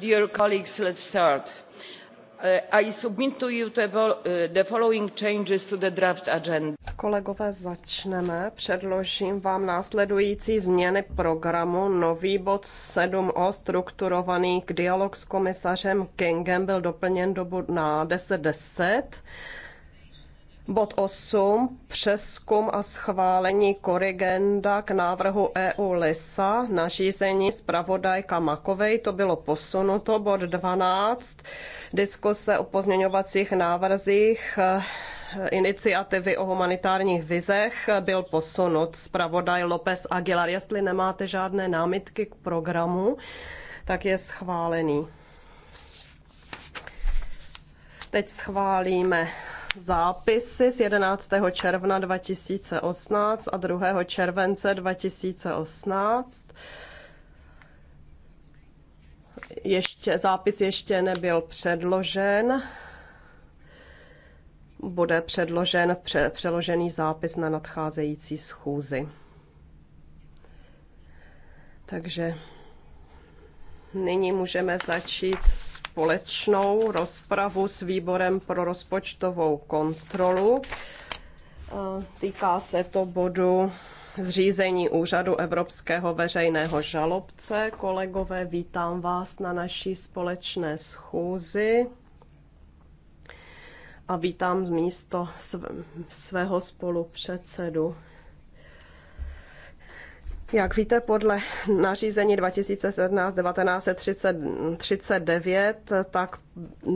dear colleagues let's start. Uh, i submit to you uh, the, following changes to the draft agenda. Kolegové, začneme. Předložím vám následující změny programu. Nový bod 7o, strukturovaný dialog s komisařem Kingem, byl doplněn do bod na 10.10. 10 Bod 8. Přeskum a schválení korigenda k návrhu EU LISA nařízení zpravodajka Makovej. To bylo posunuto. Bod 12. Diskuse o pozměňovacích návrzích eh, iniciativy o humanitárních vizech byl posunut. Zpravodaj López Aguilar. Jestli nemáte žádné námitky k programu, tak je schválený. Teď schválíme zápisy z 11. června 2018 a 2. července 2018. Ještě, zápis ještě nebyl předložen. Bude předložen pře, přeložený zápis na nadcházející schůzi. Takže nyní můžeme začít s společnou rozpravu s výborem pro rozpočtovou kontrolu. Týká se to bodu zřízení úřadu Evropského veřejného žalobce. Kolegové, vítám vás na naší společné schůzi a vítám místo svého spolupředsedu jak víte, podle nařízení 2017-1939, tak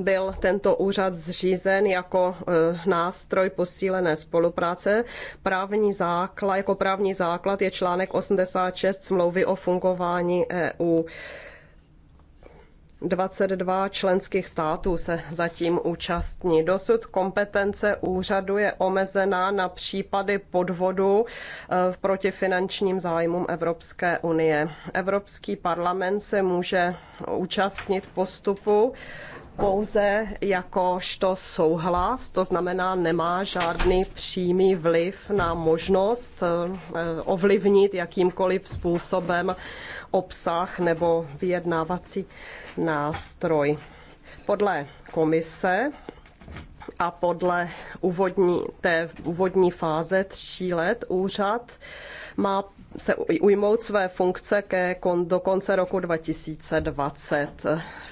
byl tento úřad zřízen jako e, nástroj posílené spolupráce. Právní základ, jako právní základ je článek 86 smlouvy o fungování EU. 22 členských států se zatím účastní. Dosud kompetence úřadu je omezená na případy podvodu eh, proti finančním zájmům Evropské unie. Evropský parlament se může účastnit postupu pouze jakožto souhlas, to znamená, nemá žádný přímý vliv na možnost eh, ovlivnit jakýmkoliv způsobem obsah nebo vyjednávací nástroj. Podle komise a podle úvodní, té úvodní fáze tří let úřad má se ujmout své funkce ke do konce roku 2020.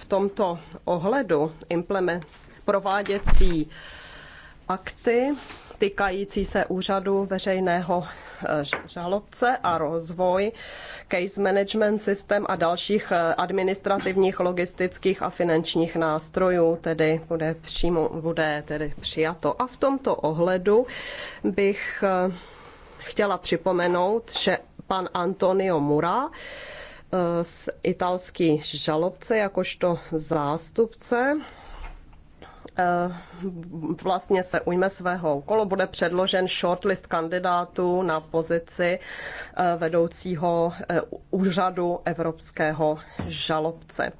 V tomto ohledu implement, prováděcí akty týkající se úřadu veřejného eh, žalobce a rozvoj, case management systém a dalších eh, administrativních, logistických a finančních nástrojů, tedy bude, přímo, bude tedy přijato. A v tomto ohledu bych eh, chtěla připomenout, že pan Antonio Mura, eh, italský žalobce jakožto zástupce eh, vlastně se ujme svého úkolu. Bude předložen shortlist kandidátů na pozici eh, vedoucího úřadu evropského žalobce.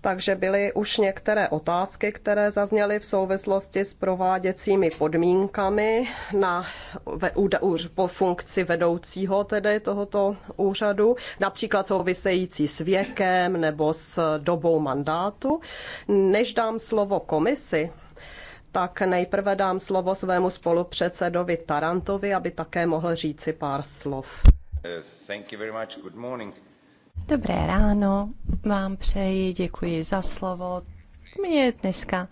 Takže byly už některé otázky, které zazněly v souvislosti s prováděcími podmínkami na ve, u, po funkci vedoucího tedy tohoto úřadu, například související s věkem nebo s dobou mandátu. Než dám slovo komisi, tak nejprve dám slovo svému spolupředsedovi Tarantovi, aby také mohl říci pár slov. Uh, thank you very much. Good morning. Dobré ráno vám přeji, děkuji za slovo. Mně dneska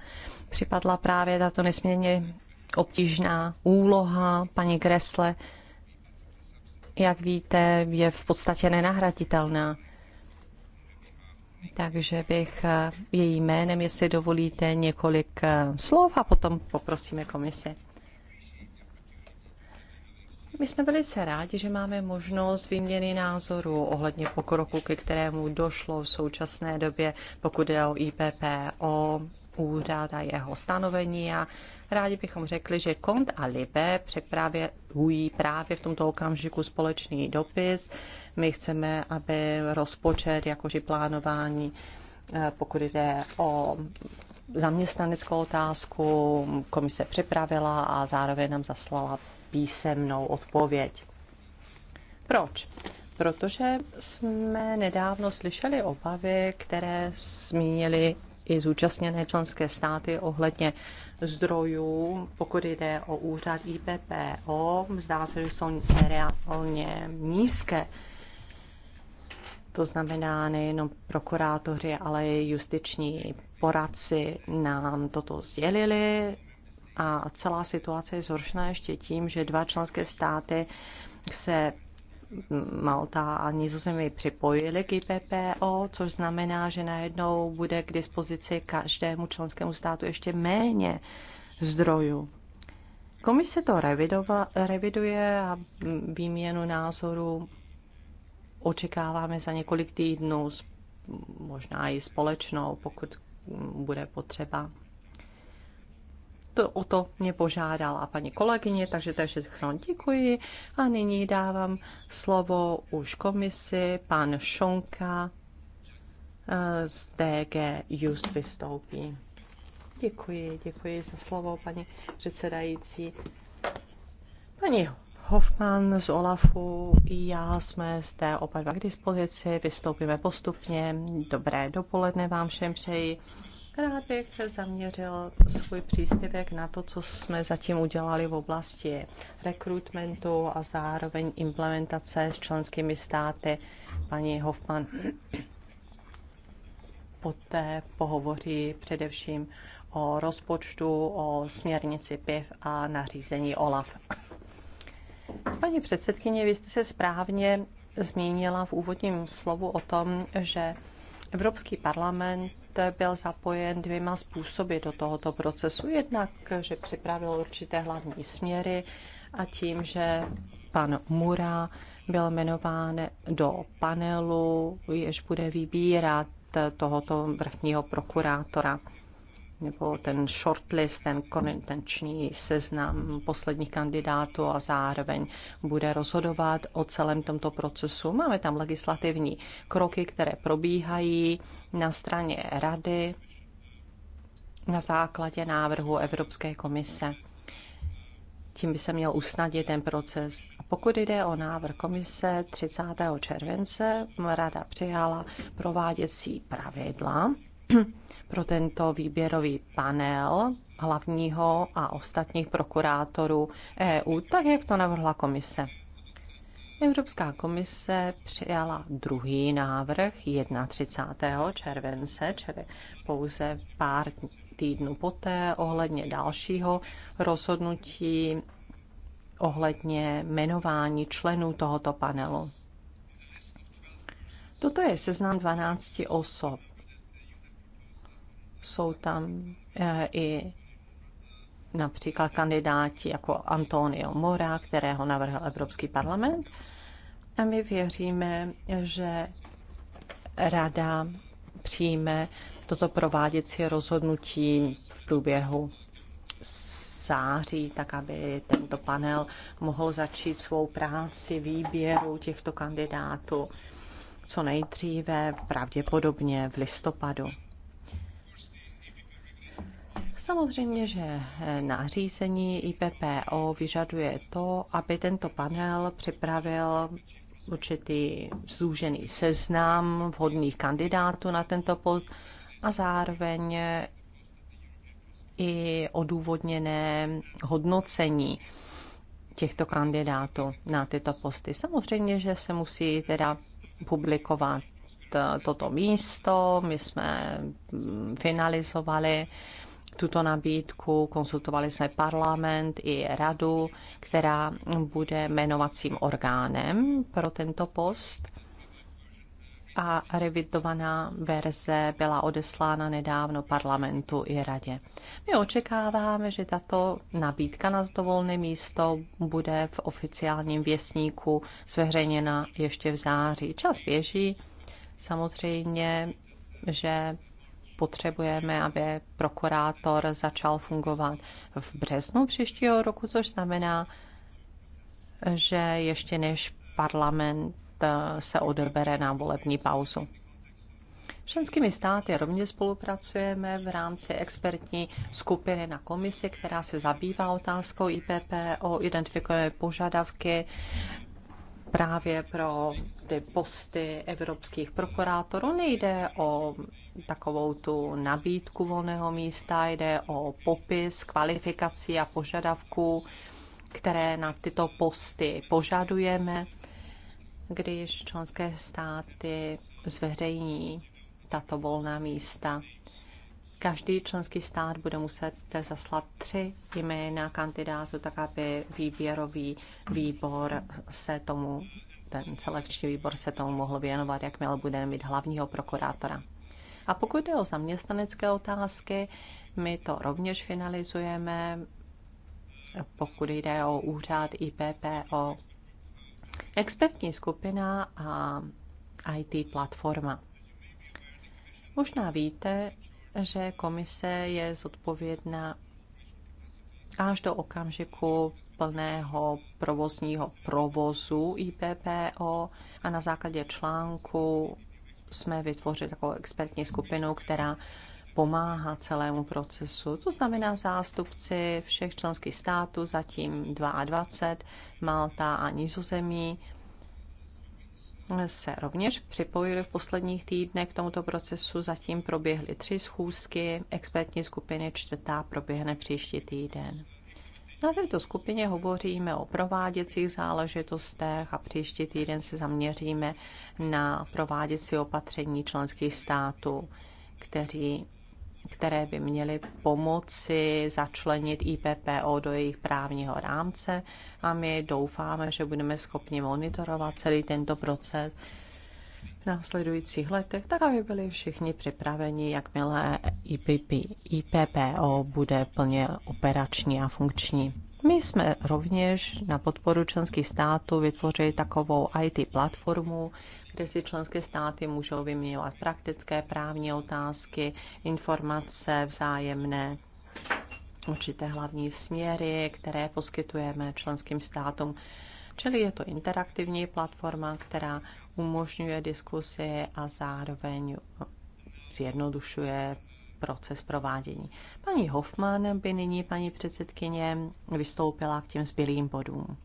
připadla právě tato nesmírně obtížná úloha paní Gresle. Jak víte, je v podstatě nenahraditelná. Takže bych eh, její jménem, jestli dovolíte, několik eh, slov a potom poprosíme komisi. My jsme velice rádi, že máme možnost výměny názorů ohledně pokroku, ke kterému došlo v současné době, pokud je o o úřad a jeho stanovení a rádi bychom řekli, že Kont a Libe připravují právě v tomto okamžiku společný dopis. My chceme, aby rozpočet, jakož i plánování, eh, pokud jde o zaměstnaneckou otázku, komise připravila a zároveň nám zaslala písemnou odpověď. Proč? Protože jsme nedávno slyšeli obavy, které zmínili i zúčastněné členské státy ohledně zdrojů, pokud jde o úřad IPPO, zdá se, že jsou reálně nízké. To znamená nejenom prokurátoři, ale i justiční poradci nám toto sdělili. A celá situace je zhoršená ještě tím, že dva členské státy se Malta a Nizozemí připojili k IPPO, což znamená, že najednou bude k dispozici každému členskému státu ještě méně zdrojů. Komise to revidova, reviduje a výměnu názorů očekáváme za několik týdnů, možná i společnou, pokud bude potřeba to, o to mě požádala paní kolegyně, takže to je všechno. Děkuji a nyní dávám slovo už komisi, pan Šonka eh, z DG Just vystoupí. Děkuji, děkuji za slovo, paní předsedající. Paní Hoffman z Olafu i já jsme zde oba dva k dispozici, vystoupíme postupně. Dobré dopoledne vám všem přeji. Rád bych zaměřil svůj příspěvek na to, co jsme zatím udělali v oblasti rekrutmentu a zároveň implementace s členskými státy. Paní Hoffman poté pohovoří především o rozpočtu, o směrnici PIV a nařízení OLAF. Paní předsedkyně, vy jste se správně zmínila v úvodním slovu o tom, že Evropský parlament byl zapojen dvěma způsoby do tohoto procesu. Jednak, že připravil určité hlavní směry a tím, že pan Mura byl jmenován do panelu, jež bude vybírat tohoto vrchního prokurátora nebo ten shortlist, ten konečný seznam posledních kandidátů a zároveň bude rozhodovat o celém tomto procesu. Máme tam legislativní kroky, které probíhají na straně rady na základě návrhu Evropské komise. Tím by se měl usnadnit ten proces. A pokud jde o návrh komise 30. července, rada přijala prováděcí pravidla pro tento výběrový panel hlavního a ostatních prokurátorů EU, tak jak to navrhla komise. Evropská komise přijala druhý návrh 31. července, čili pouze pár týdnů poté, ohledně dalšího rozhodnutí, ohledně jmenování členů tohoto panelu. Toto je seznam 12 osob, jsou tam eh, i například kandidáti jako Antonio Mora, kterého navrhl Evropský parlament. A my věříme, že rada přijme toto prováděcí rozhodnutí v průběhu září, tak aby tento panel mohl začít svou práci výběru těchto kandidátů co nejdříve, pravděpodobně v listopadu. Samozřejmě, že eh, nařízení IPPO vyžaduje to, aby tento panel připravil určitý zúžený seznam vhodných kandidátů na tento post a zároveň eh, i odůvodněné hodnocení těchto kandidátů na tyto posty. Samozřejmě, že se musí teda publikovat eh, toto místo. My jsme mm, finalizovali tuto nabídku, konzultovali jsme parlament i radu, která bude jmenovacím orgánem pro tento post. A revidovaná verze byla odeslána nedávno parlamentu i radě. My očekáváme, že tato nabídka na volné místo bude v oficiálním věstníku zveřejněna ještě v září. Čas běží. Samozřejmě, že potřebujeme, aby prokurátor začal fungovat v březnu příštího roku, což znamená, že ještě než parlament eh, se odebere na volební pauzu. Členskými státy rovněž spolupracujeme v rámci expertní skupiny na komisi, která se zabývá otázkou IPPO, identifikujeme požadavky právě pro ty posty evropských prokurátorů. Nejde o takovou tu nabídku volného místa, jde o popis kvalifikací a požadavků, které na tyto posty požadujeme, když členské státy zveřejní tato volná místa. Každý členský stát bude muset zaslat tři jména kandidátů, tak aby výběrový výbor se tomu, ten selekční výbor se tomu mohl věnovat, jakmile budeme mít hlavního prokurátora. A pokud jde o zaměstnanecké otázky, my to rovněž finalizujeme, pokud jde o úřad IPPO. Expertní skupina a IT platforma. Možná víte, že komise je zodpovědná až do okamžiku plného provozního provozu IPPO a na základě článku jsme vytvořili takovou expertní skupinu, která pomáhá celému procesu. To znamená zástupci všech členských států, zatím 22, Malta a Nizozemí, se rovněž připojili v posledních týdnech k tomuto procesu. Zatím proběhly tři schůzky, expertní skupiny čtvrtá proběhne příští týden. Na této skupině hovoříme o prováděcích záležitostech a příští týden se zaměříme na prováděcí opatření členských států, kteří které by měly pomoci začlenit IPPO do jejich právního rámce a my doufáme, že budeme schopni monitorovat celý tento proces v následujících letech, tak aby byli všichni připraveni, jakmile IPP, IPPO bude plně operační a funkční. My jsme rovněž na podporu členských států vytvořili takovou IT platformu kde si členské státy můžou vyměňovat praktické právní otázky, informace vzájemné, určité hlavní směry, které poskytujeme členským státům. Čili je to interaktivní platforma, která umožňuje diskusy a zároveň zjednodušuje proces provádění. Paní Hoffman by nyní, paní předsedkyně, vystoupila k těm zbylým bodům.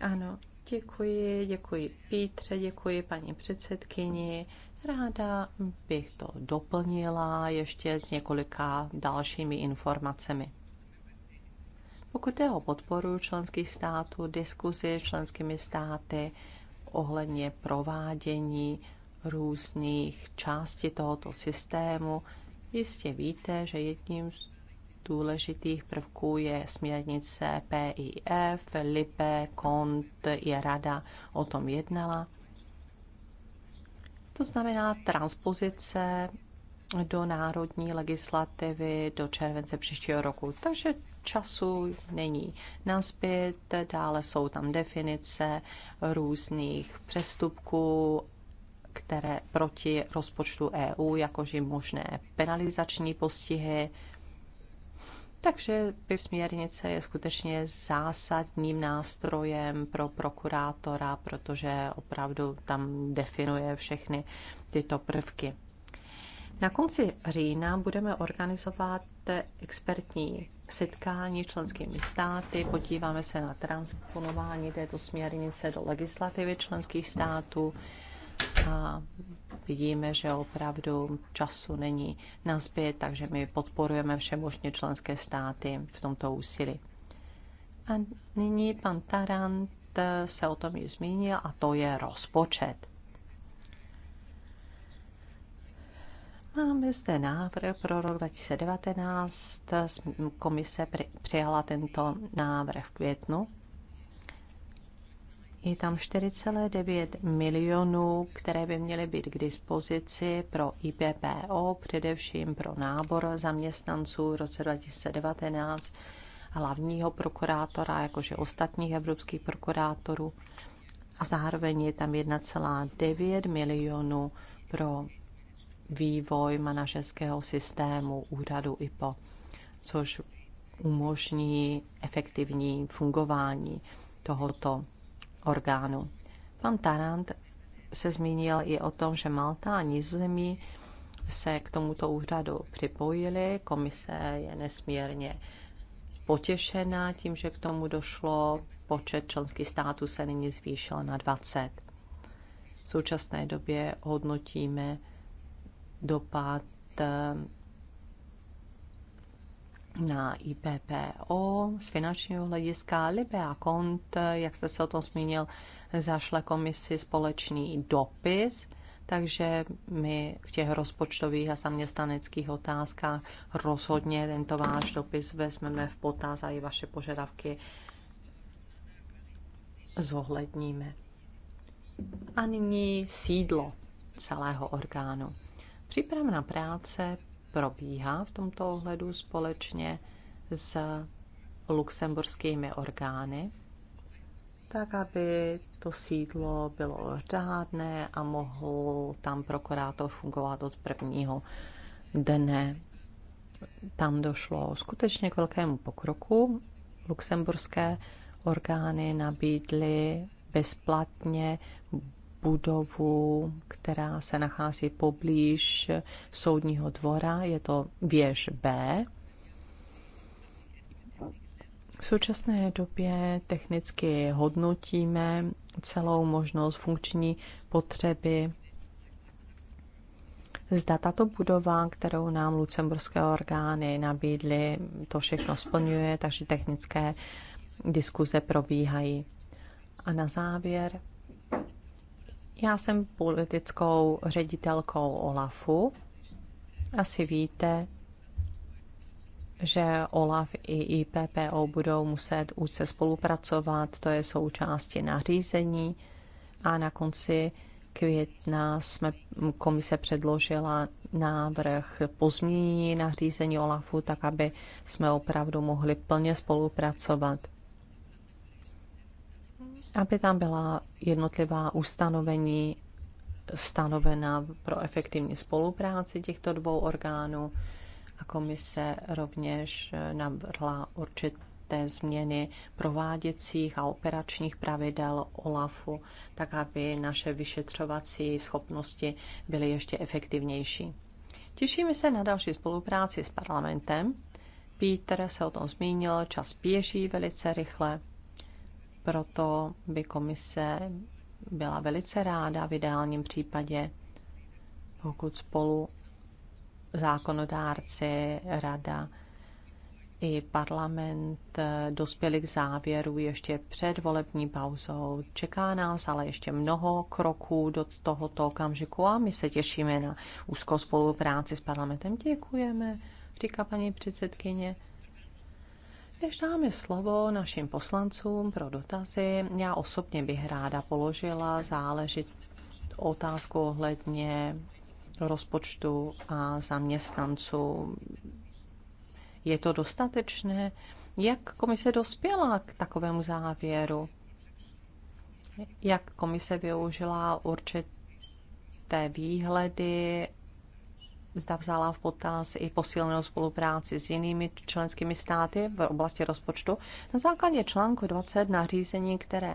Ano, Děkuji, děkuji Pítře, děkuji paní předsedkyni. Ráda bych to doplnila ještě s několika dalšími informacemi. Pokud jde o podporu členských států, diskuzi s členskými státy ohledně provádění různých částí tohoto systému, jistě víte, že jedním z důležitých prvků je směrnice PIF, LIPE, KONT je Rada o tom jednala. To znamená transpozice do národní legislativy do července příštího roku. Takže času není nazbyt, dále jsou tam definice různých přestupků které proti rozpočtu EU, jakož i možné penalizační postihy, takže PIV směrnice je skutečně zásadním nástrojem pro prokurátora, protože opravdu tam definuje všechny tyto prvky. Na konci října budeme organizovat expertní setkání členskými státy, podíváme se na transponování této směrnice do legislativy členských států a Vidíme, že opravdu času není na zbyt, takže my podporujeme všemožně členské státy v tomto úsilí. A nyní pan Tarant se o tom již zmínil a to je rozpočet. Máme zde návrh pro rok 2019. Komise přijala tento návrh v květnu je tam 4,9 milionů, které by měly být k dispozici pro IPPO, především pro nábor zaměstnanců v roce 2019 hlavního prokurátora, jakože ostatních evropských prokurátorů. A zároveň je tam 1,9 milionů pro vývoj manažerského systému úřadu IPO, což umožní efektivní fungování tohoto orgánů. Pan Tarant se zmínil i o tom, že Malta a Nizozemí se k tomuto úřadu připojili. Komise je nesmírně potěšená tím, že k tomu došlo. Počet členských států se nyní zvýšil na 20. V současné době hodnotíme dopad eh, na IPPO z finančního hlediska. Libe a Kont, jak jste se o tom zmínil, zašle komisi společný dopis, takže my v těch rozpočtových a zaměstnaneckých otázkách rozhodně tento váš dopis vezmeme v potaz a i vaše požadavky zohledníme. A nyní sídlo celého orgánu. Přípravná práce probíhá v tomto ohledu společně s luxemburskými orgány, tak aby to sídlo bylo řádné a mohl tam prokurátor fungovat od prvního dne. Tam došlo skutečně k velkému pokroku. Luxemburské orgány nabídly bezplatně budovu, která se nachází poblíž soudního dvora. Je to věž B. V současné době technicky hodnotíme celou možnost funkční potřeby. Zda tato budova, kterou nám lucemburské orgány nabídly, to všechno splňuje, takže technické diskuze probíhají. A na závěr já jsem politickou ředitelkou OLAFu. Asi víte, že OLAF i IPPO budou muset úzce spolupracovat, to je součástí nařízení a na konci května jsme komise předložila návrh pozmění nařízení OLAFu, tak aby jsme opravdu mohli plně spolupracovat aby tam byla jednotlivá ustanovení stanovena pro efektivní spolupráci těchto dvou orgánů a komise rovněž navrhla určité změny prováděcích a operačních pravidel OLAFu, tak aby naše vyšetřovací schopnosti byly ještě efektivnější. Těšíme se na další spolupráci s parlamentem. Pítr se o tom zmínil, čas běží velice rychle proto by komise byla velice ráda v ideálním případě, pokud spolu zákonodárci, rada i parlament eh, dospěli k závěru ještě před volební pauzou. Čeká nás ale ještě mnoho kroků do tohoto okamžiku a my se těšíme na úzkou spolupráci s parlamentem. Děkujeme, říká paní předsedkyně. Než dáme slovo našim poslancům pro dotazy, já osobně bych ráda položila záležit otázku ohledně rozpočtu a zaměstnanců. Je to dostatečné? Jak komise dospěla k takovému závěru? Jak komise využila určité výhledy zda vzala v potaz i posílenou spolupráci s jinými členskými státy v oblasti rozpočtu na základě článku 20 nařízení, které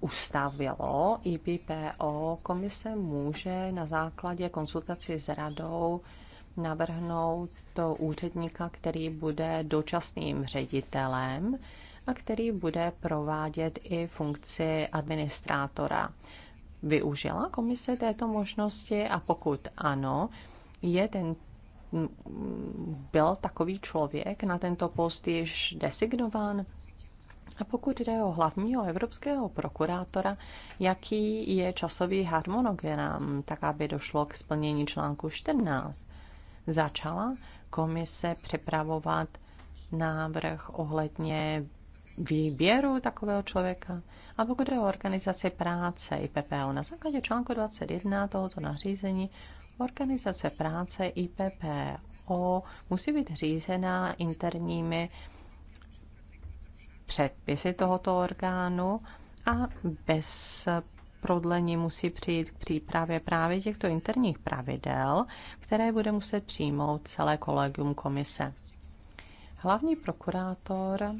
ustavilo IPPO, komise může na základě konsultaci s radou navrhnout to úředníka, který bude dočasným ředitelem a který bude provádět i funkci administrátora. Využila komise této možnosti a pokud ano, je ten byl takový člověk na tento post již designován? A pokud jde o hlavního evropského prokurátora, jaký je časový harmonogram, tak aby došlo k splnění článku 14? Začala komise připravovat návrh ohledně výběru takového člověka. A pokud jde o organizaci práce IPPO, na základě článku 21 tohoto nařízení Organizace práce IPPO musí být řízená interními předpisy tohoto orgánu a bez prodlení musí přijít k přípravě právě těchto interních pravidel, které bude muset přijmout celé kolegium komise. Hlavní prokurátor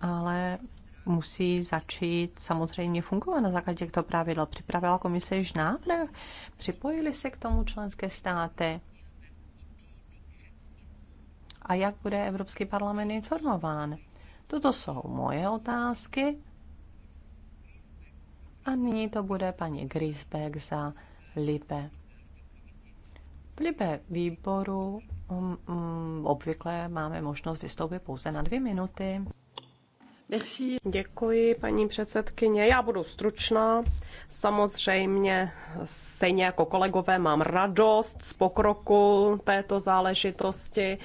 ale musí začít samozřejmě fungovat na základě těchto pravidel. Připravila komise již návrh, připojili se k tomu členské státy. A jak bude Evropský parlament informován? Toto jsou moje otázky. A nyní to bude paní Grisbeck za Libe. V Libe výboru um, um, obvykle máme možnost vystoupit pouze na dvě minuty. Merci. Děkuji, paní předsedkyně. Já budu stručná. Samozřejmě, stejně jako kolegové, mám radost z pokroku této záležitosti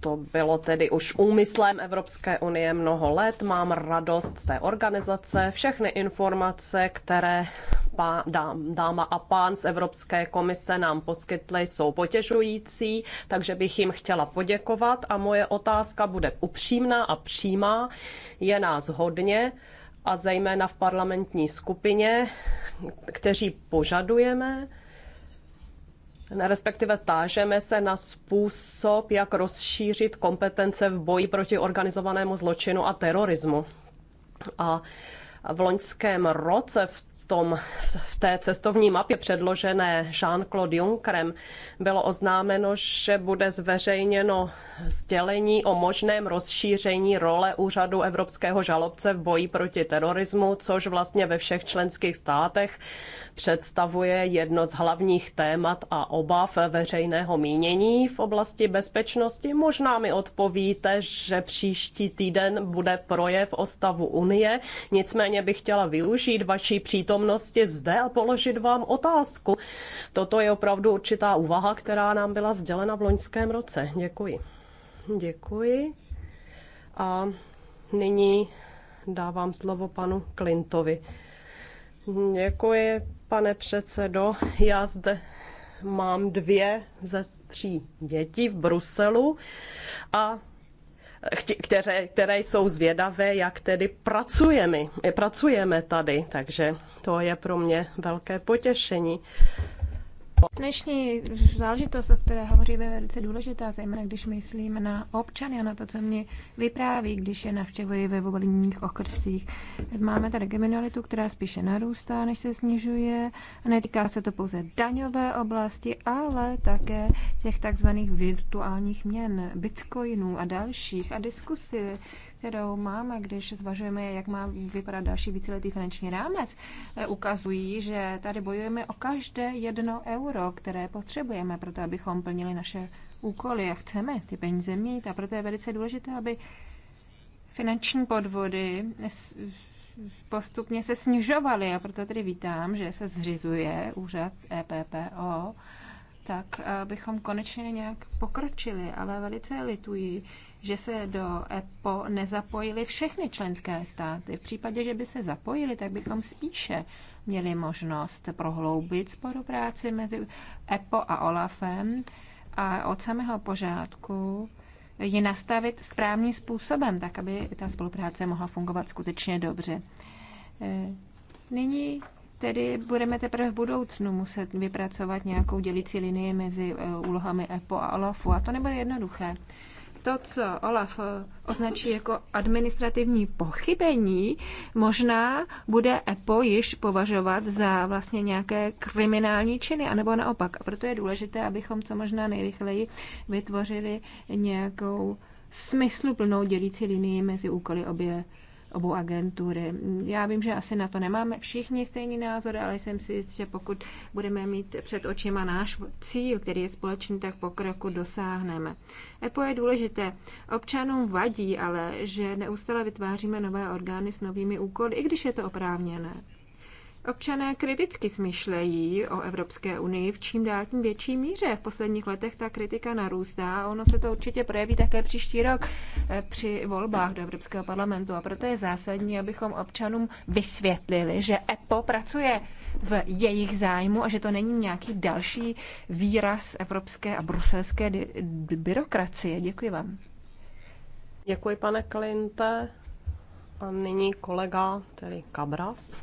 to bylo tedy už úmyslem Evropské unie mnoho let. Mám radost z té organizace. Všechny informace, které pá, dám, dáma a pán z Evropské komise nám poskytly, jsou potěžující, takže bych jim chtěla poděkovat. A moje otázka bude upřímná a přímá. Je nás hodně a zejména v parlamentní skupině, kteří požadujeme, respektive tážeme se na způsob, jak rozšířit kompetence v boji proti organizovanému zločinu a terorismu. A v loňském roce v tom, v té cestovní mapě předložené Jean-Claude Junckerem bylo oznámeno, že bude zveřejněno sdělení o možném rozšíření role úřadu Evropského žalobce v boji proti terorismu, což vlastně ve všech členských státech představuje jedno z hlavních témat a obav veřejného mínění v oblasti bezpečnosti. Možná mi odpovíte, že příští týden bude projev o stavu Unie, nicméně bych chtěla využít vaší přítomnost přítomnosti zde a položit vám otázku. Toto je opravdu určitá úvaha, která nám byla sdělena v loňském roce. Děkuji. Děkuji. A nyní dávám slovo panu Klintovi. Děkuji, pane předsedo. Já zde mám dvě ze tří dětí v Bruselu a které, které jsou zvědavé, jak tedy pracujeme, pracujeme tady. Takže to je pro mě velké potěšení. Dnešní záležitost, o které hovoříme, je velice důležitá, zejména když myslím na občany a na to, co mě vypráví, když je navštěvuji ve volebních okrscích. Máme tady kriminalitu, která spíše narůstá, než se snižuje. A netýká se to pouze daňové oblasti, ale také těch takzvaných virtuálních měn, bitcoinů a dalších. A diskusy, kterou máme, když zvažujeme, jak má vypadat další víceletý finanční rámec, eh, ukazují, že tady bojujeme o každé jedno euro, které potřebujeme pro to, abychom plnili naše úkoly a chceme ty peníze mít. A proto je velice důležité, aby finanční podvody postupně se snižovaly a proto tedy vítám, že se zřizuje úřad EPPO, tak abychom konečně nějak pokročili, ale velice lituji, že se do EPO nezapojily všechny členské státy. V případě, že by se zapojili, tak bychom spíše měli možnost prohloubit spolupráci mezi EPO a OLAFem a od samého požádku ji nastavit správným způsobem, tak aby ta spolupráce mohla fungovat skutečně dobře. E, nyní tedy budeme teprve v budoucnu muset vypracovat nějakou dělící linii mezi e, úlohami EPO a OLAFu a to nebude jednoduché to, co Olaf eh, označí jako administrativní pochybení, možná bude EPO již považovat za vlastně nějaké kriminální činy, anebo naopak. A proto je důležité, abychom co možná nejrychleji vytvořili nějakou smysluplnou dělící linii mezi úkoly obě obou agentury. Já vím, že asi na to nemáme všichni stejný názor, ale jsem si jist, že pokud budeme mít před očima náš cíl, který je společný, tak pokroku dosáhneme. EPO je důležité. Občanům vadí ale, že neustále vytváříme nové orgány s novými úkoly, i když je to oprávněné. Občané kriticky smyšlejí o Evropské unii v čím dál tím větší míře. V posledních letech ta kritika narůstá a ono se to určitě projeví také příští rok eh, při volbách do Evropského parlamentu. A proto je zásadní, abychom občanům vysvětlili, že EPO pracuje v jejich zájmu a že to není nějaký další výraz evropské a bruselské byrokracie. Děkuji vám. Děkuji, pane Klinte. A nyní kolega, tedy Kabras.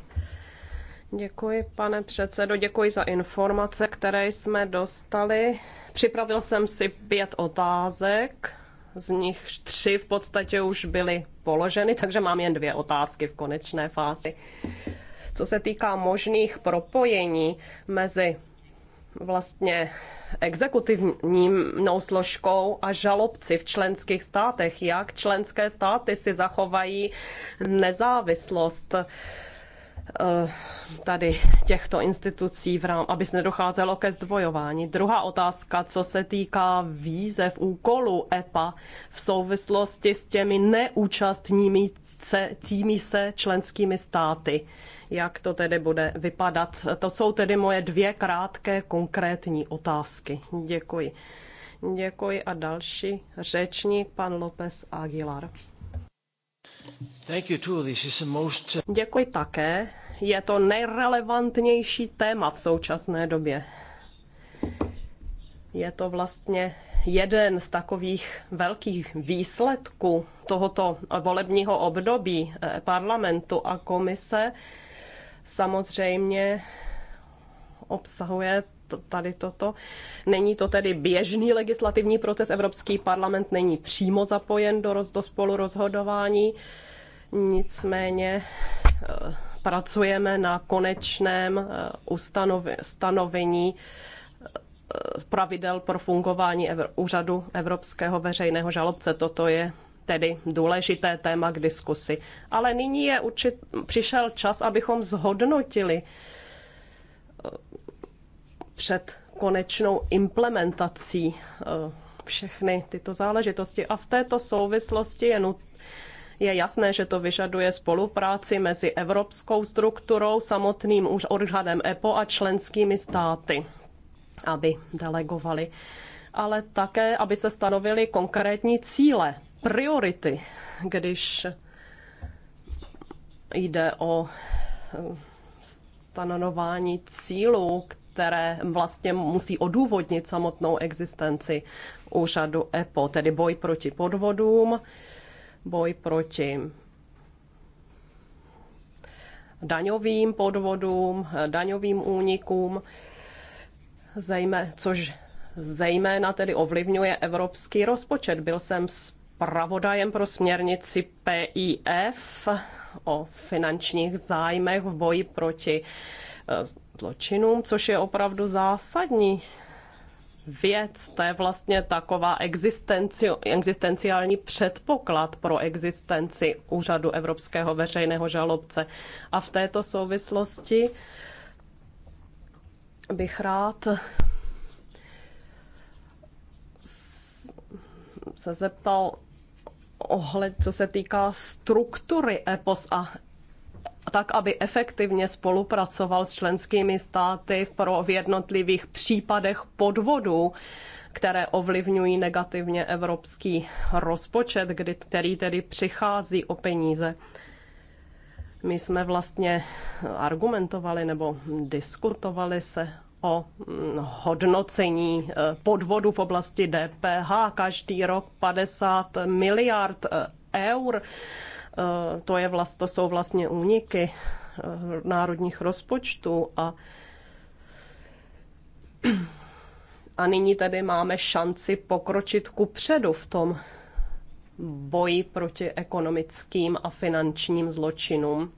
Děkuji, pane předsedo, děkuji za informace, které jsme dostali. Připravil jsem si pět otázek, z nich tři v podstatě už byly položeny, takže mám jen dvě otázky v konečné fázi. Co se týká možných propojení mezi vlastně exekutivnímnou složkou a žalobci v členských státech, jak členské státy si zachovají nezávislost Eh, tady těchto institucí, v rám, aby se nedocházelo ke zdvojování. Druhá otázka, co se týká výzev úkolů EPA v souvislosti s těmi neúčastními se členskými státy. Jak to tedy bude vypadat? To jsou tedy moje dvě krátké konkrétní otázky. Děkuji. Děkuji a další řečník, pan López Aguilar. Uh, Děkuji také. Je to nejrelevantnější téma v současné době. Je to vlastně jeden z takových velkých výsledků tohoto volebního období eh, parlamentu a komise samozřejmě obsahuje tady toto. Není to tedy běžný legislativní proces, Evropský parlament není přímo zapojen do, roz, do spolurozhodování, nicméně eh, pracujeme na konečném eh, ustanovení eh, pravidel pro fungování úřadu Evropského veřejného žalobce. Toto je tedy důležité téma k diskusi. Ale nyní je určit, přišel čas, abychom zhodnotili uh, před konečnou implementací eh, všechny tyto záležitosti. A v této souvislosti je nut, je jasné, že to vyžaduje spolupráci mezi evropskou strukturou, samotným úřadem EPO a členskými státy, aby delegovali, ale také, aby se stanovily konkrétní cíle, priority, když jde o eh, stanovování cílů, které vlastně musí odůvodnit samotnou existenci úřadu EPO, tedy boj proti podvodům, boj proti daňovým podvodům, daňovým únikům, zejmé, což zejména tedy ovlivňuje evropský rozpočet. Byl jsem zpravodajem pro směrnici PIF o finančních zájmech v boji proti Eh, zločinům, což je opravdu zásadní věc, to je vlastně taková existenci, existenciální předpoklad pro existenci úřadu Evropského veřejného žalobce. A v této souvislosti bych rád se zeptal ohled, co se týká struktury EPOS a tak, aby efektivně spolupracoval s členskými státy pro v jednotlivých případech podvodů, které ovlivňují negativně evropský rozpočet, kdy, který tedy přichází o peníze. My jsme vlastně argumentovali nebo diskutovali se o mm, hodnocení e, podvodu v oblasti DPH každý rok 50 miliard e, eur Eh, to, je vlast, to jsou vlastně úniky eh, národních rozpočtů a a nyní tedy máme šanci pokročit ku předu v tom boji proti ekonomickým a finančním zločinům,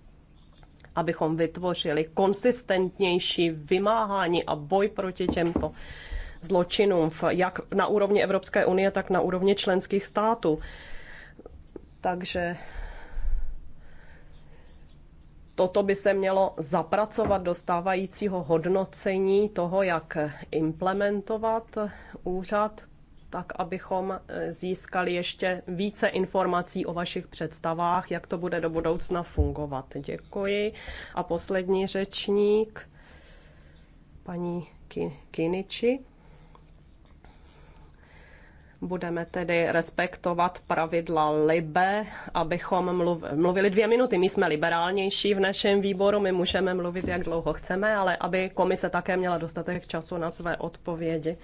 abychom vytvořili konsistentnější vymáhání a boj proti těmto zločinům, jak na úrovni Evropské unie, tak na úrovni členských států. Takže toto by se mělo zapracovat do stávajícího hodnocení toho, jak implementovat úřad, tak abychom eh, získali ještě více informací o vašich představách, jak to bude do budoucna fungovat. Děkuji. A poslední řečník, paní Kiniči. Budeme tedy respektovat pravidla LIBE, abychom mluvili dvě minuty. My jsme liberálnější v našem výboru, my můžeme mluvit, jak dlouho chceme, ale aby komise také měla dostatek času na své odpovědi.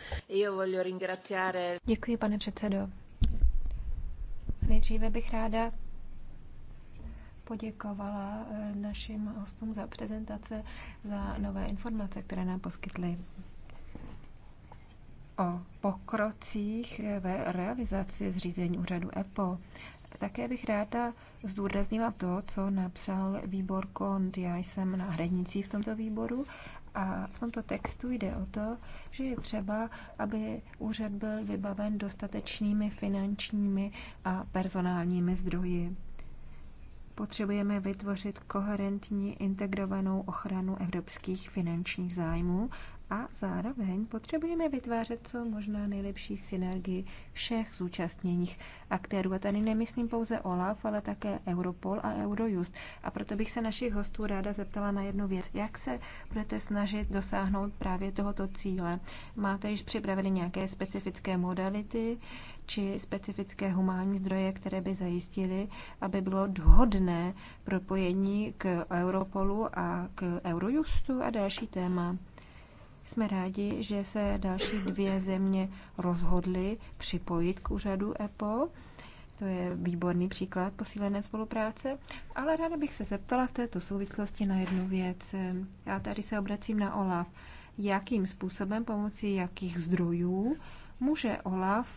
Děkuji, pane předsedo. Nejdříve bych ráda poděkovala eh, našim hostům za prezentace, za nové informace, které nám poskytly o pokrocích ve realizaci zřízení úřadu EPO. Také bych ráda zdůraznila to, co napsal výbor KONT. Já jsem náhradnicí v tomto výboru a v tomto textu jde o to, že je třeba, aby úřad byl vybaven dostatečnými finančními a personálními zdroji. Potřebujeme vytvořit koherentní integrovanou ochranu evropských finančních zájmů a zároveň potřebujeme vytvářet co možná nejlepší synergii všech zúčastněných aktérů. A tady nemyslím pouze OLAF, ale také Europol a Eurojust. A proto bych se našich hostů ráda zeptala na jednu věc. Jak se budete snažit dosáhnout právě tohoto cíle? Máte již připraveny nějaké specifické modality či specifické humánní zdroje, které by zajistily, aby bylo vhodné propojení k Europolu a k Eurojustu a další téma? Jsme rádi, že se další dvě země rozhodly připojit k úřadu EPO. To je výborný příklad posílené spolupráce. Ale ráda bych se zeptala v této souvislosti na jednu věc. Já tady se obracím na OLAF. Jakým způsobem, pomocí jakých zdrojů může OLAF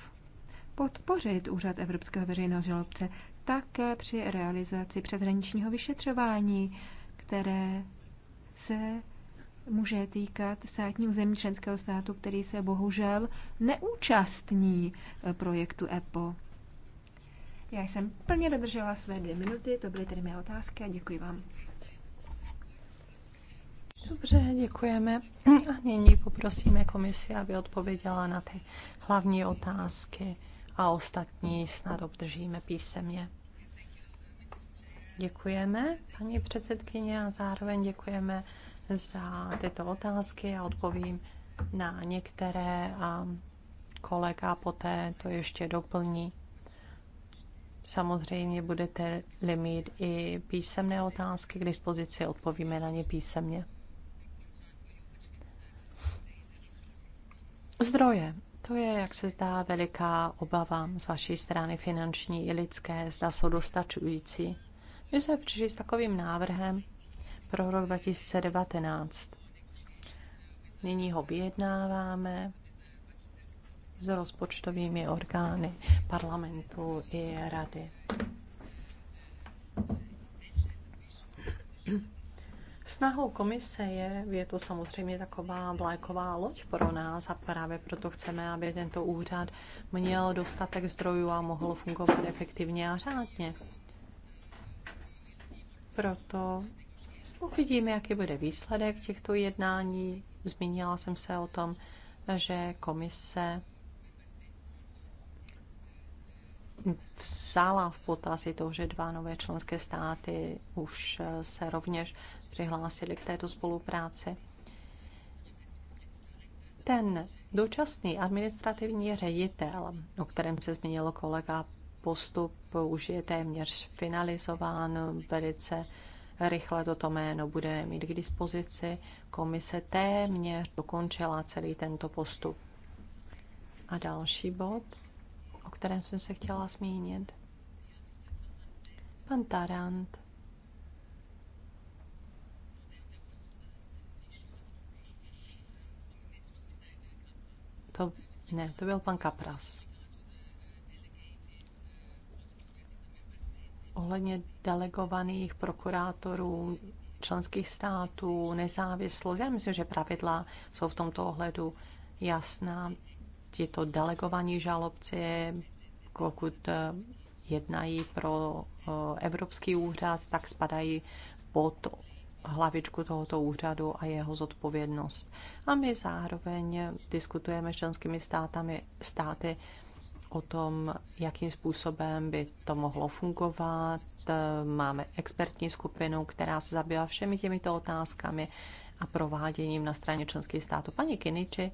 podpořit Úřad Evropského veřejného žalobce také při realizaci přeshraničního vyšetřování, které se může týkat státní území členského státu, který se bohužel neúčastní eh, projektu EPO. Já jsem plně dodržela své dvě minuty, to byly tedy mé otázky a děkuji vám. Dobře, děkujeme. A nyní poprosíme komisi, aby odpověděla na ty hlavní otázky a ostatní snad obdržíme písemně. Děkujeme, paní předsedkyně, a zároveň děkujeme za tyto otázky a odpovím na některé a kolega poté to ještě doplní. Samozřejmě budete-li mít i písemné otázky k dispozici, odpovíme na ně písemně. Zdroje. To je, jak se zdá, veliká obava z vaší strany finanční i lidské, zda jsou dostačující. My jsme přišli s takovým návrhem, pro rok 2019. Nyní ho vyjednáváme s rozpočtovými orgány parlamentu i rady. Snahou komise je, je to samozřejmě taková vlajková loď pro nás a právě proto chceme, aby tento úřad měl dostatek zdrojů a mohl fungovat efektivně a řádně. Proto Uvidíme, jaký bude výsledek těchto jednání. Zmínila jsem se o tom, že komise vzala v potaz i to, že dva nové členské státy už se rovněž přihlásili k této spolupráci. Ten dočasný administrativní ředitel, o kterém se zmínilo kolega, postup už je téměř finalizován, velice rychle toto jméno bude mít k dispozici. Komise téměř dokončila celý tento postup. A další bod, o kterém jsem se chtěla zmínit. Pan Tarant To, ne, to byl pan Kapras. ohledně delegovaných prokurátorů členských států, nezávislost. Já myslím, že pravidla jsou v tomto ohledu jasná. Tito delegovaní žalobci, pokud eh, jednají pro eh, Evropský úřad, tak spadají pod hlavičku tohoto úřadu a jeho zodpovědnost. A my zároveň diskutujeme s členskými státami, státy o tom, jakým způsobem by to mohlo fungovat. Máme expertní skupinu, která se zabývá všemi těmito otázkami a prováděním na straně členských států. Paní Kiniči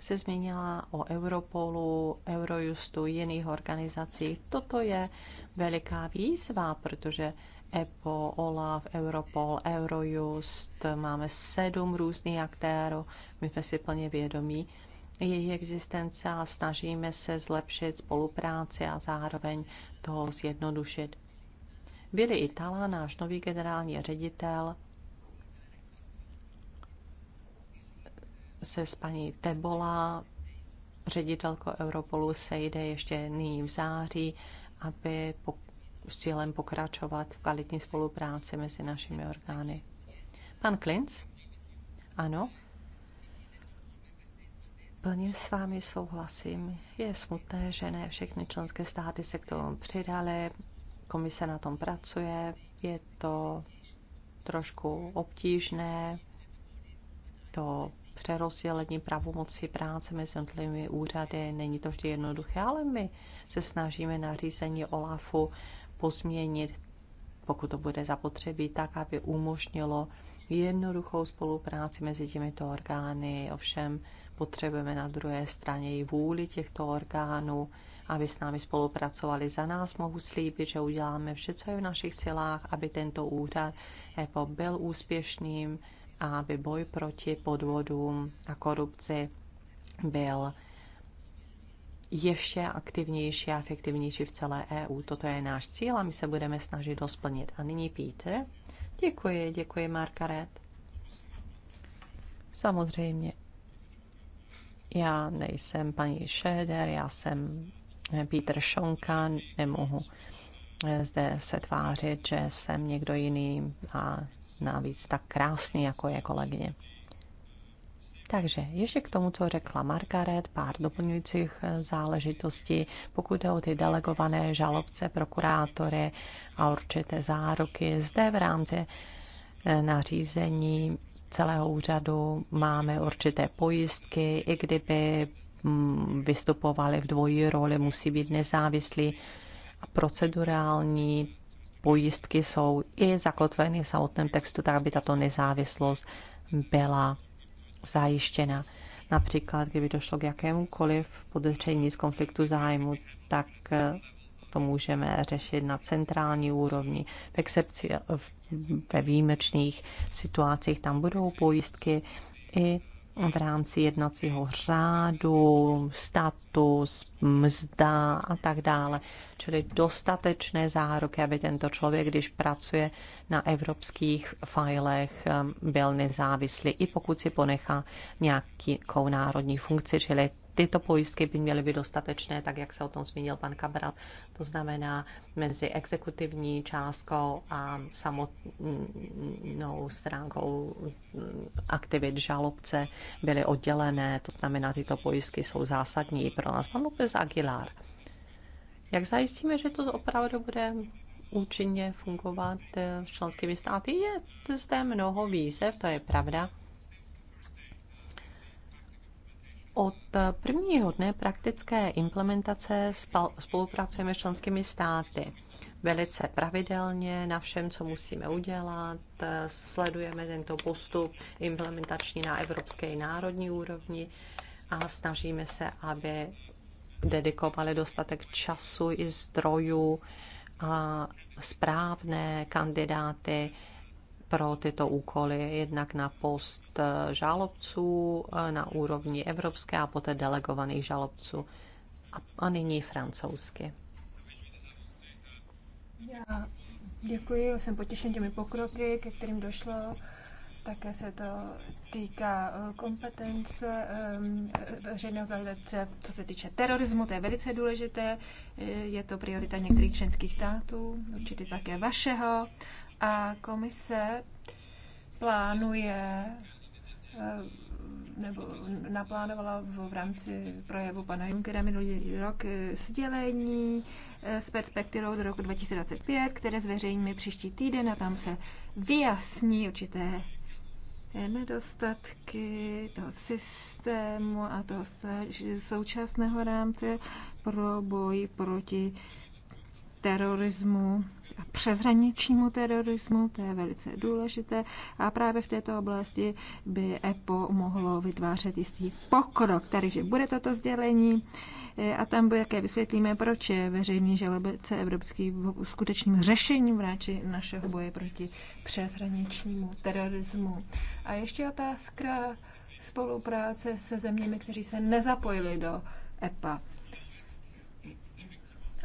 se zmínila o Europolu, Eurojustu, jiných organizacích. Toto je veliká výzva, protože EPO, OLAF, Europol, Eurojust, máme sedm různých aktérů. My jsme si plně vědomí její existence a snažíme se zlepšit spolupráci a zároveň toho zjednodušit. Billy Itala, náš nový generální ředitel, se s paní Tebola, ředitelkou Europolu, sejde ještě nyní v září, aby po, s cílem pokračovat v kvalitní spolupráci mezi našimi orgány. Pan Klinc? Ano, Plně s vámi souhlasím. Je smutné, že ne všechny členské státy se k tomu přidaly. Komise na tom pracuje. Je to trošku obtížné to přerozdělení pravomocí práce mezi jednotlivými úřady. Není to vždy jednoduché, ale my se snažíme na řízení OLAFu pozměnit, pokud to bude zapotřebí, tak, aby umožnilo jednoduchou spolupráci mezi těmito orgány. Ovšem, potřebujeme na druhé straně i vůli těchto orgánů, aby s námi spolupracovali. Za nás mohu slíbit, že uděláme vše, co je v našich silách, aby tento úřad EPO byl úspěšným a aby boj proti podvodům a korupci byl ještě aktivnější a efektivnější v celé EU. Toto je náš cíl a my se budeme snažit ho splnit. A nyní Peter. Děkuji, děkuji Margaret. Samozřejmě, já nejsem paní Šéder, já jsem eh, Peter Šonka, nemohu eh, zde se tvářit, že jsem někdo jiný a navíc tak krásný, jako je kolegyně. Takže ještě k tomu, co řekla Margaret, pár doplňujících eh, záležitostí, pokud jde o ty delegované žalobce, prokurátory a určité záruky. Zde v rámci nařízení celého úřadu máme určité pojistky, i kdyby mm, vystupovali v dvojí roli, musí být nezávislí a procedurální pojistky jsou i zakotveny v samotném textu, tak aby tato nezávislost byla zajištěna. Například, kdyby došlo k jakémukoliv podezření z konfliktu zájmu, tak eh, to můžeme řešit na centrální úrovni, v excepci, v, ve výjimečných situacích tam budou pojistky i v rámci jednacího řádu, status, mzda a tak dále. Čili dostatečné záruky, aby tento člověk, když pracuje na evropských filech, um, byl nezávislý, i pokud si ponechá nějakou národní funkci, čili tyto pojistky by měly být dostatečné, tak jak se o tom zmínil pan Kabral. To znamená mezi exekutivní částkou a samotnou stránkou aktivit žalobce byly oddělené. To znamená, tyto pojistky jsou zásadní i pro nás. Pan López Aguilar. Jak zajistíme, že to opravdu bude účinně fungovat eh, s členskými státy? Je zde mnoho výzev, to je pravda. Od prvního dne praktické implementace spolupracujeme s členskými státy velice pravidelně na všem, co musíme udělat. Sledujeme tento postup implementační na evropské i národní úrovni a snažíme se, aby dedikovali dostatek času i zdrojů a správné kandidáty pro tyto úkoly, jednak na post eh, žalobců eh, na úrovni evropské a poté delegovaných žalobců. A nyní francouzsky. Já děkuji, jsem potěšen těmi pokroky, ke kterým došlo. Také se to týká eh, kompetence ehm, veřejného zájemce, co se týče terorismu, to je velice důležité. Je to priorita některých členských států, určitě také vašeho a komise plánuje eh, nebo naplánovala v, v rámci projevu pana Junckera minulý rok eh, sdělení eh, s perspektivou do roku 2025, které zveřejníme příští týden a tam se vyjasní určité nedostatky toho systému a toho současného rámce pro boj proti terorismu a přeshraničnímu terorismu, to je velice důležité a právě v této oblasti by EPO mohlo vytvářet jistý pokrok. že bude toto sdělení e, a tam jaké vysvětlíme, proč je veřejný žalobce evropský skutečným řešením v rámci našeho boje proti přeshraničnímu terorismu. A ještě otázka spolupráce se zeměmi, kteří se nezapojili do EPA.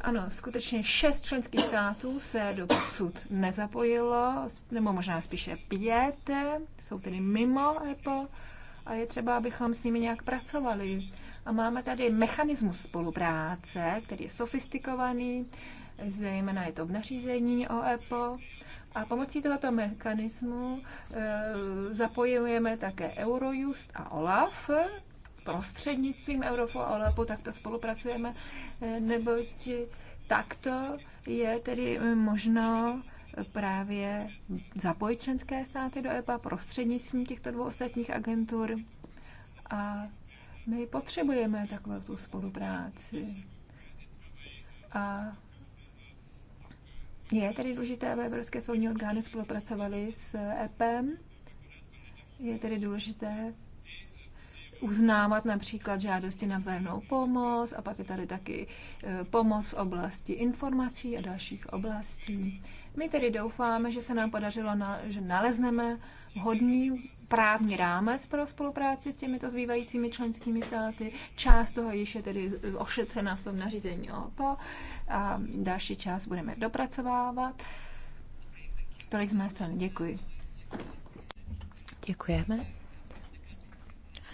Ano, skutečně šest členských států se do sud nezapojilo, nebo možná spíše pět, jsou tedy mimo EPO a je třeba, abychom s nimi nějak pracovali. A máme tady mechanismus spolupráce, který je sofistikovaný, zejména je to v nařízení o EPO. A pomocí tohoto mechanismu e, zapojujeme také Eurojust a OLAF prostřednictvím Eurofu a OLAPu takto spolupracujeme, eh, neboť takto je tedy možno právě zapojit členské státy do EPA prostřednictvím těchto dvou ostatních agentur. A my potřebujeme takovou tu spolupráci. A je tedy důležité, aby evropské soudní orgány spolupracovaly s EPem. Je tedy důležité, uznávat například žádosti na vzájemnou pomoc a pak je tady taky e, pomoc v oblasti informací a dalších oblastí. My tedy doufáme, že se nám podařilo, na, že nalezneme vhodný právní rámec pro spolupráci s těmito zbývajícími členskými státy. Část toho již je tedy ošetřena v tom nařízení OPO a další část budeme dopracovávat. Tolik z mé strany. Děkuji. Děkujeme.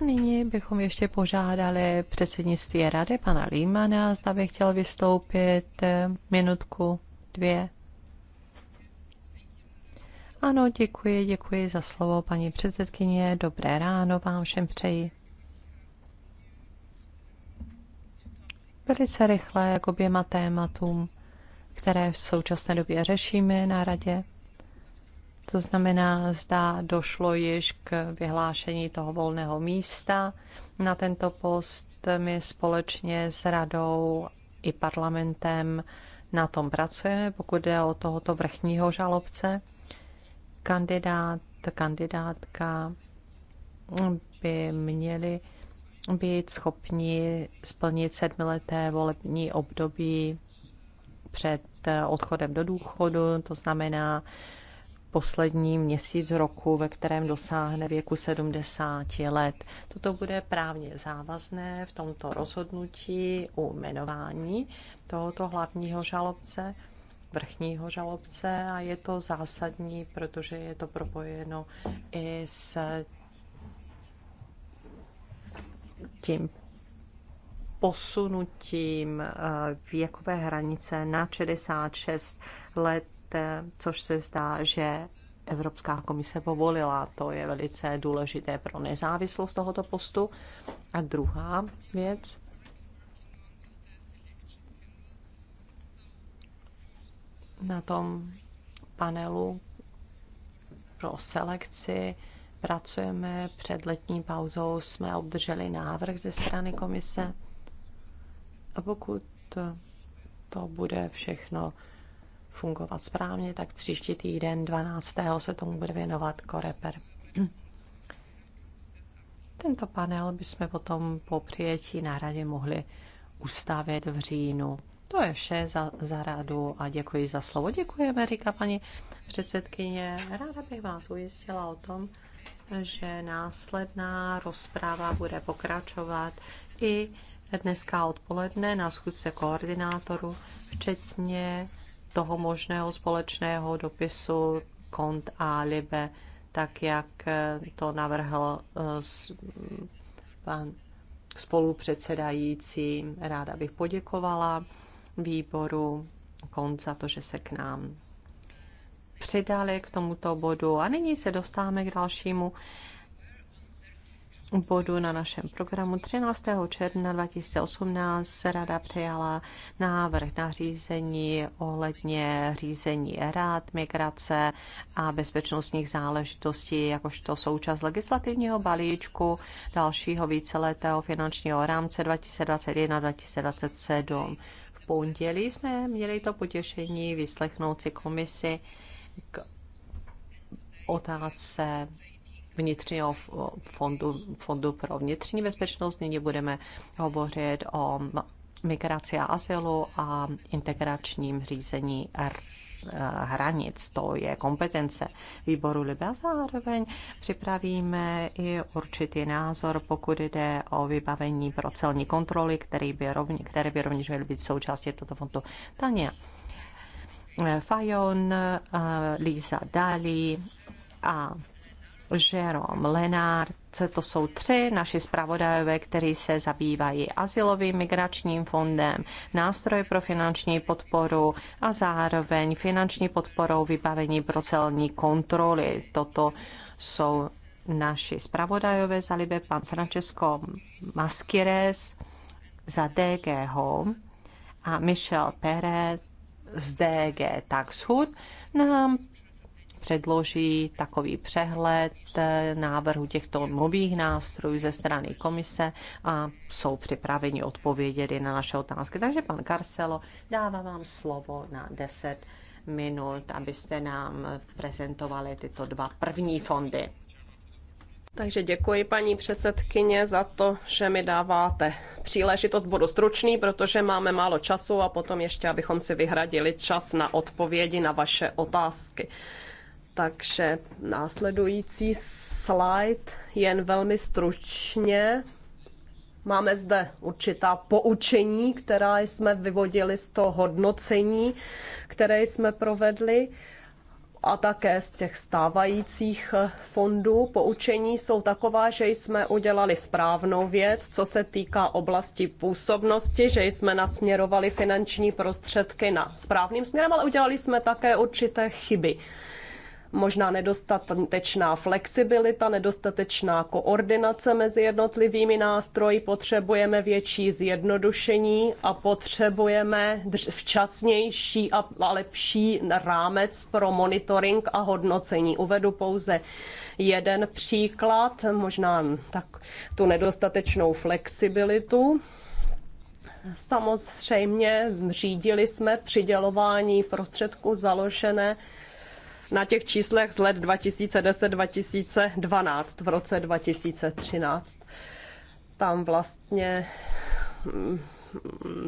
A nyní bychom ještě požádali předsednictví rady, pana Límana, zda by chtěl vystoupit minutku, dvě. Ano, děkuji, děkuji za slovo, paní předsedkyně. Dobré ráno vám všem přeji. Velice rychle k oběma tématům, které v současné době řešíme na radě. To znamená, zda došlo již k vyhlášení toho volného místa na tento post. My společně s radou i parlamentem na tom pracujeme, pokud jde o tohoto vrchního žalobce. Kandidát, kandidátka by měli být schopni splnit sedmileté volební období před odchodem do důchodu, to znamená poslední měsíc roku, ve kterém dosáhne věku 70 let. Toto bude právně závazné v tomto rozhodnutí u jmenování tohoto hlavního žalobce, vrchního žalobce a je to zásadní, protože je to propojeno i s tím posunutím eh, věkové hranice na 66 let což se zdá, že Evropská komise povolila. To je velice důležité pro nezávislost tohoto postu. A druhá věc, na tom panelu pro selekci pracujeme. Před letní pauzou jsme obdrželi návrh ze strany komise. A pokud to bude všechno fungovat správně, tak příští týden 12. se tomu bude věnovat Koreper. Tento panel bychom potom po přijetí na radě mohli ustavit v říjnu. To je vše za, za radu a děkuji za slovo. Děkujeme, říká paní předsedkyně. Ráda bych vás ujistila o tom, že následná rozpráva bude pokračovat i dneska odpoledne na schůzce koordinátoru, včetně toho možného společného dopisu kont a libe, tak jak to navrhl eh, pan spolupředsedající. Ráda bych poděkovala výboru kont za to, že se k nám přidali k tomuto bodu. A nyní se dostáváme k dalšímu bodu na našem programu 13. června 2018 Rada přijala návrh na řízení ohledně řízení rád, migrace a bezpečnostních záležitostí jakožto součást legislativního balíčku dalšího víceletého finančního rámce 2021-2027. V pondělí jsme měli to potěšení vyslechnout si komisi k otázce vnitřního fondu, fondu pro vnitřní bezpečnost. Nyní budeme hovořit o migraci a azylu a integračním řízení eh, hranic. To je kompetence výboru Libe a zároveň připravíme i určitý názor, pokud jde o vybavení pro celní kontroly, který by rovně, které by rovněž měly být součástí tohoto fondu. Tania eh, Fajon, eh, Lisa, Dali a Žerom Lenard. To jsou tři naši zpravodajové, kteří se zabývají asilovým migračním fondem, nástroje pro finanční podporu a zároveň finanční podporou vybavení pro celní kontroly. Toto jsou naši zpravodajové za Libe, pan Francesco Maskires za DG Home a Michel Pérez z DG Taxhut. nám předloží takový přehled eh, návrhu těchto nových nástrojů ze strany komise a jsou připraveni odpovědět i na naše otázky. Takže pan Karcelo, dává vám slovo na 10 minut, abyste nám prezentovali tyto dva první fondy. Takže děkuji paní předsedkyně za to, že mi dáváte příležitost. Budu stručný, protože máme málo času a potom ještě, abychom si vyhradili čas na odpovědi na vaše otázky. Takže následující slide jen velmi stručně. Máme zde určitá poučení, která jsme vyvodili z toho hodnocení, které jsme provedli a také z těch stávajících eh, fondů. Poučení jsou taková, že jsme udělali správnou věc, co se týká oblasti působnosti, že jsme nasměrovali finanční prostředky na správným směrem, ale udělali jsme také určité chyby možná nedostatečná flexibilita, nedostatečná koordinace mezi jednotlivými nástroji, potřebujeme větší zjednodušení a potřebujeme včasnější a lepší rámec pro monitoring a hodnocení. Uvedu pouze jeden příklad, možná tak tu nedostatečnou flexibilitu. Samozřejmě řídili jsme přidělování prostředků založené na těch číslech z let 2010-2012 v roce 2013. Tam vlastně mm, mm,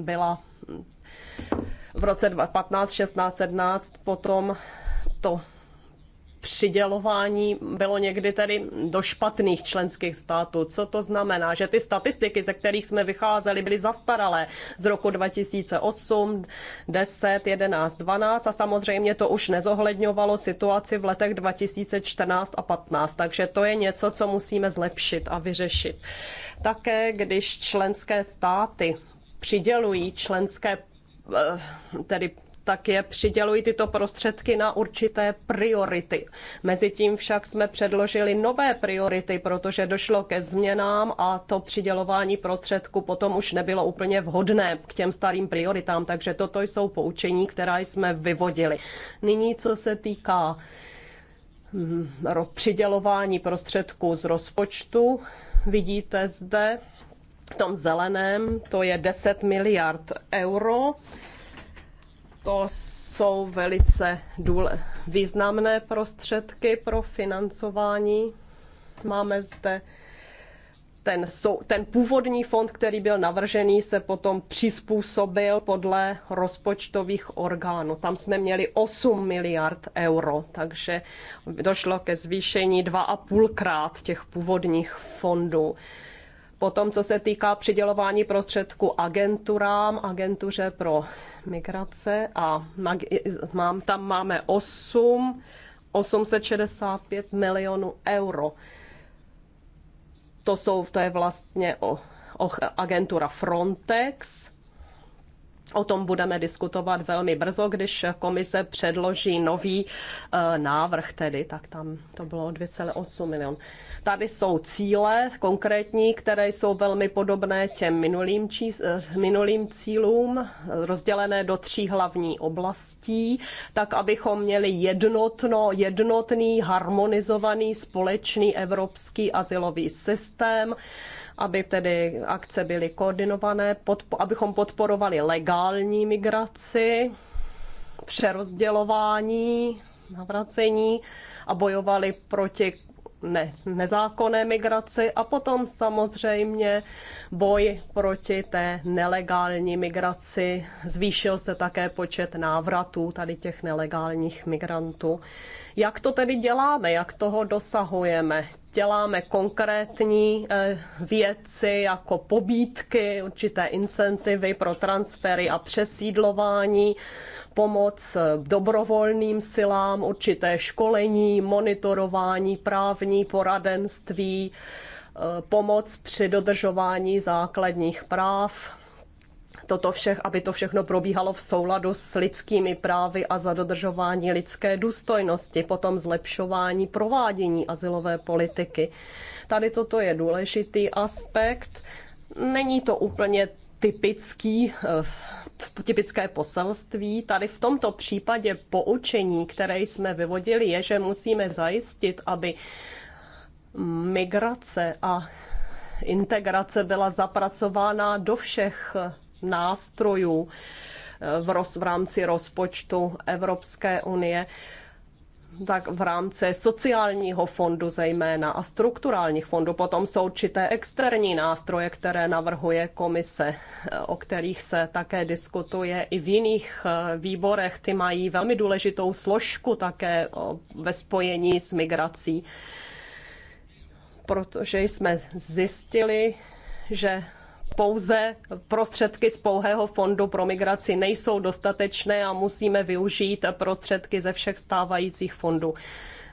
byla v roce 2015 16, 17 potom to přidělování bylo někdy tady do špatných členských států. Co to znamená? Že ty statistiky, ze kterých jsme vycházeli, byly zastaralé z roku 2008, 10, 11, 12 a samozřejmě to už nezohledňovalo situaci v letech 2014 a 15. Takže to je něco, co musíme zlepšit a vyřešit. Také, když členské státy přidělují členské eh, tedy tak je přidělují tyto prostředky na určité priority. Mezitím však jsme předložili nové priority, protože došlo ke změnám a to přidělování prostředku potom už nebylo úplně vhodné k těm starým prioritám, takže toto jsou poučení, která jsme vyvodili. Nyní, co se týká mm, přidělování prostředků z rozpočtu, vidíte zde v tom zeleném, to je 10 miliard euro to jsou velice důle, významné prostředky pro financování. Máme zde ten, ten původní fond, který byl navržený, se potom přizpůsobil podle rozpočtových orgánů. Tam jsme měli 8 miliard euro, takže došlo ke zvýšení 2,5 krát těch původních fondů. Potom, co se týká přidělování prostředků agenturám, agentuře pro migrace a mám, tam máme 8, 865 milionů euro. To jsou, to je vlastně o, o agentura Frontex, O tom budeme diskutovat velmi brzo, když komise předloží nový eh, návrh, tedy tak tam to bylo 2,8 milion. Tady jsou cíle konkrétní, které jsou velmi podobné těm minulým, čís, eh, minulým cílům, rozdělené do tří hlavní oblastí, tak abychom měli jednotno, jednotný, harmonizovaný, společný evropský asilový systém aby tedy akce byly koordinované, podpo- abychom podporovali legální migraci, přerozdělování, navracení a bojovali proti ne, nezákonné migraci a potom samozřejmě boj proti té nelegální migraci. Zvýšil se také počet návratů tady těch nelegálních migrantů. Jak to tedy děláme? Jak toho dosahujeme? Děláme konkrétní eh, věci jako pobídky, určité incentivy pro transfery a přesídlování pomoc dobrovolným silám, určité školení, monitorování, právní poradenství, eh, pomoc při dodržování základních práv, toto vše, aby to všechno probíhalo v souladu s lidskými právy a za dodržování lidské důstojnosti, potom zlepšování provádění asilové politiky. Tady toto je důležitý aspekt. Není to úplně typický, eh, typické poselství. Tady v tomto případě poučení, které jsme vyvodili, je, že musíme zajistit, aby migrace a integrace byla zapracována do všech nástrojů eh, v, roz, v rámci rozpočtu Evropské unie tak v rámci sociálního fondu zejména a strukturálních fondů. Potom jsou určité externí nástroje, které navrhuje komise, o kterých se také diskutuje i v jiných eh, výborech. Ty mají velmi důležitou složku také ve spojení s migrací, protože jsme zjistili, že pouze prostředky z pouhého fondu pro migraci nejsou dostatečné a musíme využít prostředky ze všech stávajících fondů.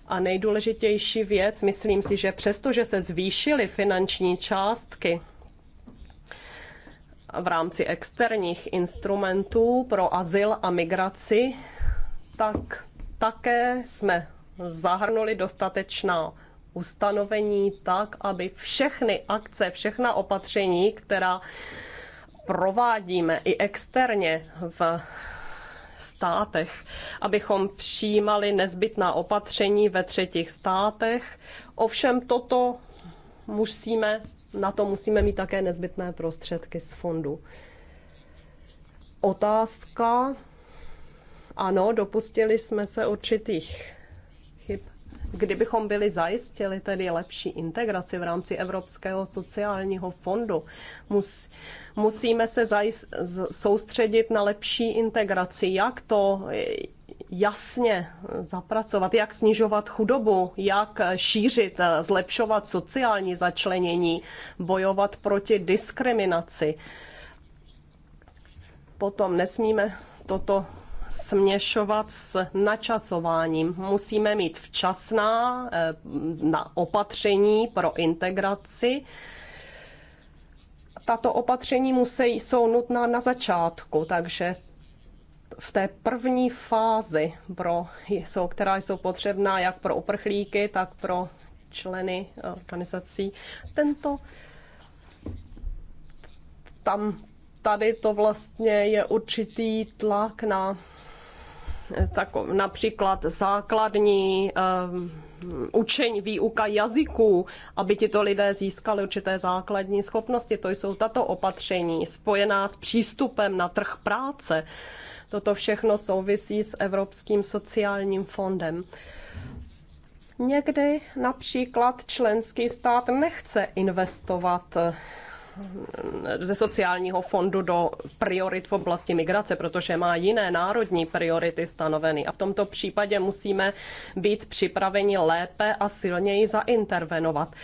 A nejdůležitější věc, myslím si, že přestože se zvýšily finanční částky, v rámci externích instrumentů pro azyl a migraci, tak také jsme zahrnuli dostatečná ustanovení tak, aby všechny akce, všechna opatření, která provádíme i externě v státech, abychom přijímali nezbytná opatření ve třetích státech. Ovšem toto musíme, na to musíme mít také nezbytné prostředky z fondu. Otázka. Ano, dopustili jsme se určitých Kdybychom byli zajistili tedy lepší integraci v rámci Evropského sociálního fondu, mus, musíme se zajist, soustředit na lepší integraci. Jak to jasně zapracovat, jak snižovat chudobu, jak šířit, zlepšovat sociální začlenění, bojovat proti diskriminaci. Potom nesmíme toto směšovat s načasováním. Musíme mít včasná eh, na opatření pro integraci. Tato opatření musí, jsou nutná na začátku, takže v té první fázi, pro, jsou, která jsou potřebná jak pro uprchlíky, tak pro členy organizací. Tento tam tady to vlastně je určitý tlak na tako, například základní ehm, učení, výuka jazyků, aby tito lidé získali určité základní schopnosti. To jsou tato opatření spojená s přístupem na trh práce. Toto všechno souvisí s Evropským sociálním fondem. Někdy například členský stát nechce investovat ze sociálního fondu do priorit v oblasti migrace, protože má jiné národní priority stanoveny. A v tomto případě musíme být připraveni lépe a silněji zaintervenovat.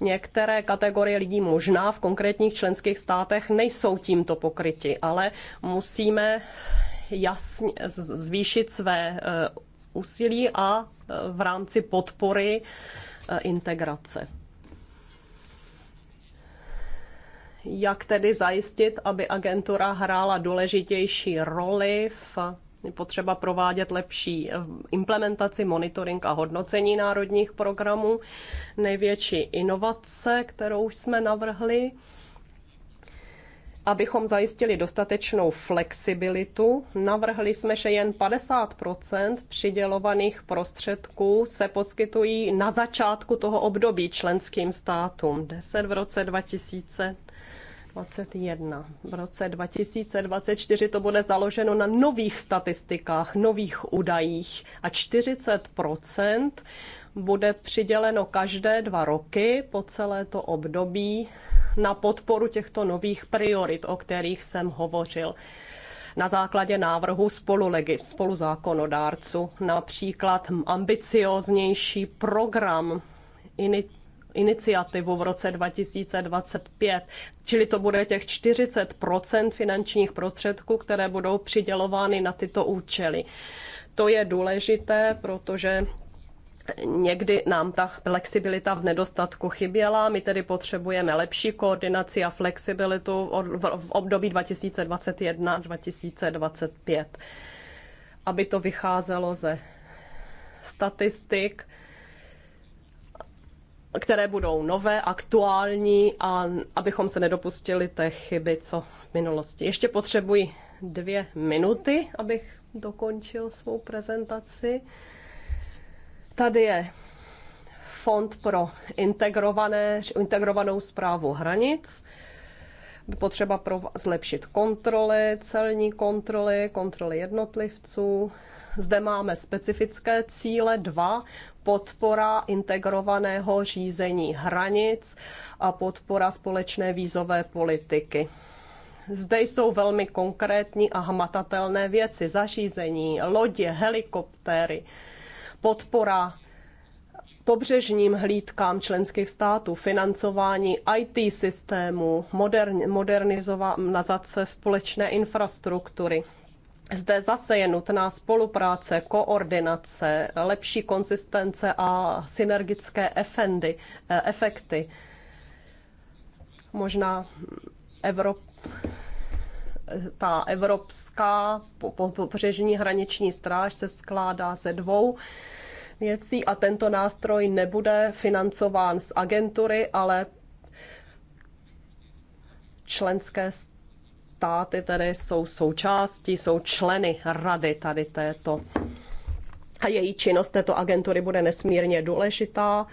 Některé kategorie lidí možná v konkrétních členských státech nejsou tímto pokryti, ale musíme jasně zvýšit své eh, úsilí a eh, v rámci podpory eh, integrace. jak tedy zajistit, aby agentura hrála důležitější roli v potřeba provádět lepší eh, implementaci, monitoring a hodnocení národních programů. Největší inovace, kterou jsme navrhli, abychom zajistili dostatečnou flexibilitu, navrhli jsme, že jen 50 přidělovaných prostředků se poskytují na začátku toho období členským státům 10 v roce 2000 21. V roce 2024 to bude založeno na nových statistikách, nových údajích a 40 bude přiděleno každé dva roky po celé to období na podporu těchto nových priorit, o kterých jsem hovořil na základě návrhu spolulegy, spoluzákonodárců, například ambicioznější program iniciativu v roce 2025, čili to bude těch 40 finančních prostředků, které budou přidělovány na tyto účely. To je důležité, protože Někdy nám ta flexibilita v nedostatku chyběla, my tedy potřebujeme lepší koordinaci a flexibilitu v období 2021-2025, aby to vycházelo ze statistik, které budou nové, aktuální a abychom se nedopustili té chyby, co v minulosti. Ještě potřebuji dvě minuty, abych dokončil svou prezentaci. Tady je Fond pro integrované, integrovanou zprávu hranic potřeba pro zlepšit kontroly, celní kontroly, kontroly jednotlivců. Zde máme specifické cíle, dva, podpora integrovaného řízení hranic a podpora společné vízové politiky. Zde jsou velmi konkrétní a hmatatelné věci, zařízení, lodě, helikoptéry, podpora pobřežním hlídkám členských států, financování IT systému, modern, modernizace společné infrastruktury. Zde zase je nutná spolupráce, koordinace, lepší konsistence a synergické efendy, eh, efekty. Možná ta evropská pobřežní hraniční stráž se skládá ze dvou věcí a tento nástroj nebude financován z agentury, ale členské státy tedy jsou součástí, jsou členy rady tady této. A její činnost této agentury bude nesmírně důležitá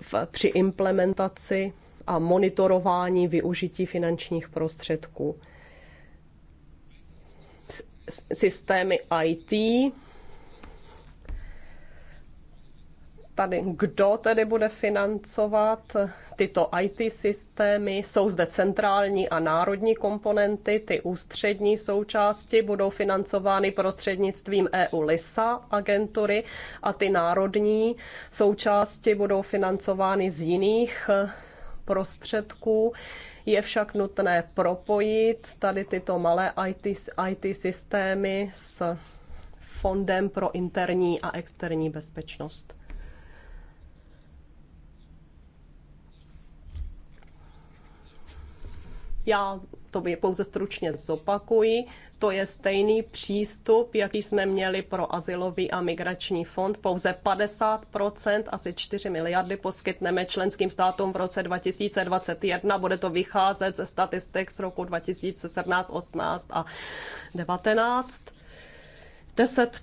v, při implementaci a monitorování využití finančních prostředků. S, systémy IT tady, kdo tedy bude financovat tyto IT systémy. Jsou zde centrální a národní komponenty, ty ústřední součásti budou financovány prostřednictvím EU LISA agentury a ty národní součásti budou financovány z jiných prostředků. Je však nutné propojit tady tyto malé IT, IT systémy s Fondem pro interní a externí bezpečnost. Já to pouze stručně zopakuji. To je stejný přístup, jaký jsme měli pro asilový a migrační fond. Pouze 50%, asi 4 miliardy poskytneme členským státům v roce 2021. Bude to vycházet ze statistik z roku 2017, 18 a 19. 10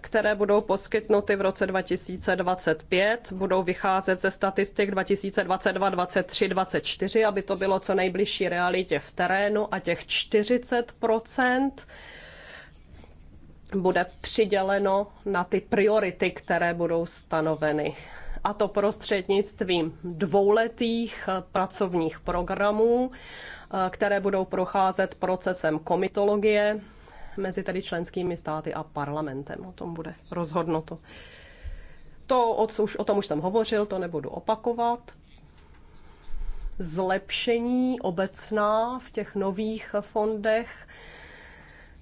které budou poskytnuty v roce 2025, budou vycházet ze statistik 2022, 2023, 2024, aby to bylo co nejbližší realitě v terénu a těch 40 bude přiděleno na ty priority, které budou stanoveny. A to prostřednictvím dvouletých pracovních programů, eh, které budou procházet procesem komitologie, mezi tady členskými státy a parlamentem. O tom bude rozhodnuto. To, o, už, o tom už jsem hovořil, to nebudu opakovat. Zlepšení obecná v těch nových fondech,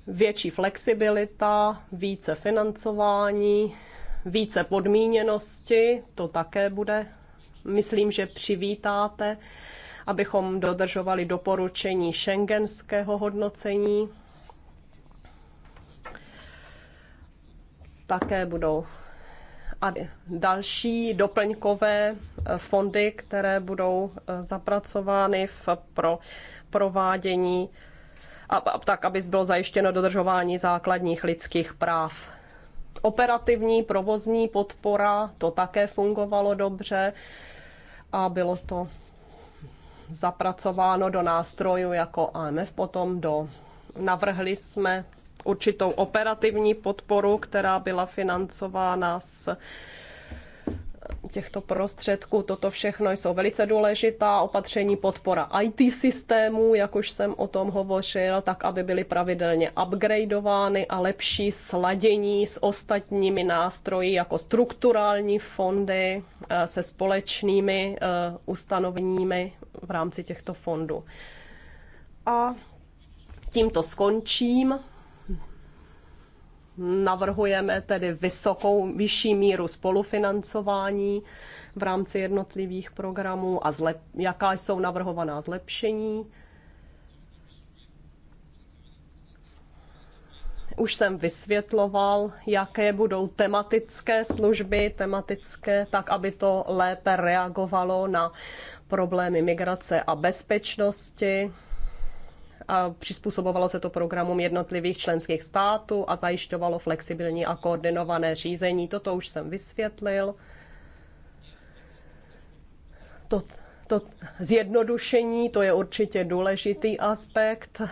větší flexibilita, více financování, více podmíněnosti, to také bude, myslím, že přivítáte, abychom dodržovali doporučení šengenského hodnocení také budou a další doplňkové e, fondy, které budou e, zapracovány v, pro provádění a, a tak, aby bylo zajištěno dodržování základních lidských práv. Operativní provozní podpora, to také fungovalo dobře a bylo to zapracováno do nástrojů jako AMF, potom do navrhli jsme určitou operativní podporu, která byla financována z těchto prostředků. Toto všechno jsou velice důležitá opatření podpora IT systémů, jak už jsem o tom hovořil, tak aby byly pravidelně upgradeovány a lepší sladění s ostatními nástroji jako strukturální fondy eh, se společnými eh, ustanoveními v rámci těchto fondů. A tímto skončím. Navrhujeme tedy vysokou, vyšší míru spolufinancování v rámci jednotlivých programů a zlep, jaká jsou navrhovaná zlepšení. Už jsem vysvětloval, jaké budou tematické služby, tematické, tak aby to lépe reagovalo na problémy migrace a bezpečnosti a přizpůsobovalo se to programům jednotlivých členských států a zajišťovalo flexibilní a koordinované řízení. Toto už jsem vysvětlil. To, to zjednodušení, to je určitě důležitý aspekt.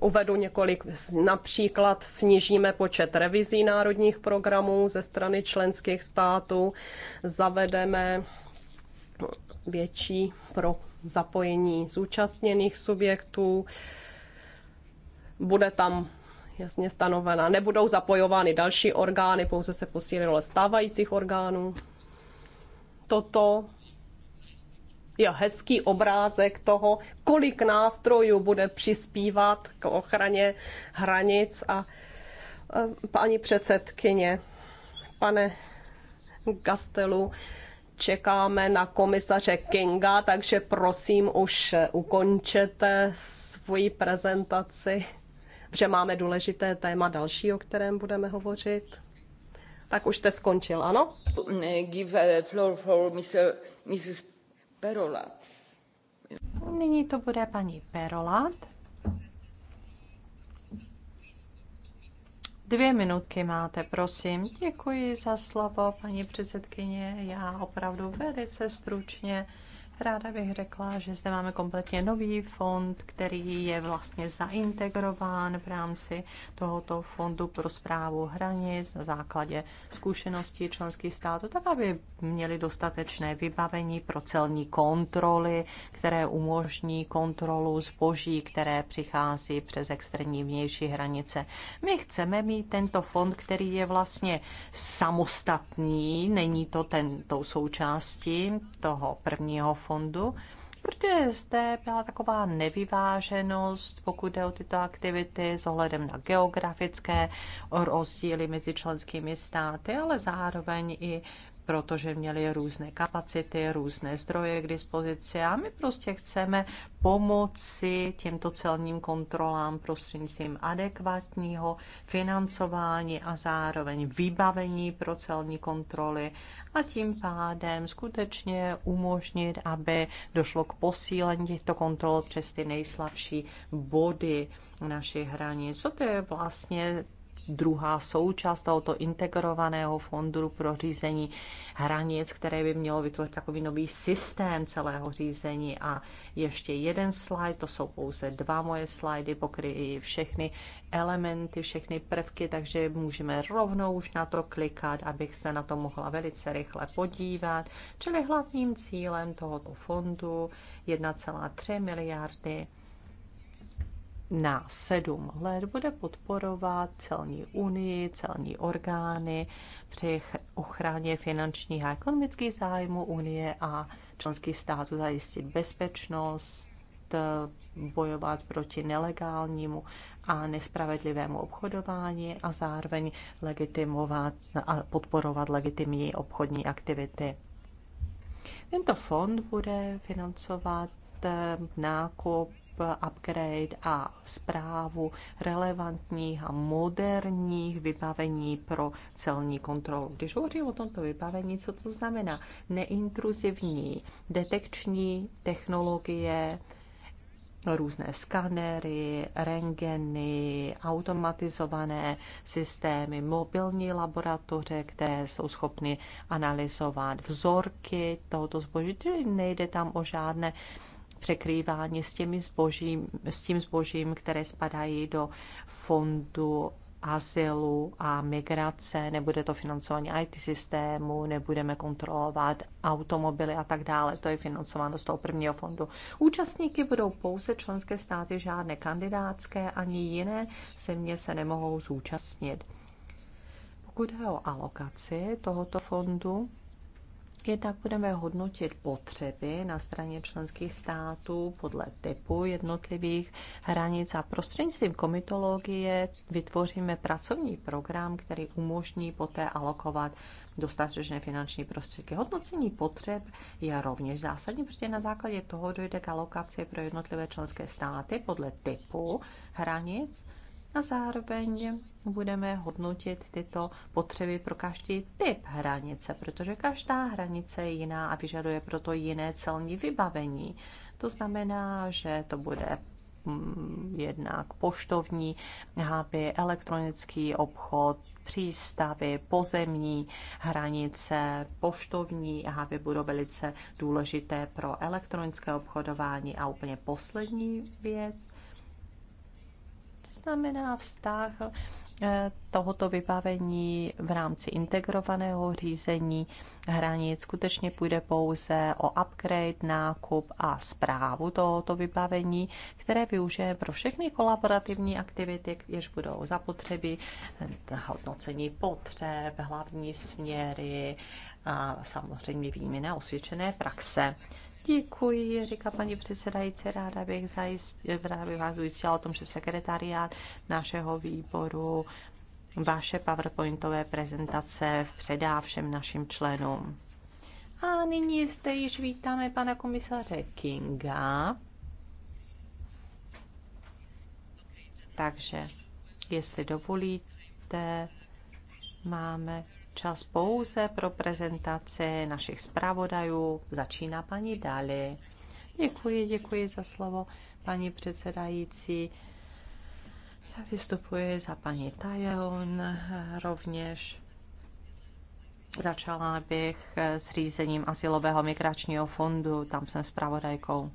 Uvedu několik, například snížíme počet revizí národních programů ze strany členských států, zavedeme větší pro zapojení zúčastněných subjektů, bude tam jasně stanovena. Nebudou zapojovány další orgány, pouze se posílí role stávajících orgánů. Toto je hezký obrázek toho, kolik nástrojů bude přispívat k ochraně hranic a eh, paní předsedkyně, pane Gastelu, čekáme na komisaře Kinga, takže prosím už ukončete svoji prezentaci že máme důležité téma další, o kterém budeme hovořit. Tak už jste skončil, ano? Give floor for Mr. Mrs. Perolat. Nyní to bude paní Perolat. Dvě minutky máte, prosím. Děkuji za slovo, paní předsedkyně. Já opravdu velice stručně. Ráda bych řekla, že zde máme kompletně nový fond, který je vlastně zaintegrován v rámci tohoto fondu pro zprávu hranic na základě zkušeností členských států, tak aby měli dostatečné vybavení pro celní kontroly, které umožní kontrolu zboží, které přichází přes externí vnější hranice. My chceme mít tento fond, který je vlastně samostatný, není to ten, součástí toho prvního fondu, fondu, protože zde byla taková nevyváženost, pokud jde o tyto aktivity s ohledem na geografické rozdíly mezi členskými státy, ale zároveň i protože měli různé kapacity, různé zdroje k dispozici a my prostě chceme pomoci těmto celním kontrolám prostřednictvím adekvátního financování a zároveň vybavení pro celní kontroly a tím pádem skutečně umožnit, aby došlo k posílení těchto kontrol přes ty nejslabší body našich hranic. Co to je vlastně druhá součást tohoto integrovaného fondu pro řízení hranic, které by mělo vytvořit takový nový systém celého řízení. A ještě jeden slide, to jsou pouze dva moje slajdy, pokryjí všechny elementy, všechny prvky, takže můžeme rovnou už na to klikat, abych se na to mohla velice rychle podívat. Čili hlavním cílem tohoto fondu 1,3 miliardy na sedm let bude podporovat celní unii, celní orgány při ochraně finančních a ekonomických zájmů unie a členských států zajistit bezpečnost, bojovat proti nelegálnímu a nespravedlivému obchodování a zároveň legitimovat a podporovat legitimní obchodní aktivity. Tento fond bude financovat eh, nákup upgrade a zprávu relevantních a moderních vybavení pro celní kontrolu. Když hovořím o tomto vybavení, co to znamená? Neintruzivní detekční technologie, různé skanery, rengeny, automatizované systémy, mobilní laboratoře, které jsou schopny analyzovat vzorky tohoto zboží. Nejde tam o žádné uh, překrývání s, těmi zbožím, s tím zbožím, které spadají do fondu azylu a migrace, nebude to financování IT systému, nebudeme kontrolovat automobily a tak dále. To je financováno z toho prvního fondu. Účastníky budou pouze členské státy, žádné kandidátské ani jiné země se nemohou zúčastnit. Pokud je o alokaci tohoto fondu, Jednak budeme hodnotit potřeby na straně členských států podle typu jednotlivých hranic a prostřednictvím komitologie vytvoříme pracovní program, který umožní poté alokovat dostatečné finanční prostředky. Hodnocení potřeb je rovněž zásadní, protože na základě toho dojde k alokaci pro jednotlivé členské státy podle typu hranic a zároveň budeme hodnotit tyto potřeby pro každý typ hranice, protože každá hranice je jiná a vyžaduje proto jiné celní vybavení. To znamená, že to bude mm, jednak poštovní háby, elektronický obchod, přístavy, pozemní hranice, poštovní háby budou velice důležité pro elektronické obchodování. A úplně poslední věc, znamená vztah eh, tohoto vybavení v rámci integrovaného řízení hranic. Skutečně půjde pouze o upgrade, nákup a zprávu tohoto vybavení, které využije pro všechny kolaborativní aktivity, jež budou zapotřeby, eh, hodnocení potřeb, hlavní směry a samozřejmě výměna osvědčené praxe. Děkuji, říká paní předsedající. Ráda bych, zajist, ráda bych vás ujistila o tom, že sekretariát našeho výboru vaše PowerPointové prezentace předá všem našim členům. A nyní jste již vítáme pana komisaře Kinga. Takže, jestli dovolíte, máme čas pouze pro prezentaci našich zpravodajů. Začíná paní Dali. Děkuji, děkuji za slovo, paní předsedající. Já vystupuji za paní Tajon rovněž. Začala bych s řízením asilového migračního fondu, tam jsem zpravodajkou.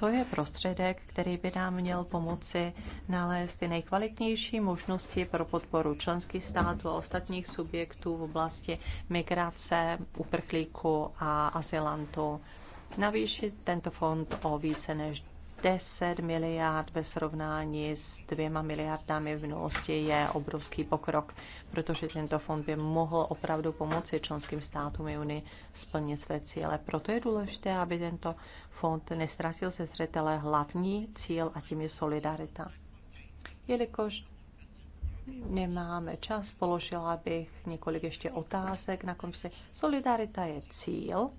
To je prostředek, který by nám měl pomoci nalézt ty nejkvalitnější možnosti pro podporu členských států a ostatních subjektů v oblasti migrace, uprchlíků a asilantů. Navýšit tento fond o více než 10 miliard ve srovnání s dvěma miliardami v minulosti je obrovský pokrok, protože tento fond by mohl opravdu pomoci členským státům i Unii splnit své cíle. Proto je důležité, aby tento fond nestratil se zřetele hlavní cíl a tím je solidarita. Jelikož nemáme čas, položila bych několik ještě otázek na konci. Solidarita je cíl,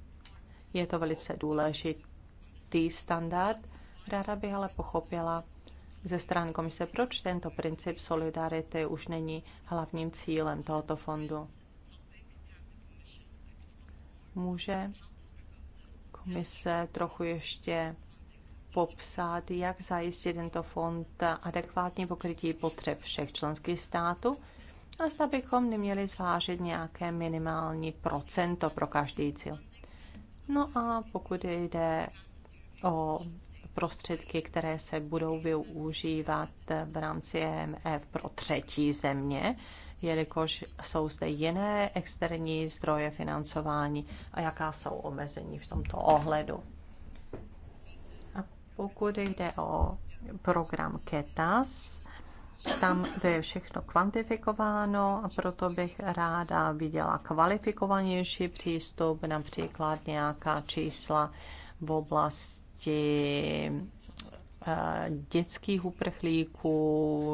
je to velice důležitý standard. Ráda bych ale pochopila ze strany komise, proč tento princip solidarity už není hlavním cílem tohoto fondu. Může komise trochu ještě popsat, jak zajistit tento fond adekvátní pokrytí potřeb všech členských států a zda bychom neměli zvážit nějaké minimální procento pro každý cíl. No a pokud jde o prostředky, které se budou využívat v rámci EMF pro třetí země, jelikož jsou zde jiné externí zdroje financování a jaká jsou omezení v tomto ohledu. A pokud jde o program KETAS, tam to je všechno kvantifikováno a proto bych ráda viděla kvalifikovanější přístup, například nějaká čísla v oblasti Eh, dětských uprchlíků,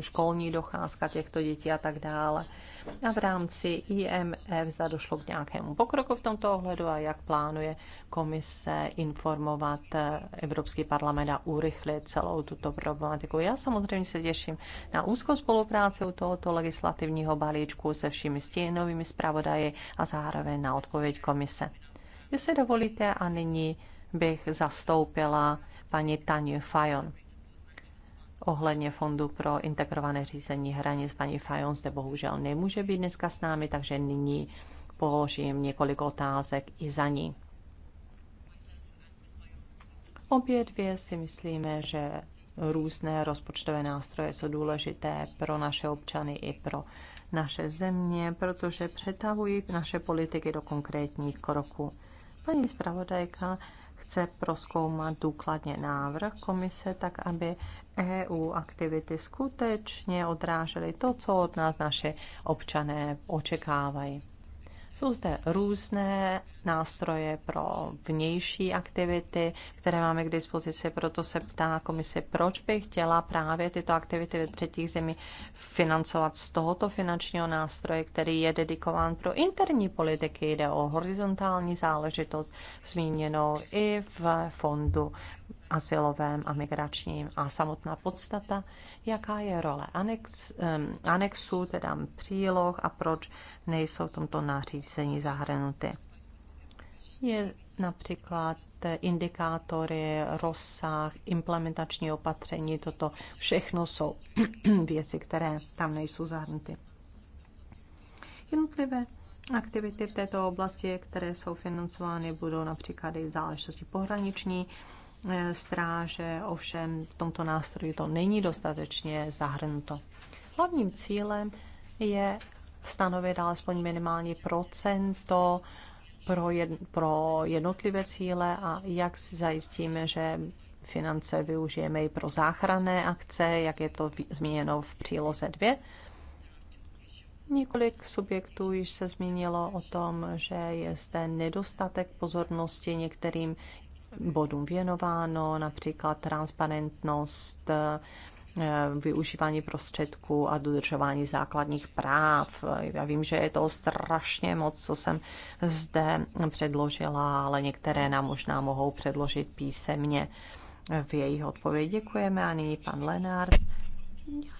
školní docházka těchto dětí a tak dále. A v rámci IMF zda došlo k nějakému pokroku v tomto ohledu a jak plánuje komise informovat eh, Evropský parlament a urychlit celou tuto problematiku. Já samozřejmě se těším na úzkou spolupráci u tohoto legislativního balíčku se všemi stěnovými zpravodaji a zároveň na odpověď komise. Jestli dovolíte a nyní bych zastoupila paní Tanju Fajon. Ohledně Fondu pro integrované řízení hranic paní Fajon zde bohužel nemůže být dneska s námi, takže nyní položím několik otázek i za ní. Obě dvě si myslíme, že různé rozpočtové nástroje jsou důležité pro naše občany i pro naše země, protože přetavují naše politiky do konkrétních kroků. Paní zpravodajka chce proskoumat důkladně návrh komise, tak aby EU aktivity skutečně odrážely to, co od nás naše občané očekávají. Jsou zde různé nástroje pro vnější aktivity, které máme k dispozici, proto se ptá komise, proč by chtěla právě tyto aktivity ve třetích zemí financovat z tohoto finančního nástroje, který je dedikován pro interní politiky. Jde o horizontální záležitost zmíněnou i v fondu asilovém a migračním. A samotná podstata jaká je role anex, um, anexu, teda příloh a proč nejsou v tomto nařízení zahrnuty. Je například eh, indikátory, rozsah, implementační opatření, toto všechno jsou věci, které tam nejsou zahrnuty. Jednotlivé aktivity v této oblasti, které jsou financovány, budou například i záležitosti pohraniční E, stráže, ovšem v tomto nástroji to není dostatečně zahrnuto. Hlavním cílem je stanovit alespoň minimální procento pro, jed, pro jednotlivé cíle a jak si zajistíme, že finance využijeme i pro záchranné akce, jak je to zmíněno v příloze 2. Několik subjektů již se zmínilo o tom, že je zde nedostatek pozornosti některým bodům věnováno, například transparentnost, eh, využívání prostředků a dodržování základních práv. Já vím, že je to strašně moc, co jsem zde předložila, ale některé nám možná mohou předložit písemně v jejich odpověď. Děkujeme a nyní pan Lenárc.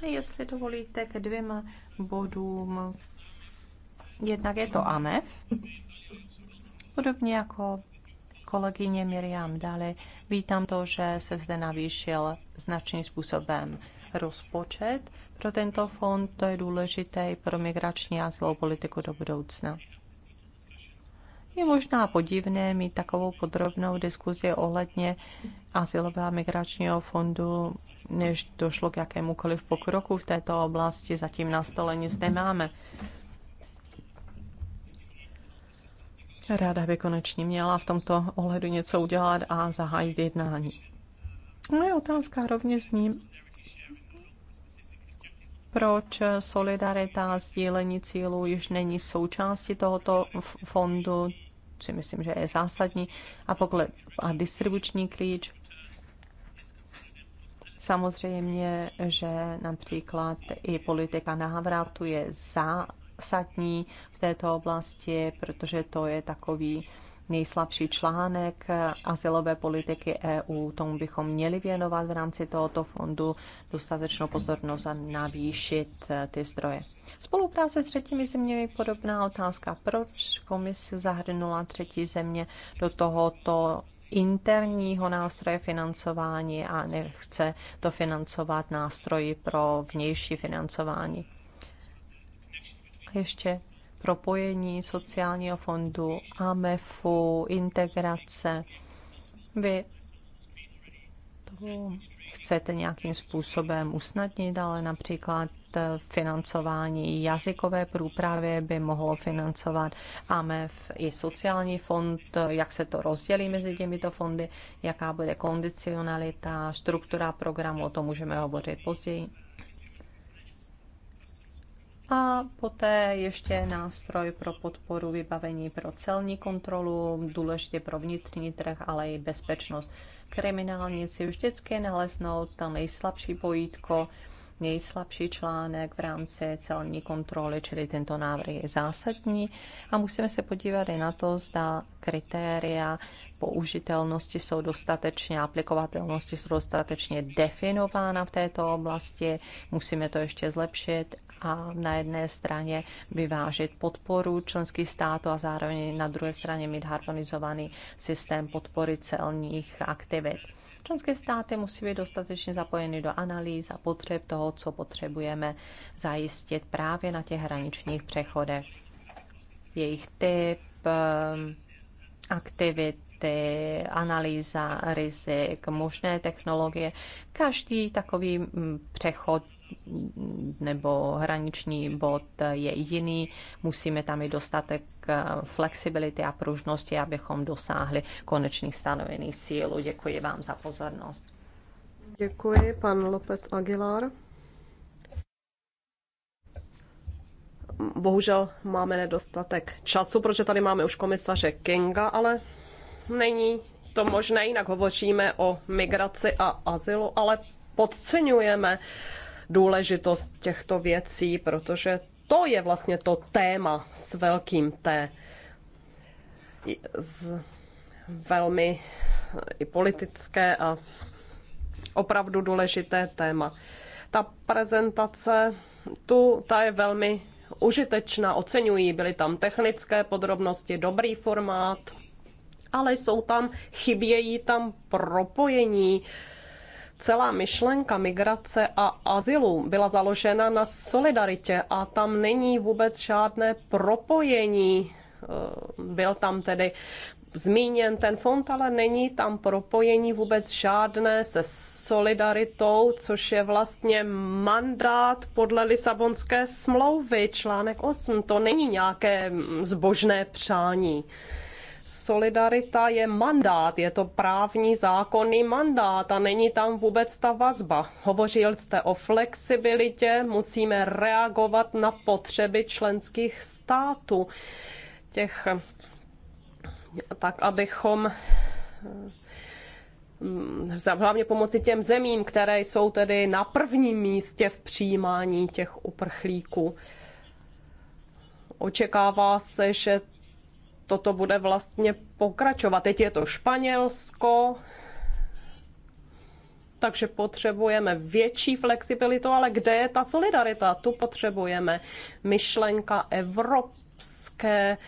Já, jestli dovolíte, ke dvěma bodům. Jednak je to AMEF, podobně jako kolegyně Miriam Dali. Vítám to, že se zde navýšil značným způsobem rozpočet pro tento fond. To je důležité i pro migrační a zlou politiku do budoucna. Je možná podivné mít takovou podrobnou diskuzi ohledně asilového a migračního fondu, než došlo k jakémukoliv pokroku v této oblasti. Zatím na stole nic nemáme. Ráda by konečně měla v tomto ohledu něco udělat a zahájit jednání. Moje otázka rovněž zní, proč solidarita, sdílení cílů již není součástí tohoto fondu, si myslím, že je zásadní, a pokud a distribuční klíč, Samozřejmě, že například i politika návratu je za zásadní v této oblasti, protože to je takový nejslabší článek asilové politiky EU. Tomu bychom měli věnovat v rámci tohoto fondu dostatečnou pozornost a navýšit eh, ty zdroje. Spolupráce s třetími zeměmi je podobná otázka. Proč komise zahrnula třetí země do tohoto interního nástroje financování a nechce to financovat nástroji pro vnější financování? ještě propojení sociálního fondu, AMEFu, integrace. Vy to chcete nějakým způsobem usnadnit, ale například eh, financování jazykové průpravy by mohlo financovat AMF e i sociální fond, jak se to rozdělí mezi těmito fondy, jaká bude kondicionalita, struktura programu, o tom můžeme hovořit později a poté ještě nástroj pro podporu vybavení pro celní kontrolu, důležitě pro vnitřní trh, ale i bezpečnost. Kriminálníci vždycky naleznou tam nejslabší pojítko, nejslabší článek v rámci celní kontroly, čili tento návrh je zásadní. A musíme se podívat i na to, zda kritéria použitelnosti jsou dostatečně, aplikovatelnosti jsou dostatečně definována v této oblasti. Musíme to ještě zlepšit a na jedné straně vyvážit podporu členských států a zároveň na druhé straně mít harmonizovaný systém podpory celních aktivit. Členské státy musí být dostatečně zapojeny do analýz a potřeb toho, co potřebujeme zajistit právě na těch hraničních přechodech. Jejich typ, ehm, aktivit, analýza rizik, možné technologie. Každý takový mm, přechod nebo hraniční bod je jiný. Musíme tam i dostatek eh, flexibility a pružnosti, abychom dosáhli konečných stanovených cílů. Děkuji vám za pozornost. Děkuji, pan López Aguilar. Bohužel máme nedostatek času, protože tady máme už komisaře Kinga, ale není to možné, jinak hovoříme o migraci a azylu, ale podceňujeme důležitost těchto věcí, protože to je vlastně to téma s velkým T. Z velmi i politické a opravdu důležité téma. Ta prezentace tu, ta je velmi užitečná, oceňují, byly tam technické podrobnosti, dobrý formát, ale jsou tam, chybějí tam propojení celá myšlenka migrace a azylu byla založena na solidaritě a tam není vůbec žádné propojení. Eh, byl tam tedy zmíněn ten fond, ale není tam propojení vůbec žádné se solidaritou, což je vlastně mandát podle Lisabonské smlouvy, článek 8. To není nějaké zbožné přání. Solidarita je mandát, je to právní zákonný mandát a není tam vůbec ta vazba. Hovořil jste o flexibilitě, musíme reagovat na potřeby členských států. Těch, tak abychom eh, hlavně pomoci těm zemím, které jsou tedy na prvním místě v přijímání těch uprchlíků. Očekává se, že toto bude vlastně pokračovat. Teď je to Španělsko, takže potřebujeme větší flexibilitu, ale kde je ta solidarita? Tu potřebujeme. Myšlenka evropské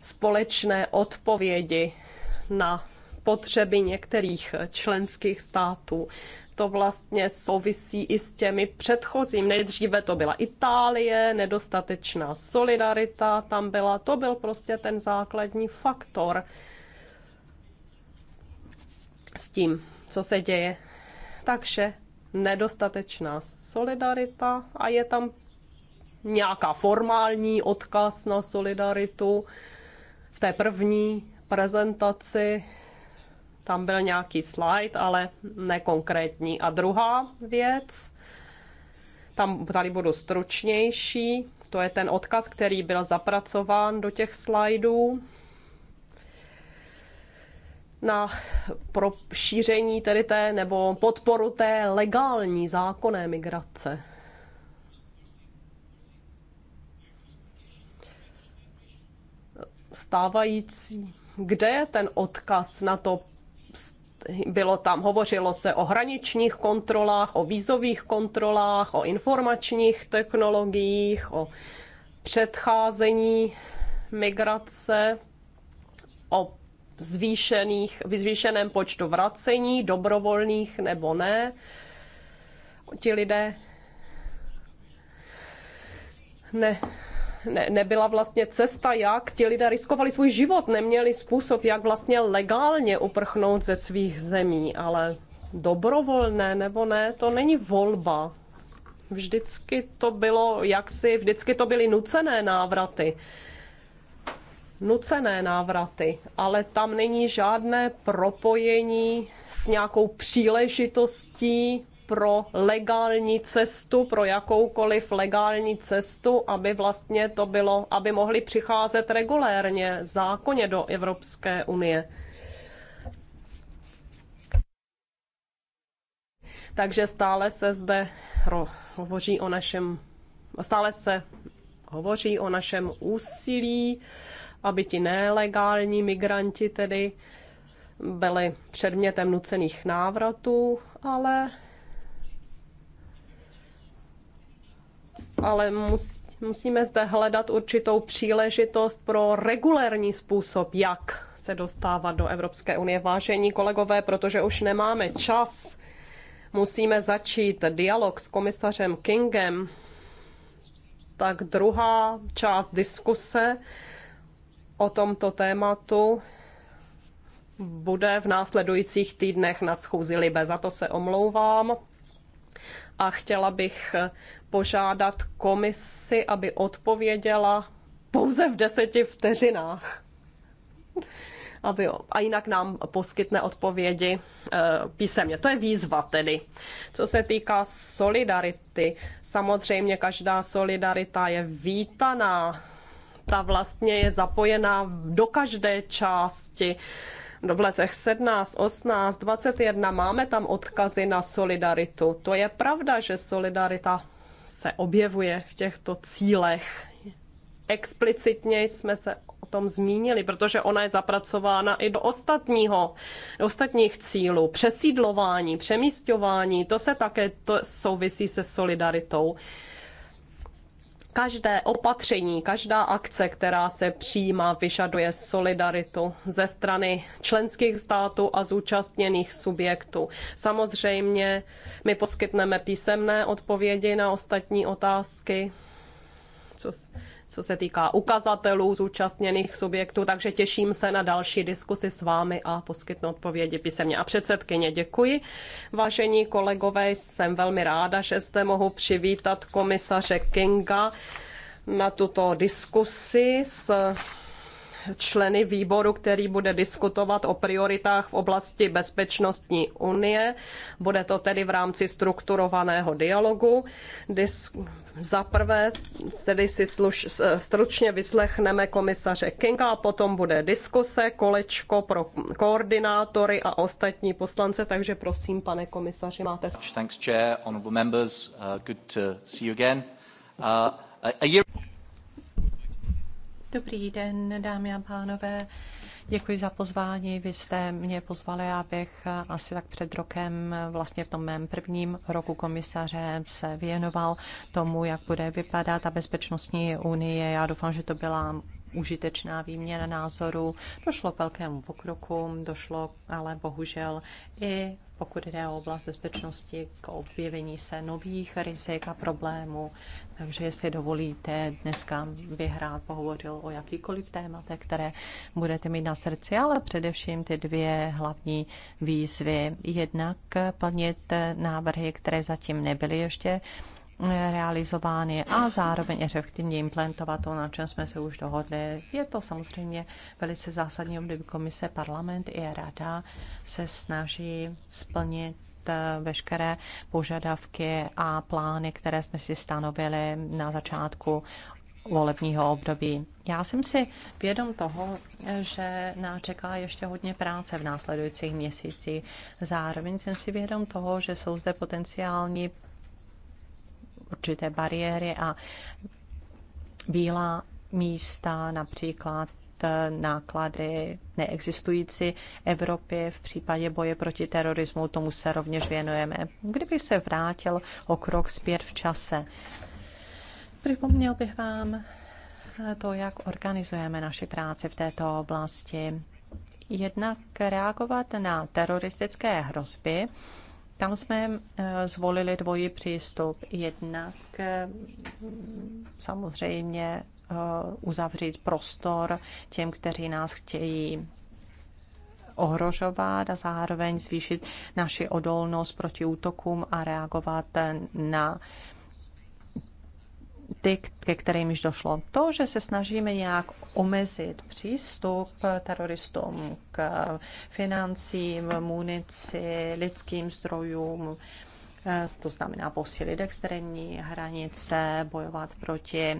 společné odpovědi na potřeby některých členských států to vlastně souvisí i s těmi předchozím. Nejdříve to byla Itálie, nedostatečná solidarita tam byla, to byl prostě ten základní faktor s tím, co se děje. Takže nedostatečná solidarita a je tam nějaká formální odkaz na solidaritu v té první prezentaci tam byl nějaký slide, ale nekonkrétní. A druhá věc, tam tady budu stručnější, to je ten odkaz, který byl zapracován do těch slajdů na pro šíření tedy té nebo podporu té legální zákonné migrace. Stávající, kde je ten odkaz na to bylo tam, hovořilo se o hraničních kontrolách, o vízových kontrolách, o informačních technologiích, o předcházení migrace, o zvýšených, zvýšeném počtu vracení, dobrovolných nebo ne. Ti lidé ne, ne, nebyla vlastně cesta, jak ti lidé riskovali svůj život, neměli způsob, jak vlastně legálně uprchnout ze svých zemí, ale dobrovolné nebo ne, to není volba. Vždycky to bylo jaksi, vždycky to byly nucené návraty nucené návraty, ale tam není žádné propojení s nějakou příležitostí pro legální cestu, pro jakoukoliv legální cestu, aby vlastně to bylo, aby mohli přicházet regulérně, zákonně do Evropské unie. Takže stále se zde hovoří o našem, stále se hovoří o našem úsilí, aby ti nelegální migranti tedy byli předmětem nucených návratů, ale ale mus, musíme zde hledat určitou příležitost pro regulérní způsob, jak se dostávat do Evropské unie. Vážení kolegové, protože už nemáme čas, musíme začít dialog s komisařem Kingem, tak druhá část diskuse o tomto tématu bude v následujících týdnech na schůzi Libe. Za to se omlouvám a chtěla bych požádat komisi, aby odpověděla pouze v deseti vteřinách. Aby, a jinak nám poskytne odpovědi eh, písemně. To je výzva tedy. Co se týká solidarity, samozřejmě každá solidarita je vítaná. Ta vlastně je zapojená do každé části no, v letech 17, 18, 21 máme tam odkazy na solidaritu. To je pravda, že solidarita se objevuje v těchto cílech. Explicitně jsme se o tom zmínili, protože ona je zapracována i do ostatního, do ostatních cílů. Přesídlování, přemístování, to se také to souvisí se solidaritou. Každé opatření, každá akce, která se přijímá, vyžaduje solidaritu ze strany členských států a zúčastněných subjektů. Samozřejmě my poskytneme písemné odpovědi na ostatní otázky, co co se týká ukazatelů zúčastněných subjektů, takže těším se na další diskusi s vámi a poskytnu odpovědi písemně. A předsedkyně, děkuji. Vážení kolegové, jsem velmi ráda, že jste mohu přivítat komisaře Kinga na tuto diskusi s členy výboru, který bude diskutovat o prioritách v oblasti bezpečnostní unie. Bude to tedy v rámci strukturovaného dialogu. Dis- za prvé tedy si sluš, stručně vyslechneme komisaře Kinga a potom bude diskuse, kolečko pro koordinátory a ostatní poslance, takže prosím, pane komisaři, máte... Thanks, chair, honorable members. Uh, good to see you again. Uh, a year... Dobrý den, dámy a pánové. Děkuji za pozvání. Vy jste mě pozvali, abych asi tak před rokem, vlastně v tom mém prvním roku komisaře, se věnoval tomu, jak bude vypadat ta bezpečnostní unie. Já doufám, že to byla užitečná výměna názorů. Došlo k velkému pokroku, došlo ale bohužel i pokud jde o oblast bezpečnosti, k objevení se nových rizik a problémů. Takže jestli dovolíte, dneska bych rád pohovořil o jakýkoliv tématech, které budete mít na srdci, ale především ty dvě hlavní výzvy. Jednak plnit návrhy, které zatím nebyly ještě realizovány a zároveň efektivně implementovat to, na čem jsme se už dohodli. Je to samozřejmě velice zásadní období komise, parlament i rada se snaží splnit eh, veškeré požadavky a plány, které jsme si stanovili na začátku volebního období. Já jsem si vědom toho, eh, že nás čeká ještě hodně práce v následujících měsících. Zároveň jsem si vědom toho, že jsou zde potenciální určité bariéry a bílá místa, například eh, náklady neexistující Evropy v případě boje proti terorismu, tomu se rovněž věnujeme. Kdyby se vrátil o krok zpět v čase, připomněl bych vám eh, to, jak organizujeme naši práci v této oblasti. Jednak reagovat na teroristické hrozby, tam jsme eh, zvolili dvojí přístup. Jednak eh, samozřejmě eh, uzavřít prostor těm, kteří nás chtějí ohrožovat a zároveň zvýšit naši odolnost proti útokům a reagovat na ty, ke kterým již došlo. To, že se snažíme nějak omezit přístup teroristům k financím, munici, lidským zdrojům, eh, to znamená posílit extrémní hranice, bojovat proti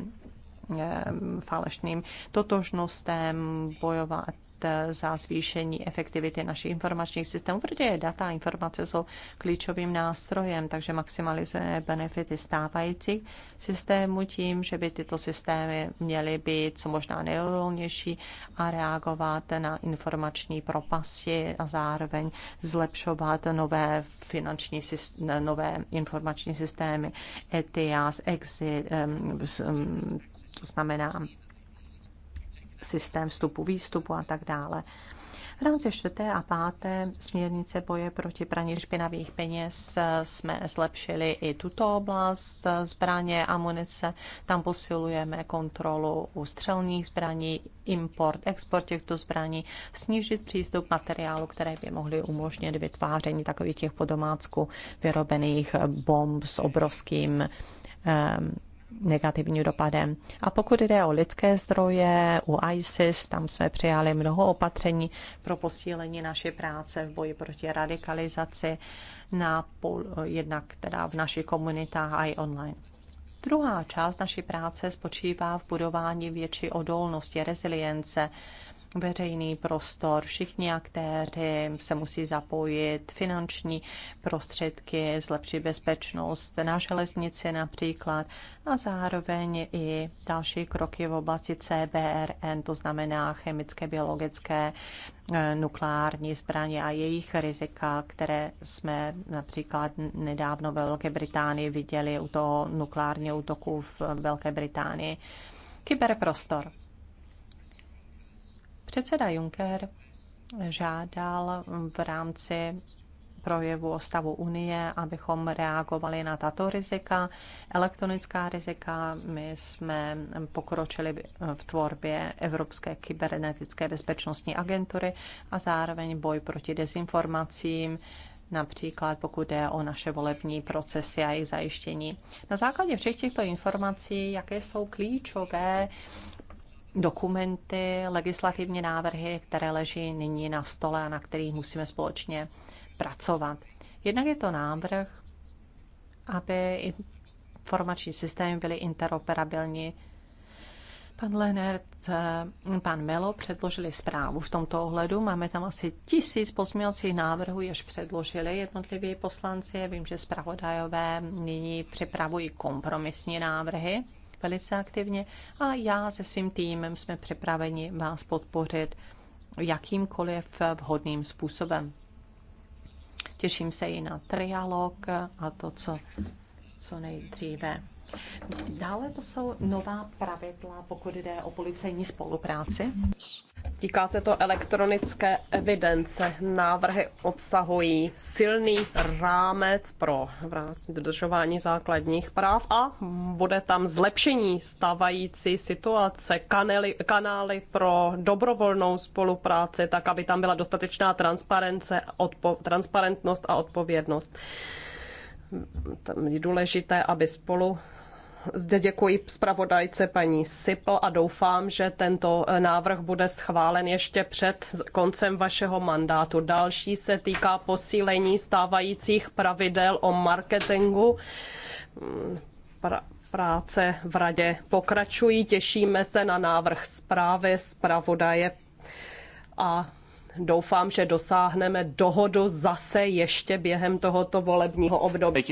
falešným totožnostem, bojovat eh, za zvýšení efektivity našich informačních systémů, protože data a informace jsou klíčovým nástrojem, takže maximalizujeme benefity stávajících systémů tím, že by tyto systémy měly být co možná neodolnější a reagovat na informační propasti a zároveň zlepšovat nové finanční systémy, nové informační systémy ETIAS, EXIT, to znamená systém vstupu, výstupu a tak dále. V rámci čtvrté a páté směrnice boje proti praní špinavých peněz jsme zlepšili i tuto oblast zbraně a munice. Tam posilujeme kontrolu u střelních zbraní, import, export těchto zbraní, snížit přístup materiálu, které by mohly umožnit vytváření takových těch podomácku vyrobených bomb s obrovským negativním dopadem. A pokud jde o lidské zdroje, u ISIS, tam jsme přijali mnoho opatření pro posílení naší práce v boji proti radikalizaci, na pol, jednak teda v našich komunitách a i online. Druhá část naší práce spočívá v budování větší odolnosti, rezilience veřejný prostor, všichni aktéři se musí zapojit, finanční prostředky, zlepšit bezpečnost na železnici například a zároveň i další kroky v oblasti CBRN, to znamená chemické, biologické, eh, nukleární zbraně a jejich rizika, které jsme například nedávno ve Velké Británii viděli u toho nukleárního útoku v Velké Británii. Kyberprostor. Předseda Juncker žádal v rámci projevu o stavu Unie, abychom reagovali na tato rizika, elektronická rizika. My jsme pokročili v tvorbě Evropské kybernetické bezpečnostní agentury a zároveň boj proti dezinformacím, například pokud jde o naše volební procesy a jejich zajištění. Na základě všech těchto informací, jaké jsou klíčové dokumenty, legislativní návrhy, které leží nyní na stole a na kterých musíme společně pracovat. Jednak je to návrh, aby informační systémy byly interoperabilní. Pan Lenert, eh, pan Melo předložili zprávu v tomto ohledu. Máme tam asi tisíc pozměňovacích návrhů, jež předložili jednotliví poslanci. Vím, že zpravodajové nyní připravují kompromisní návrhy velice aktivně a já se svým týmem jsme připraveni vás podpořit jakýmkoliv vhodným způsobem. Těším se i na trialog a to, co, co nejdříve. Dále to jsou nová pravidla, pokud jde o policejní spolupráci. Týká se to elektronické evidence. Návrhy obsahují silný rámec pro dodržování základních práv a bude tam zlepšení stávající situace, kanely, kanály pro dobrovolnou spolupráci, tak aby tam byla dostatečná transparence, odpo, transparentnost a odpovědnost je důležité, aby spolu zde děkuji zpravodajce paní Sipl a doufám, že tento eh, návrh bude schválen ještě před koncem vašeho mandátu. Další se týká posílení stávajících pravidel o marketingu. Mm, pra práce v radě pokračují. Těšíme se na návrh zprávy zpravodaje a doufám, že dosáhneme dohodu zase ještě během tohoto volebního období.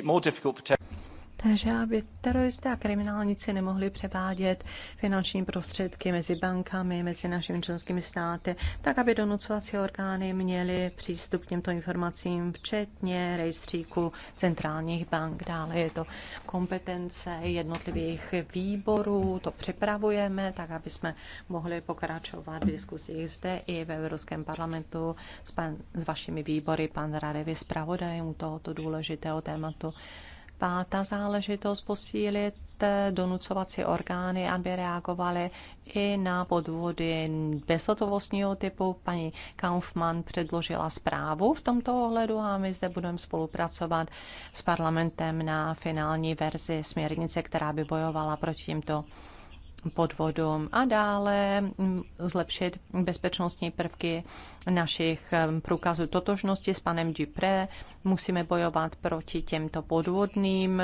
Takže aby teroristé a kriminálníci nemohli převádět finanční prostředky mezi bankami, mezi našimi členskými státy, tak aby donucovací orgány měly přístup k těmto informacím, včetně rejstříku centrálních bank. Dále je to kompetence jednotlivých výborů, to připravujeme, tak aby jsme mohli pokračovat v diskusích zde i ve Evropském parlamentu s, pan, s vašimi výbory, pan Radevi, zpravodajem tohoto důležitého tématu. Pátá záležitost posílit eh, donucovací orgány, aby reagovaly i na podvody bezhotovostního typu. Paní Kaufmann předložila zprávu v tomto ohledu a my zde budeme spolupracovat s parlamentem na finální verzi směrnice, která by bojovala proti těmto podvodům a dále mm, zlepšit bezpečnostní prvky našich mm, průkazů totožnosti s panem Dupré. Musíme bojovat proti těmto podvodným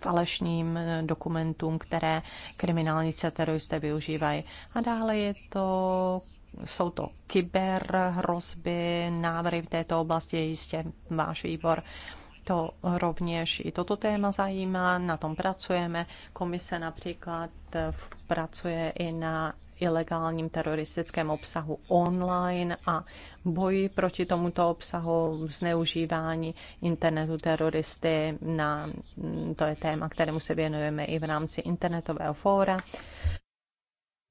falešným mm, dokumentům, které kriminálnice teroristé využívají. A dále je to jsou to kyberhrozby, návrhy v této oblasti, jistě váš výbor uh, to rovněž i toto téma zajímá, na tom pracujeme. Komise například eh, pracuje i na ilegálním teroristickém obsahu online a boji proti tomuto obsahu, zneužívání internetu teroristy. Na, to je téma, kterému se věnujeme i v rámci internetového fóra.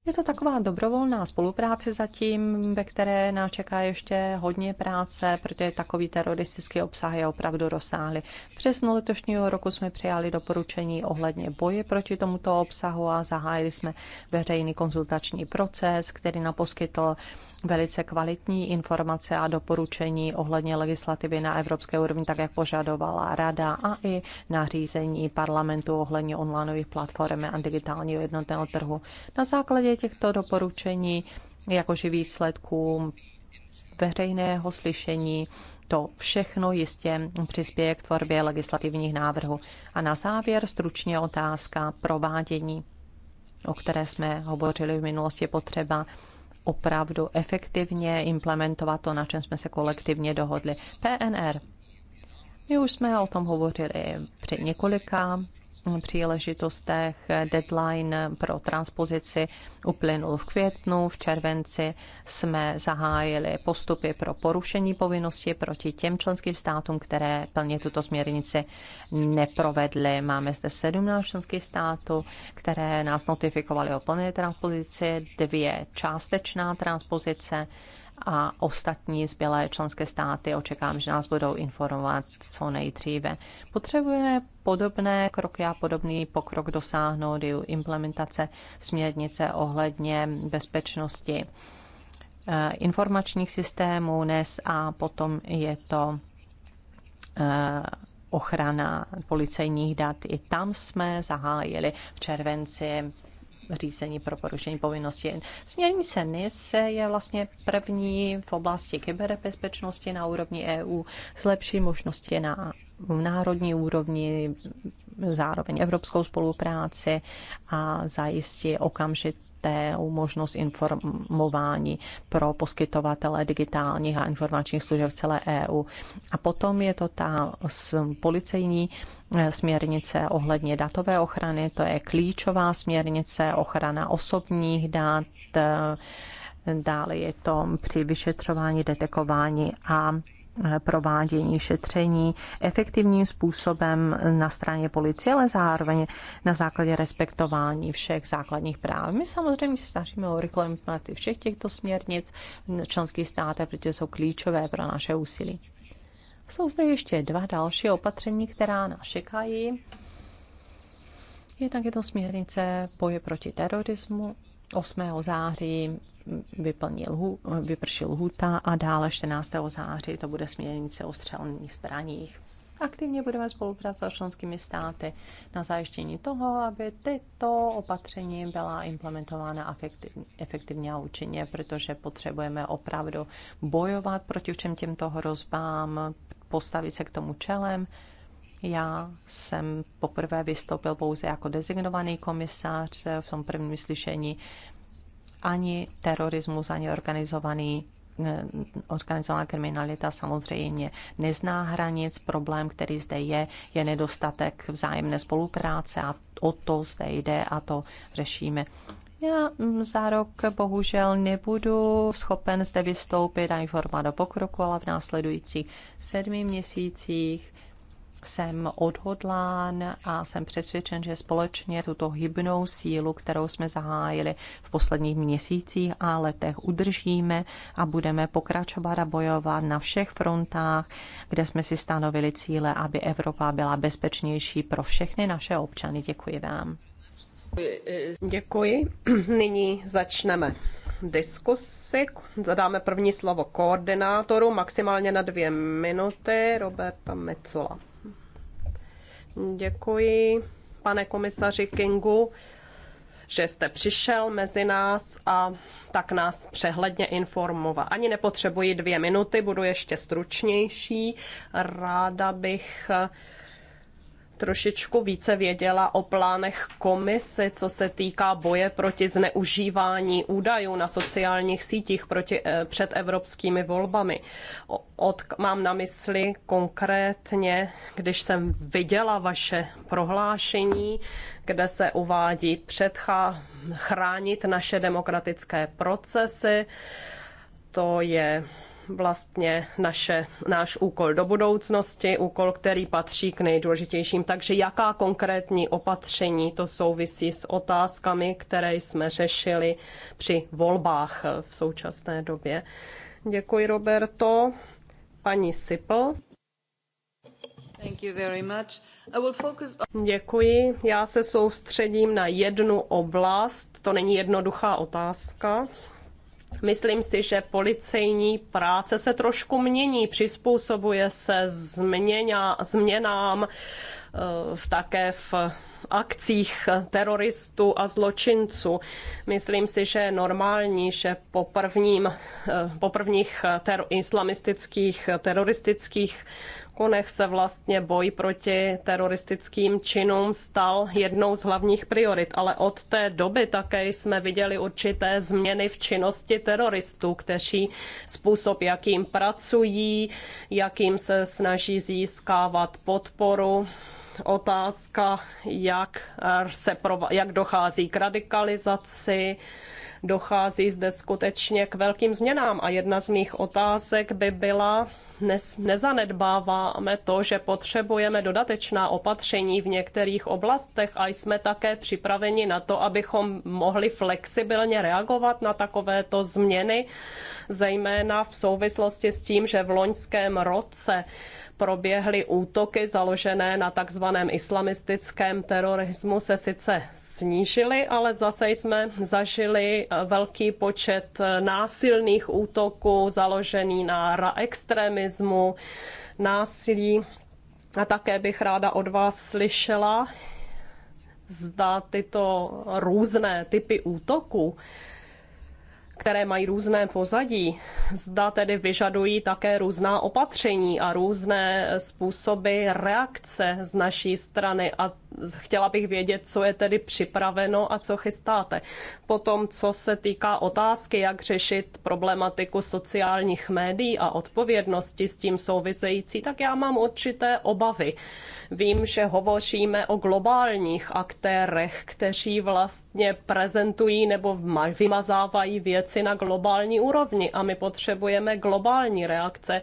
Je to taková dobrovolná spolupráce zatím, ve které nás čeká ještě hodně práce, protože takový teroristický obsah je opravdu rozsáhlý. V letošního roku jsme přijali doporučení ohledně boje proti tomuto obsahu a zahájili jsme veřejný konzultační proces, který naposkytl poskytl velice kvalitní informace a doporučení ohledně legislativy na evropské úrovni, tak jak požadovala Rada a i nařízení parlamentu ohledně onlineových platform a digitálního jednotného trhu. Na základě těchto doporučení, jakož i výsledků veřejného slyšení, to všechno jistě přispěje k tvorbě legislativních návrhů. A na závěr stručně otázka provádění, o které jsme hovořili v minulosti potřeba opravdu efektivně implementovat to, na čem jsme se kolektivně dohodli. PNR. My už jsme o tom hovořili před několika příležitostech. Deadline pro transpozici uplynul v květnu, v červenci jsme zahájili postupy pro porušení povinnosti proti těm členským státům, které plně tuto směrnici neprovedly. Máme zde 17 členských států, které nás notifikovaly o plné transpozici, dvě částečná transpozice a ostatní zbělé členské státy očekávám, že nás budou informovat co nejdříve. Potřebuje podobné kroky a podobný pokrok dosáhnout i implementace směrnice ohledně bezpečnosti eh, informačních systémů NES a potom je to eh, ochrana policejních dat. I tam jsme zahájili v červenci řízení pro porušení povinnosti. Směrnice NIS je vlastně první v oblasti kyberbezpečnosti na úrovni EU s lepší možnosti na v národní úrovni, zároveň evropskou spolupráci a zajistí okamžité možnost informování pro poskytovatele digitálních a informačních služeb v celé EU. A potom je to ta policejní eh, směrnice ohledně datové ochrany, to je klíčová směrnice ochrana osobních dat, eh, dále je to při vyšetřování, detekování a provádění šetření efektivním způsobem na straně policie, ale zároveň na základě respektování všech základních práv. My samozřejmě se snažíme o rychlou implementaci všech těchto směrnic v členských státech, protože jsou klíčové pro naše úsilí. Jsou zde ještě dva další opatření, která nás čekají. Je také to směrnice boje proti terorismu 8. září vyplnil, vypršil lhuta a dále 14. září to bude směrnice o střelných zbraních. Aktivně budeme spolupracovat s členskými státy na zajištění toho, aby tyto opatření byla implementována efektivně a účinně, protože potřebujeme opravdu bojovat proti všem těmto hrozbám, postavit se k tomu čelem já jsem poprvé vystoupil pouze jako designovaný komisář v tom prvním slyšení. Ani terorismus, ani organizovaný eh, organizovaná kriminalita samozřejmě nezná hranic. Problém, který zde je, je nedostatek vzájemné spolupráce a o to zde jde a to řešíme. Já mm, za rok bohužel nebudu schopen zde vystoupit a informovat o pokroku, ale v následujících sedmi měsících jsem odhodlán a jsem přesvědčen, že společně tuto hybnou sílu, kterou jsme zahájili v posledních měsících a letech, udržíme a budeme pokračovat a bojovat na všech frontách, kde jsme si stanovili cíle, aby Evropa byla bezpečnější pro všechny naše občany. Děkuji vám. Děkuji. Nyní začneme diskusi. Zadáme první slovo koordinátoru, maximálně na dvě minuty, Roberta Mecola. Děkuji, pane komisaři Kingu, že jste přišel mezi nás a tak nás přehledně informoval. Ani nepotřebuji dvě minuty, budu ještě stručnější. Ráda bych trošičku více věděla o plánech komise, co se týká boje proti zneužívání údajů na sociálních sítích proti, eh, před evropskými volbami. Od, mám na mysli konkrétně, když jsem viděla vaše prohlášení, kde se uvádí předchá, chránit naše demokratické procesy, to je vlastně naše, náš úkol do budoucnosti, úkol, který patří k nejdůležitějším. Takže jaká konkrétní opatření to souvisí s otázkami, které jsme řešili při volbách v současné době. Děkuji, Roberto. Paní Sipl. Děkuji. Já se soustředím na jednu oblast. To není jednoduchá otázka Myslím si, že policejní práce se trošku mění, přizpůsobuje se změňa, změnám v, eh, také v akcích teroristů a zločinců. Myslím si, že je normální, že po, prvním, eh, po prvních eh, ter- islamistických eh, teroristických konech se vlastně boj proti teroristickým činům stal jednou z hlavních priorit, ale od té doby také jsme viděli určité změny v činnosti teroristů, kteří způsob, jakým pracují, jakým se snaží získávat podporu otázka, jak, se prov... jak dochází k radikalizaci, dochází zde skutečně k velkým změnám a jedna z mých otázek by byla, nezanedbáváme to, že potřebujeme dodatečná opatření v některých oblastech a jsme také připraveni na to, abychom mohli flexibilně reagovat na takovéto změny, zejména v souvislosti s tím, že v loňském roce proběhly útoky založené na takzvaném islamistickém terorismu se sice snížily, ale zase jsme zažili eh, velký počet eh, násilných útoků založených na extremismu, násilí. A také bych ráda od vás slyšela, zda tyto různé typy útoků které mají různé pozadí, zda tedy vyžadují také různá opatření a různé způsoby reakce z naší strany. A chtěla bych vědět, co je tedy připraveno a co chystáte. Potom, co se týká otázky, jak řešit problematiku sociálních médií a odpovědnosti s tím související, tak já mám určité obavy. Vím, že hovoříme o globálních aktérech, kteří vlastně prezentují nebo vymazávají věci na globální úrovni a my potřebujeme globální reakce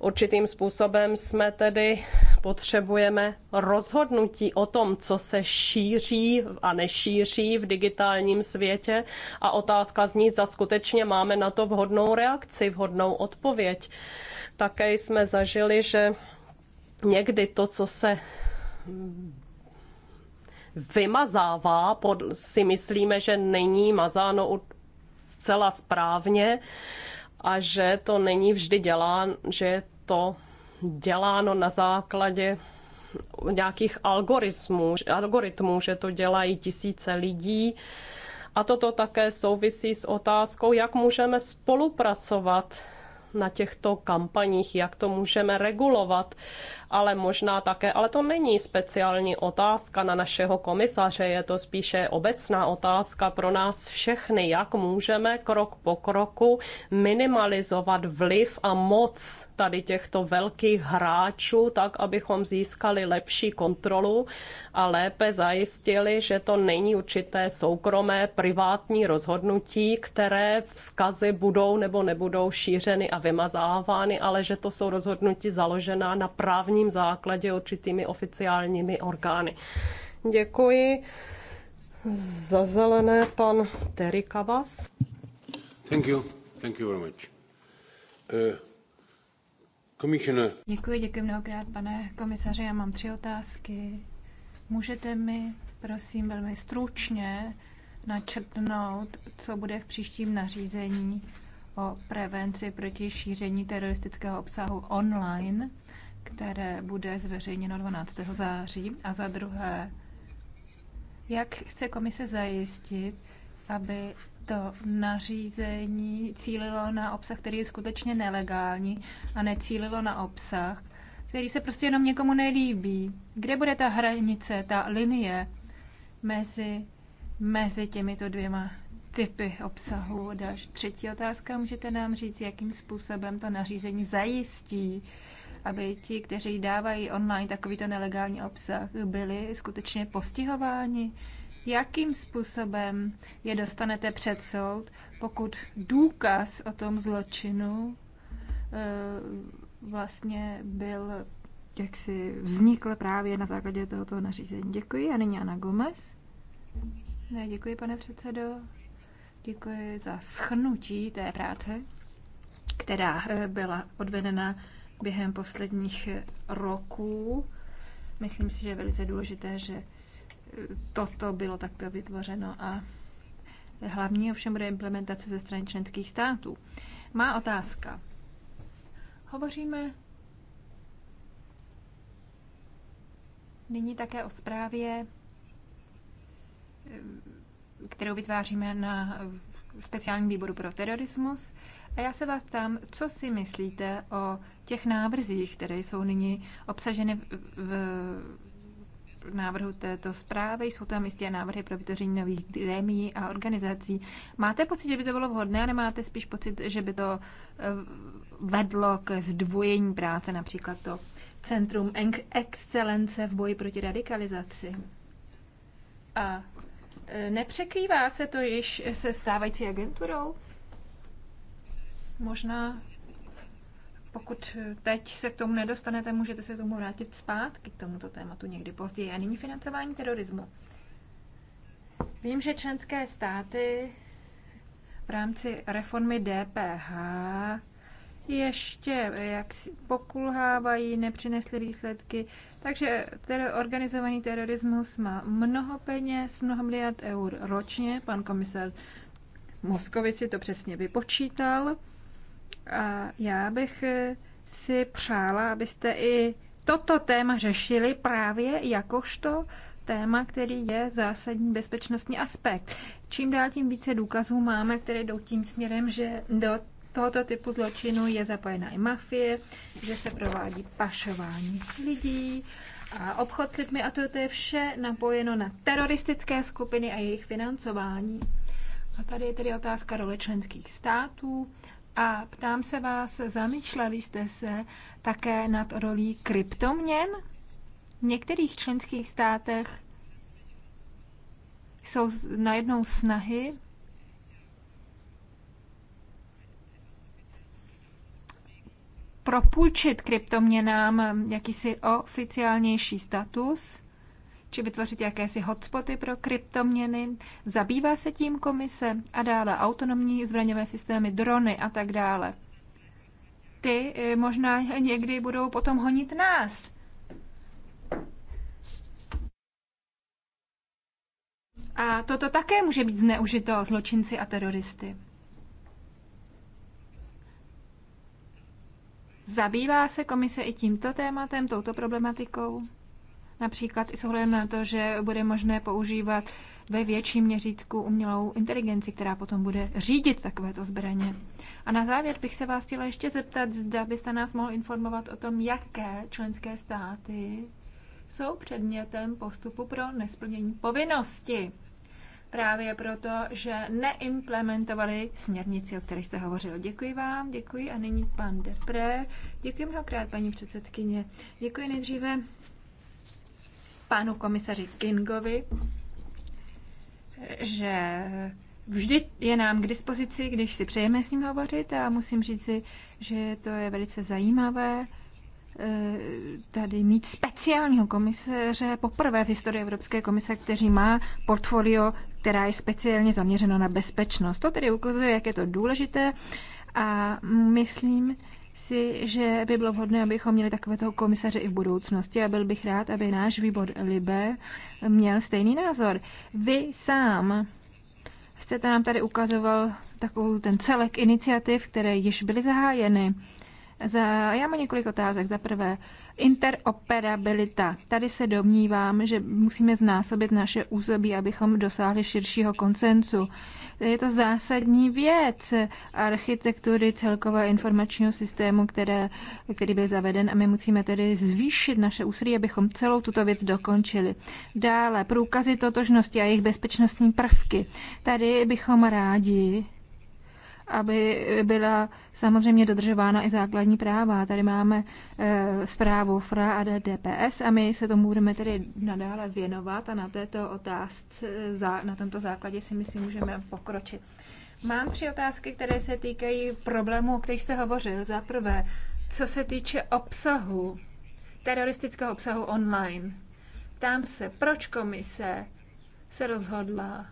Určitým způsobem jsme tedy potřebujeme rozhodnutí o tom, co se šíří a nešíří v digitálním světě a otázka zní, za skutečně máme na to vhodnou reakci, vhodnou odpověď. Také jsme zažili, že někdy to, co se vymazává, pod, si myslíme, že není mazáno zcela správně, a že to není vždy děláno, že je to děláno na základě nějakých algoritmů, algoritmů, že to dělají tisíce lidí. A toto také souvisí s otázkou, jak můžeme spolupracovat na těchto kampaních, jak to můžeme regulovat, ale možná také, ale to není speciální otázka na našeho komisaře, je to spíše obecná otázka pro nás všechny, jak můžeme krok po kroku minimalizovat vliv a moc tady těchto velkých hráčů, tak abychom získali lepší kontrolu a lépe zajistili, že to není určité soukromé privátní rozhodnutí, které vzkazy budou nebo nebudou šířeny a vymazávány, ale že to jsou rozhodnutí založená na právní právním základě určitými oficiálními orgány. Děkuji. Za zelené pan Terry Kavas. Thank you. Thank you very much. Uh, commissioner. Děkuji, děkuji mnohokrát, pane komisaři. Já mám tři otázky. Můžete mi, prosím, velmi stručně načrtnout, co bude v příštím nařízení o prevenci proti šíření teroristického obsahu online? které bude zveřejněno 12. září? A za druhé, jak chce komise zajistit, aby to nařízení cílilo na obsah, který je skutečně nelegální a necílilo na obsah, který se prostě jenom někomu nelíbí. Kde bude ta hranice, ta linie mezi, mezi těmito dvěma typy obsahu? Další třetí otázka, můžete nám říct, jakým způsobem to nařízení zajistí, aby ti, kteří dávají online takovýto nelegální obsah, byli skutečně postihováni? Jakým způsobem je dostanete před soud, pokud důkaz o tom zločinu eh, vlastně byl, jak si vznikl právě na základě tohoto nařízení? Děkuji. A nyní Ana Gomez. Ne, děkuji, pane předsedo. Děkuji za schnutí té práce, která eh, byla odvedena během posledních roků. Myslím si, že je velice důležité, že eh, toto bylo takto vytvořeno a hlavní ovšem bude implementace ze strany členských států. Má otázka. Hovoříme nyní také o zprávě, eh, kterou vytváříme na eh, speciálním výboru pro terorismus. A já se vás ptám, co si myslíte o těch návrzích, které jsou nyní obsaženy v návrhu této zprávy. Jsou tam jistě návrhy pro vytvoření nových gremií a organizací. Máte pocit, že by to bylo vhodné, ale Máte spíš pocit, že by to eh, vedlo k zdvojení práce, například to Centrum excelence v boji proti radikalizaci? A eh, nepřekrývá se to již se stávající agenturou? Možná, pokud teď se k tomu nedostanete, můžete se k tomu vrátit zpátky, k tomuto tématu někdy později. A nyní financování terorismu. Vím, že členské státy v rámci reformy DPH ještě jak pokulhávají, nepřinesly výsledky. Takže ter- organizovaný terorismus má mnoho peněz, mnoho miliard eur ročně. Pan komisar Moskovici to přesně vypočítal. A já bych eh, si přála, abyste i toto téma řešili právě jakožto téma, který je zásadní bezpečnostní aspekt. Čím dál tím více důkazů máme, které jdou tím směrem, že do tohoto typu zločinu je zapojená i mafie, že se provádí pašování lidí a obchod s lidmi a to, to je vše napojeno na teroristické skupiny a jejich financování. A tady je tedy otázka role členských států a ptám se vás, zamýšleli jste se také nad rolí kryptoměn? V některých členských státech jsou najednou snahy propůjčit kryptoměnám jakýsi oficiálnější status – či vytvořit jakési hotspoty pro kryptoměny. Zabývá se tím komise a dále autonomní zbraňové systémy, drony a tak dále. Ty eh, možná někdy budou potom honit nás. A toto také může být zneužito zločinci a teroristy. Zabývá se komise i tímto tématem, touto problematikou? Například i s ohledem na to, že bude možné používat ve větším měřítku umělou inteligenci, která potom bude řídit takovéto zbraně. A na závěr bych se vás chtěla ještě zeptat, zda byste nás mohl informovat o tom, jaké členské státy jsou předmětem postupu pro nesplnění povinnosti. Právě proto, že neimplementovali směrnici, o které jste hovořil. Děkuji vám, děkuji a nyní pan Depre. Děkuji mnohokrát, paní předsedkyně. Děkuji nejdříve panu komisaři Kingovi, že vždy je nám k dispozici, když si přejeme s ním hovořit a musím říci, že to je velice zajímavé eh, tady mít speciálního komisaře poprvé v historii Evropské komise, který má portfolio, která je speciálně zaměřena na bezpečnost. To tedy ukazuje, jak je to důležité a myslím, si, že by bylo vhodné, abychom měli takového komisaře i v budoucnosti a byl bych rád, aby náš výbor Libe měl stejný názor. Vy sám jste nám tady ukazoval takovou ten celek iniciativ, které již byly zahájeny. Za, já mám několik otázek. Za prvé, interoperabilita. Tady se domnívám, že musíme znásobit naše úsobí, abychom dosáhli širšího konsensu. Je to zásadní věc architektury celkového informačního systému, které, který byl zaveden a my musíme tedy zvýšit naše úsilí, abychom celou tuto věc dokončili. Dále, průkazy totožnosti a jejich bezpečnostní prvky. Tady bychom rádi aby byla samozřejmě dodržována i základní práva. Tady máme e, zprávu FRA a DPS a my se tomu budeme tedy nadále věnovat a na této otázce, na tomto základě si myslím, můžeme pokročit. Mám tři otázky, které se týkají problému, o kterých jste hovořil. Za prvé, co se týče obsahu, teroristického obsahu online. Tam se, proč komise se rozhodla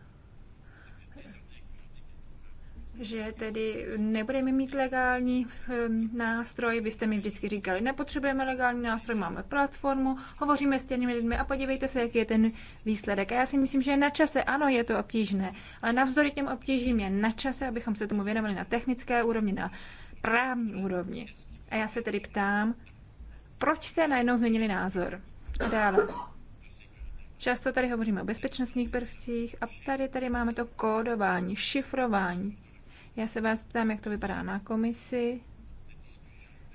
že tedy nebudeme mít legální ehm, nástroj. Vy jste mi vždycky říkali, nepotřebujeme legální nástroj, máme platformu, hovoříme s těmi lidmi a podívejte se, jaký je ten výsledek. A já si myslím, že na čase, ano, je to obtížné, ale navzdory těm obtížím je na čase, abychom se tomu věnovali na technické úrovni, na právní úrovni. A já se tedy ptám, proč jste najednou změnili názor? A dále. Často tady hovoříme o bezpečnostních prvcích a tady, tady máme to kódování, šifrování. Já se vás ptám, jak to vypadá na komisi.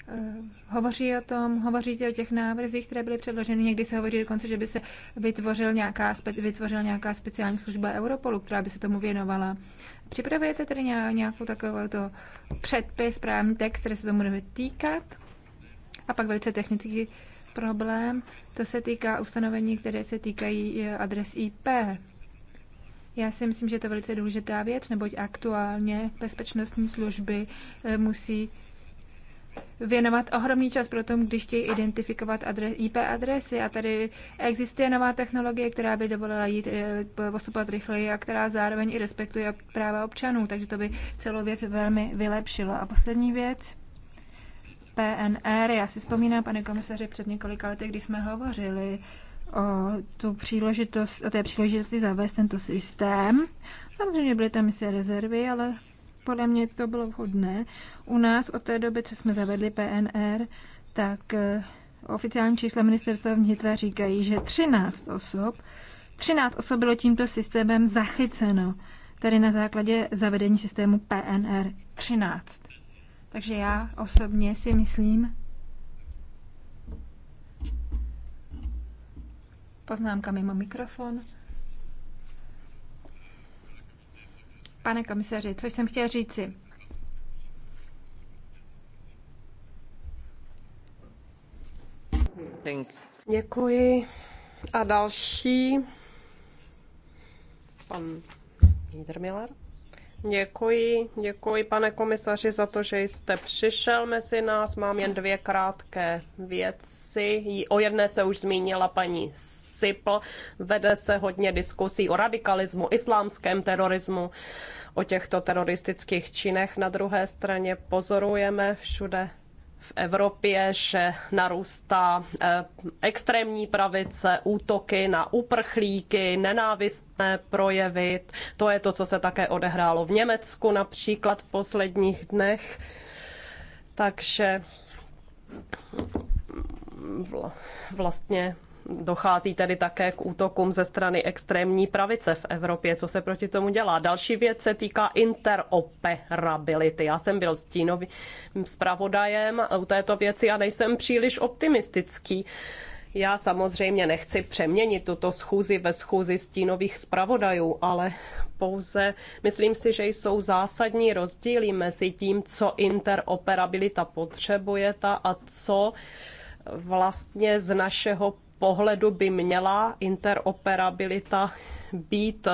Eh, hovoří o tom, hovoříte o těch návrzích, které byly předloženy. Někdy se hovoří dokonce, že by se vytvořil nějaká, vytvořil nějaká speciální služba Europolu, která by se tomu věnovala. Připravujete tedy nějakou takovou to předpis, právní text, který se tomu bude týkat? A pak velice technický problém, to se týká ustanovení, které se týkají eh, adres IP. Já si myslím, že to je velice důležitá věc, neboť aktuálně bezpečnostní služby eh, musí věnovat ohromný čas pro tom, když chtějí identifikovat adres, IP adresy a tady existuje nová technologie, která by dovolila jít eh, postupovat rychleji a která zároveň i respektuje práva občanů, takže to by celou věc velmi vylepšilo. A poslední věc, PNR. Já si vzpomínám, pane komisaři, před několika lety, když jsme hovořili tu příležitost, o té příležitosti zavést tento systém. Samozřejmě byly tam i rezervy, ale podle mě to bylo vhodné. U nás od té doby, co jsme zavedli PNR, tak eh, oficiální čísla ministerstva vnitra říkají, že 13 osob, 13 osob bylo tímto systémem zachyceno, tedy na základě zavedení systému PNR 13. Takže já osobně si myslím, Poznámka mimo mikrofon. Pane komisaři, co jsem chtěl říci? Děkuji. A další, pan Niedermiller. Děkuji, děkuji pane komisaři za to, že jste přišel mezi nás. Mám jen dvě krátké věci. O jedné se už zmínila paní Sipl. Vede se hodně diskusí o radikalismu, islámském terorismu, o těchto teroristických činech. Na druhé straně pozorujeme všude v Evropě, že narůstá eh, extrémní pravice, útoky na uprchlíky, nenávistné projevy. To je to, co se také odehrálo v Německu například v posledních dnech. Takže vlastně dochází tedy také k útokům ze strany extrémní pravice v Evropě. Co se proti tomu dělá? Další věc se týká interoperability. Já jsem byl stínovým zpravodajem u této věci a nejsem příliš optimistický. Já samozřejmě nechci přeměnit tuto schůzi ve schůzi stínových zpravodajů, ale pouze myslím si, že jsou zásadní rozdíly mezi tím, co interoperabilita potřebuje ta a co vlastně z našeho pohledu by měla interoperabilita být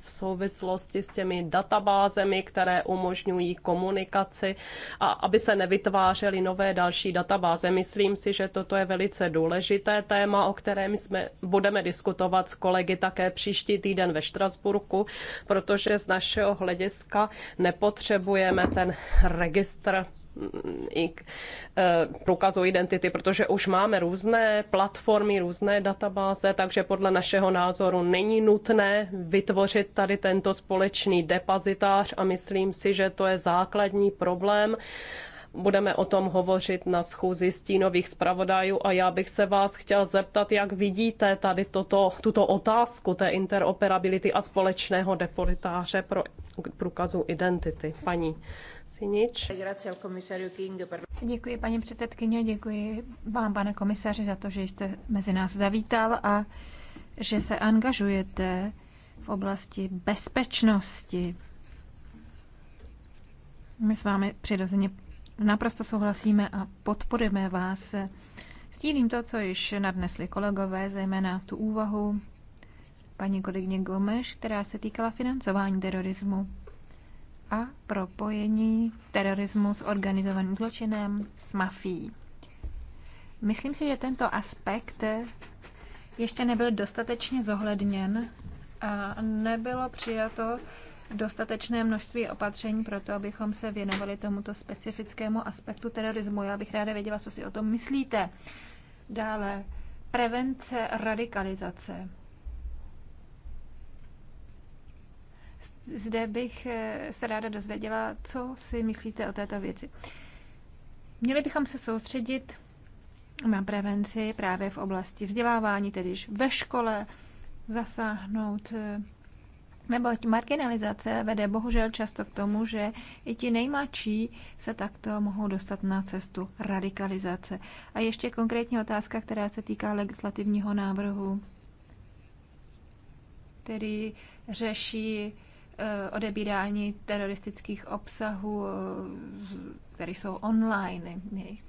v souvislosti s těmi databázemi, které umožňují komunikaci a aby se nevytvářely nové další databáze. Myslím si, že toto je velice důležité téma, o kterém jsme budeme diskutovat s kolegy také příští týden ve Štrasburku, protože z našeho hlediska nepotřebujeme ten registr i e, průkazu identity, protože už máme různé platformy, různé databáze, takže podle našeho názoru není nutné vytvořit tady tento společný depozitář a myslím si, že to je základní problém, Budeme o tom hovořit na schůzi stínových zpravodajů a já bych se vás chtěl zeptat, jak vidíte tady toto, tuto otázku té interoperability a společného depolitáře pro průkazu identity. Paní Sinič. Děkuji, paní předsedkyně, děkuji vám, pane komisaři, za to, že jste mezi nás zavítal a že se angažujete v oblasti bezpečnosti. My s vámi přirozeně naprosto souhlasíme a podporujeme vás. Stílím to, co již nadnesli kolegové, zejména tu úvahu paní kolegyně Gomeš, která se týkala financování terorismu a propojení terorismu s organizovaným zločinem, s mafií. Myslím si, že tento aspekt ještě nebyl dostatečně zohledněn a nebylo přijato dostatečné množství opatření pro to, abychom se věnovali tomuto specifickému aspektu terorismu. Já bych ráda věděla, co si o tom myslíte. Dále, prevence radikalizace. Zde bych eh, se ráda dozvěděla, co si myslíte o této věci. Měli bychom se soustředit na prevenci právě v oblasti vzdělávání, tedy ve škole, zasáhnout eh, neboť marginalizace vede bohužel často k tomu, že i ti nejmladší se takto mohou dostat na cestu radikalizace. A ještě konkrétní otázka, která se týká legislativního návrhu, který řeší eh, odebírání teroristických obsahů, eh, které jsou online, jejich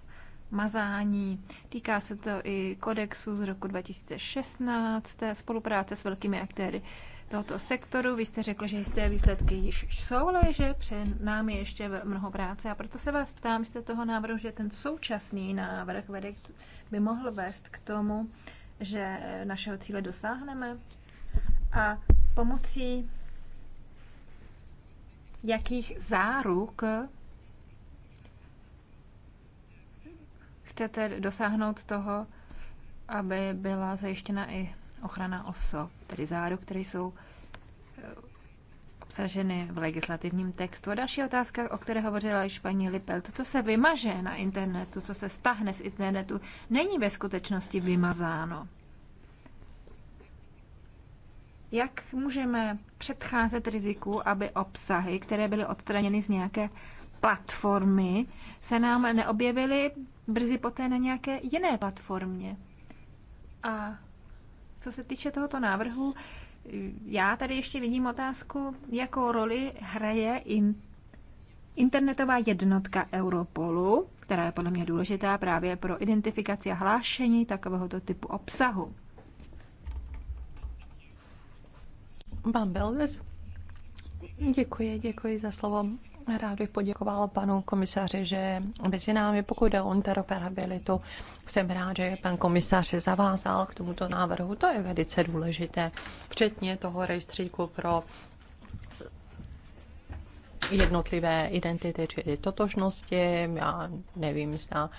mazání. Týká se to i kodexu z roku 2016, spolupráce s velkými aktéry tohoto sektoru. Vy jste řekl, že jisté výsledky již jsou, ale že před námi ještě mnoho práce. A proto se vás ptám, jste toho návrhu, že ten současný návrh vede, by mohl vést k tomu, že našeho cíle dosáhneme a pomocí jakých záruk chcete dosáhnout toho, aby byla zajištěna i ochrana osob, tedy záru, které jsou eh, obsaženy v legislativním textu. A další otázka, o které hovořila již paní Lipel, to, co se vymaže na internetu, co se stahne z internetu, není ve skutečnosti vymazáno. Jak můžeme předcházet riziku, aby obsahy, které byly odstraněny z nějaké platformy, se nám neobjevily brzy poté na nějaké jiné platformě? A co se týče tohoto návrhu, já tady ještě vidím otázku, jakou roli hraje in, internetová jednotka Europolu, která je podle mě důležitá právě pro identifikaci a hlášení takovéhoto typu obsahu. Pan Belvez. děkuji, děkuji za slovo. Rád bych poděkoval panu komisaři, že mezi námi, pokud jde o interoperabilitu, jsem rád, že pan komisař se zavázal k tomuto návrhu. To je velice důležité, včetně toho rejstříku pro jednotlivé identity, či totožnosti. Já nevím, zda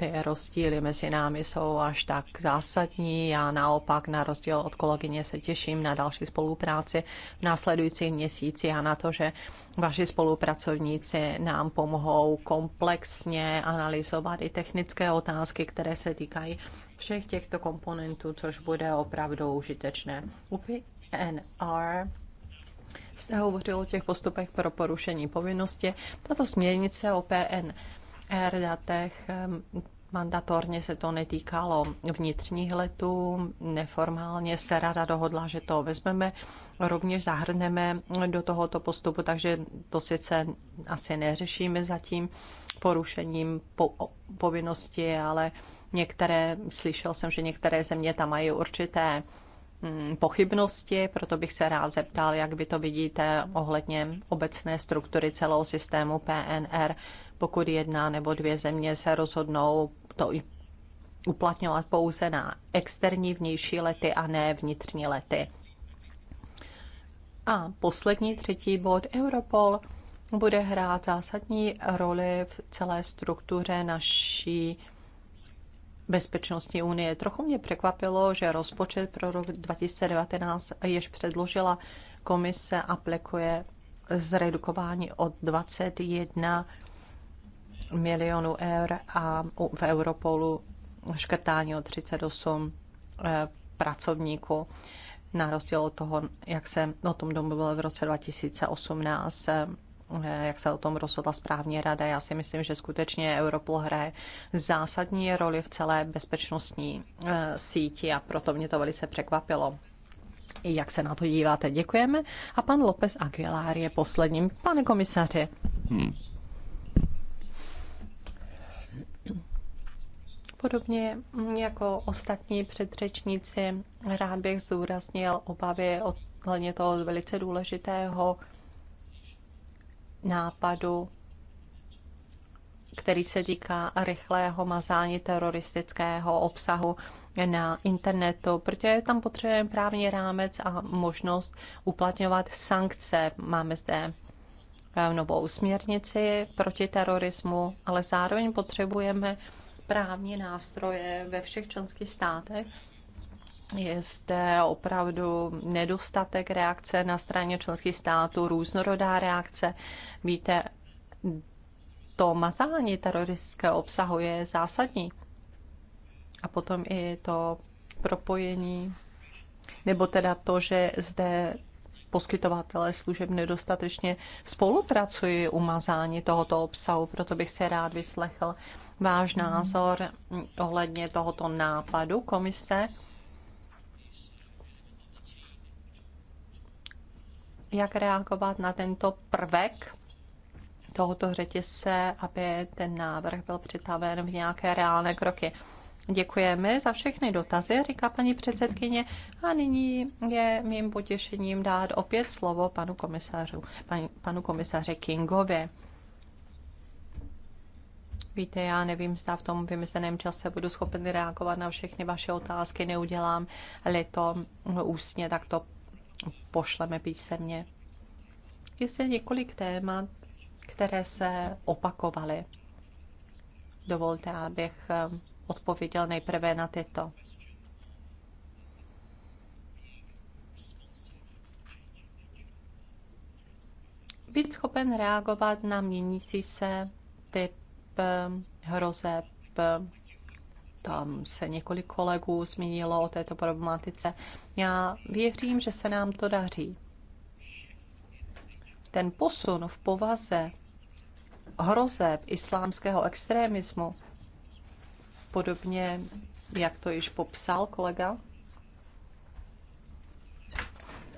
ty rozdíly mezi námi jsou až tak zásadní. Já naopak, na rozdíl od kolegyně, se těším na další spolupráci v následujících měsících a na to, že vaši spolupracovníci nám pomohou komplexně analyzovat i technické otázky, které se týkají všech těchto komponentů, což bude opravdu užitečné. U jste hovořil o těch postupech pro porušení povinnosti. Tato směrnice o PNR r datech ehm, mandatorně se to netýkalo vnitřních letů, neformálně se rada dohodla, že to vezmeme, rovněž zahrneme do tohoto postupu, takže to sice asi neřešíme zatím porušením po, povinnosti, ale některé, slyšel jsem, že některé země tam mají určité Mm, pochybnosti, proto bych se rád zeptal, jak vy to vidíte ohledně obecné struktury celého systému PNR, pokud jedna nebo dvě země se rozhodnou to uplatňovat pouze na externí vnější lety a ne vnitřní lety. A poslední třetí bod, Europol, bude hrát zásadní roli v celé struktuře naší bezpečnostní unie. Trochu mě překvapilo, že rozpočet pro rok 2019, jež předložila komise, aplikuje zredukování od 21 milionů eur a v Europolu škrtání o 38 eh, pracovníků. Na rozdíl od toho, jak se o tom domluvilo v roce 2018, Eh, jak se o tom rozhodla správně rada. Já si myslím, že skutečně Europol hraje zásadní roli v celé bezpečnostní eh, síti a proto mě to velice překvapilo. jak se na to díváte? Děkujeme. A pan López Aguilar je posledním. Pane komisaři. Hmm. Podobně jako ostatní předřečníci, rád bych zúraznil obavy ohledně toho velice důležitého nápadu, který se týká rychlého mazání teroristického obsahu na internetu, protože tam potřebujeme právní rámec a možnost uplatňovat sankce. Máme zde eh, novou směrnici proti terorismu, ale zároveň potřebujeme právní nástroje ve všech členských státech, je zde opravdu nedostatek reakce na straně členských států, různorodá reakce. Víte, to mazání teroristického obsahu je zásadní. A potom i to propojení, nebo teda to, že zde poskytovatelé služeb nedostatečně spolupracují u mazání tohoto obsahu, proto bych se rád vyslechl váš názor mhm. ohledně tohoto nápadu komise jak reagovat na tento prvek tohoto řetězce, aby ten návrh byl přitaven v nějaké reálné kroky. Děkujeme za všechny dotazy, říká paní předsedkyně. A nyní je mým potěšením dát opět slovo panu komisařu, pan, panu komisaři Kingovi. Víte, já nevím, zda v tom vymyzeném čase budu schopen reagovat na všechny vaše otázky, neudělám-li to ústně, tak to pošleme písemně. Je zde několik témat, které se opakovaly. Dovolte, abych eh, odpověděl nejprve na tyto. Být schopen reagovat na měnící se typ eh, hrozeb. Tam se několik kolegů zmínilo o této problematice. Já věřím, že se nám to daří. Ten posun v povaze hrozeb islámského extremismu, podobně jak to již popsal kolega,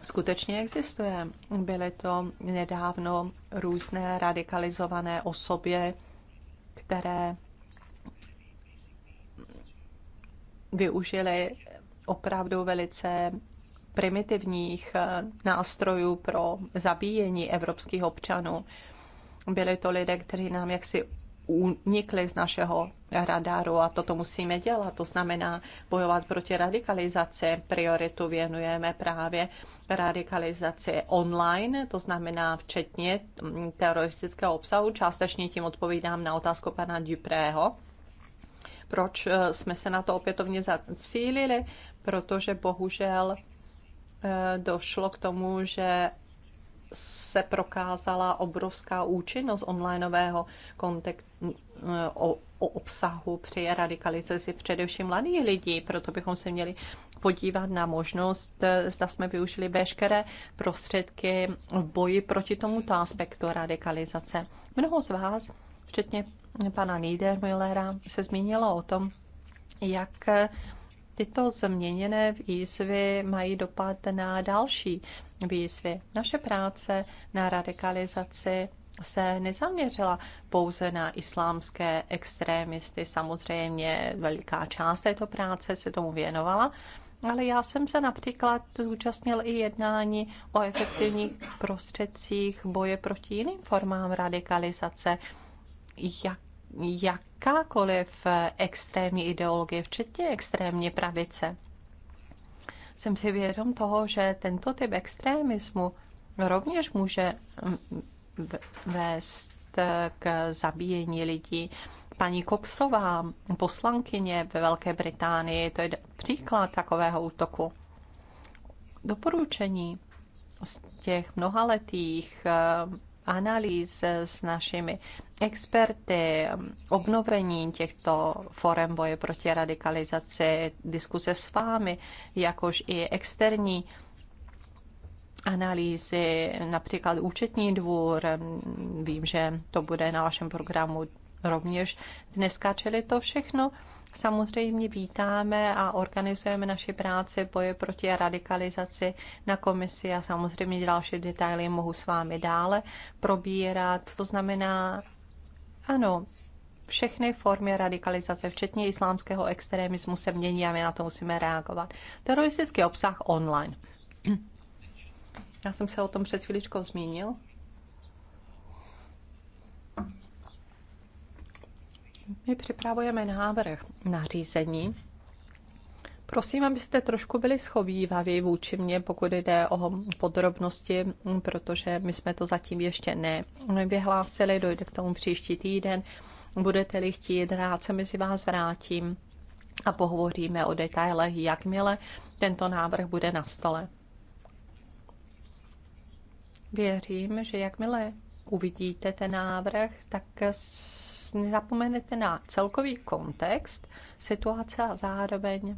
skutečně existuje. Byly to nedávno různé radikalizované osoby, které využili opravdu velice primitivních eh, nástrojů pro zabíjení evropských občanů. Byli to lidé, kteří nám jaksi unikli z našeho radaru a toto musíme dělat. To znamená bojovat proti radikalizaci. Prioritu věnujeme právě radikalizaci online, to znamená včetně mm, teroristického obsahu. Částečně tím odpovídám na otázku pana Duprého proč eh, jsme se na to opětovně zacílili, protože bohužel eh, došlo k tomu, že se prokázala obrovská účinnost onlineového kontek- eh, o, o obsahu při radikalizaci především mladých lidí. Proto bychom se měli podívat na možnost, eh, zda jsme využili veškeré prostředky v boji proti tomuto aspektu radikalizace. Mnoho z vás, včetně pana Niedermüllera, se zmínilo o tom, jak tyto změněné výzvy mají dopad na další výzvy. Naše práce na radikalizaci se nezaměřila pouze na islámské extrémisty. Samozřejmě veliká část této práce se tomu věnovala, ale já jsem se například zúčastnil i jednání o efektivních prostředcích boje proti jiným formám radikalizace, jak jakákoliv eh, extrémní ideologie, včetně extrémní pravice. Jsem si vědom toho, že tento typ extremismu rovněž může mm, vést eh, k zabíjení lidí. Paní Koksová, poslankyně ve Velké Británii, to je příklad takového útoku. Doporučení z těch mnohaletých eh, analýz s našimi experty, obnovení těchto forem boje proti radikalizaci, diskuse s vámi, jakož i externí analýzy, například účetní dvůr, vím, že to bude na vašem programu rovněž dneska, čili to všechno Samozřejmě vítáme a organizujeme naši práci boje proti radikalizaci na komisi a samozřejmě další detaily mohu s vámi dále probírat. To znamená, ano, všechny formy radikalizace, včetně islámského extremismu, se mění a my na to musíme reagovat. Teroristický obsah online. Já jsem se o tom před chvíličkou zmínil. My připravujeme návrh na řízení. Prosím, abyste trošku byli schovývaví vůči mně, pokud jde o podrobnosti, protože my jsme to zatím ještě nevyhlásili, dojde k tomu příští týden. Budete-li chtít, rád se mezi vás vrátím a pohovoříme o detailech, jakmile tento návrh bude na stole. Věřím, že jakmile uvidíte ten návrh, tak nezapomenete na celkový kontext situace a zároveň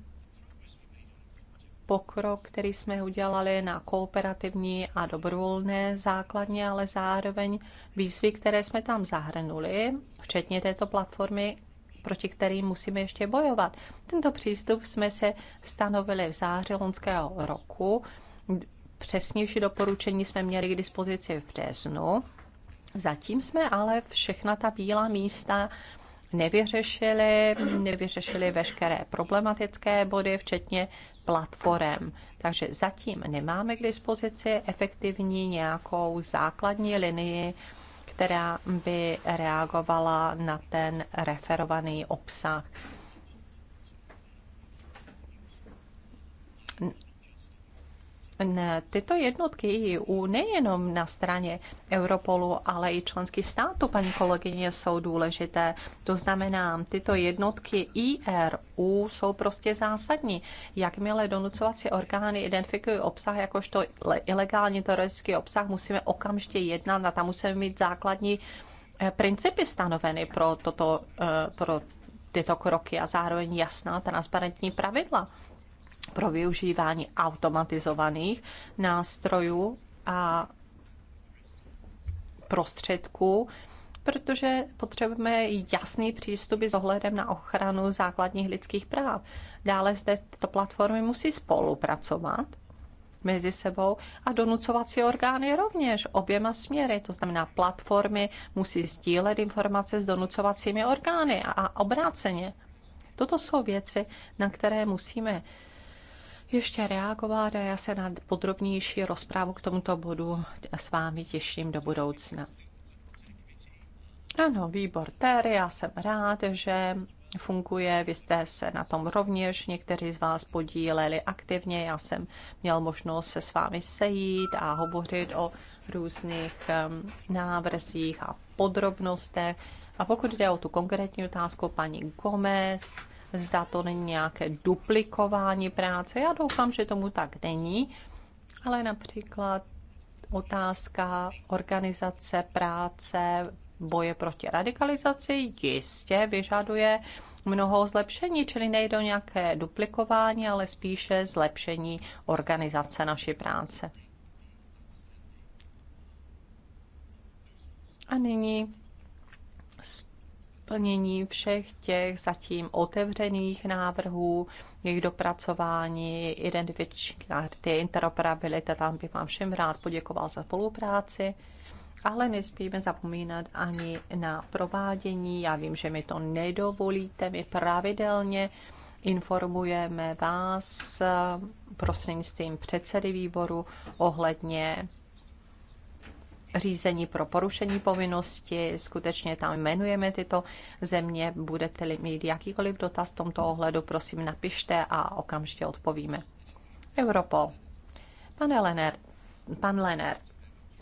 pokrok, který jsme udělali na kooperativní a dobrovolné základně, ale zároveň výzvy, které jsme tam zahrnuli, včetně této platformy, proti kterým musíme ještě bojovat. Tento přístup jsme se stanovili v září loňského roku. Přesnější doporučení jsme měli k dispozici v březnu Zatím jsme ale všechna ta bílá místa nevyřešili, nevyřešili veškeré problematické body, včetně platform. Takže zatím nemáme k dispozici efektivní nějakou základní linii, která by reagovala na ten referovaný obsah. tyto jednotky u nejenom na straně Europolu, ale i členských států, paní kolegyně, jsou důležité. To znamená, tyto jednotky IRU jsou prostě zásadní. Jakmile donucovací orgány identifikují obsah jakožto ilegální teroristický obsah, musíme okamžitě jednat a tam musíme mít základní eh, principy stanoveny pro, toto, eh, pro tyto kroky a zároveň jasná transparentní pravidla pro využívání automatizovaných nástrojů a prostředků, protože potřebujeme jasný přístup s ohledem na ochranu základních lidských práv. Dále zde tyto platformy musí spolupracovat mezi sebou a donucovací orgány rovněž oběma směry. To znamená, platformy musí sdílet informace s donucovacími orgány a obráceně. Toto jsou věci, na které musíme ještě reagovat a já se na podrobnější rozprávu k tomuto bodu s vámi těším do budoucna. Ano, výbor Terry, já jsem rád, že funguje. Vy jste se na tom rovněž někteří z vás podíleli aktivně. Já jsem měl možnost se s vámi sejít a hovořit o různých um, návrzích a podrobnostech. A pokud jde o tu konkrétní otázku paní Gomez, zda to není nějaké duplikování práce. Já doufám, že tomu tak není, ale například otázka organizace práce boje proti radikalizaci jistě vyžaduje mnoho zlepšení, čili nejde o nějaké duplikování, ale spíše zlepšení organizace naší práce. A nyní plnění všech těch zatím otevřených návrhů, jejich dopracování, identifikace, interoperabilita, tam bych vám všem rád poděkoval za spolupráci. Ale nesmíme zapomínat ani na provádění. Já vím, že mi to nedovolíte. My pravidelně informujeme vás eh, prostřednictvím předsedy výboru ohledně řízení pro porušení povinnosti. Skutečně tam jmenujeme tyto země. Budete-li mít jakýkoliv dotaz v tomto ohledu, prosím napište a okamžitě odpovíme. Europol. Pane Lenert, pan Lenert,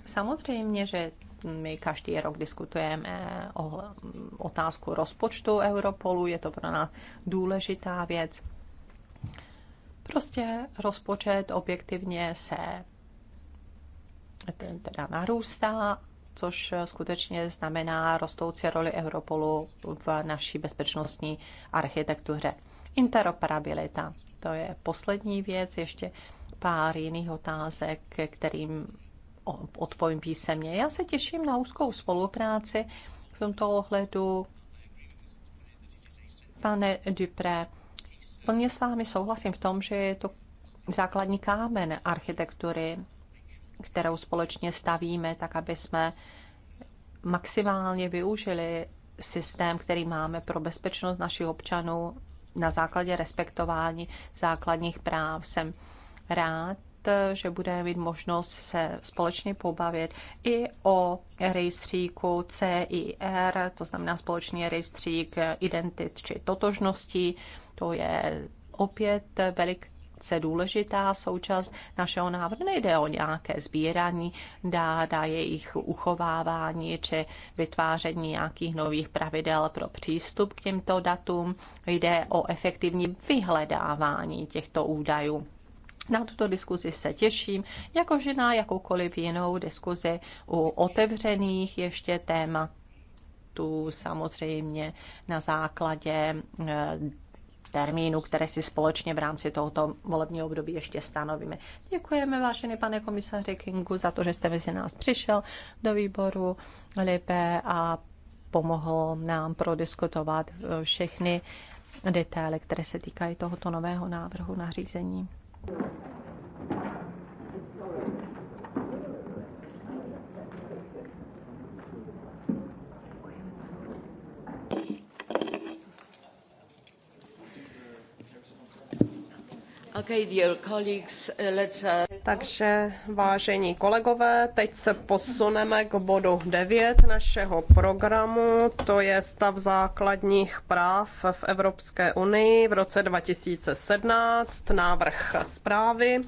samozřejmě, že my každý rok diskutujeme o otázku rozpočtu Europolu, je to pro nás důležitá věc. Prostě rozpočet objektivně se teda narůstá, což skutečně znamená rostoucí roli Europolu v naší bezpečnostní architektuře. Interoperabilita, to je poslední věc, ještě pár jiných otázek, kterým odpovím písemně. Já se těším na úzkou spolupráci v tomto ohledu. Pane Dupré, plně s vámi souhlasím v tom, že je to základní kámen architektury kterou společně stavíme, tak aby jsme maximálně využili systém, který máme pro bezpečnost našich občanů na základě respektování základních práv. Jsem rád, že budeme mít možnost se společně pobavit i o rejstříku CIR, to znamená společný rejstřík identit či totožností. To je opět velik, velice důležitá součást našeho návrhu. Nejde o nějaké sbírání dát a jejich uchovávání či vytváření nějakých nových pravidel pro přístup k těmto datům. Jde o efektivní vyhledávání těchto údajů. Na tuto diskuzi se těším, jakože na jakoukoliv jinou diskuzi u otevřených ještě témat tu samozřejmě na základě eh, termínu, které si společně v rámci tohoto volebního období ještě stanovíme. Děkujeme, vážený pane komisaři Kingu, za to, že jste mezi nás přišel do výboru LIPE a pomohl nám prodiskutovat všechny detaily, které se týkají tohoto nového návrhu nařízení. Uh, uh, Takže vážení kolegové, teď se posuneme k bodu 9 našeho programu, to je stav základních práv v Evropské unii v roce 2017, návrh zprávy.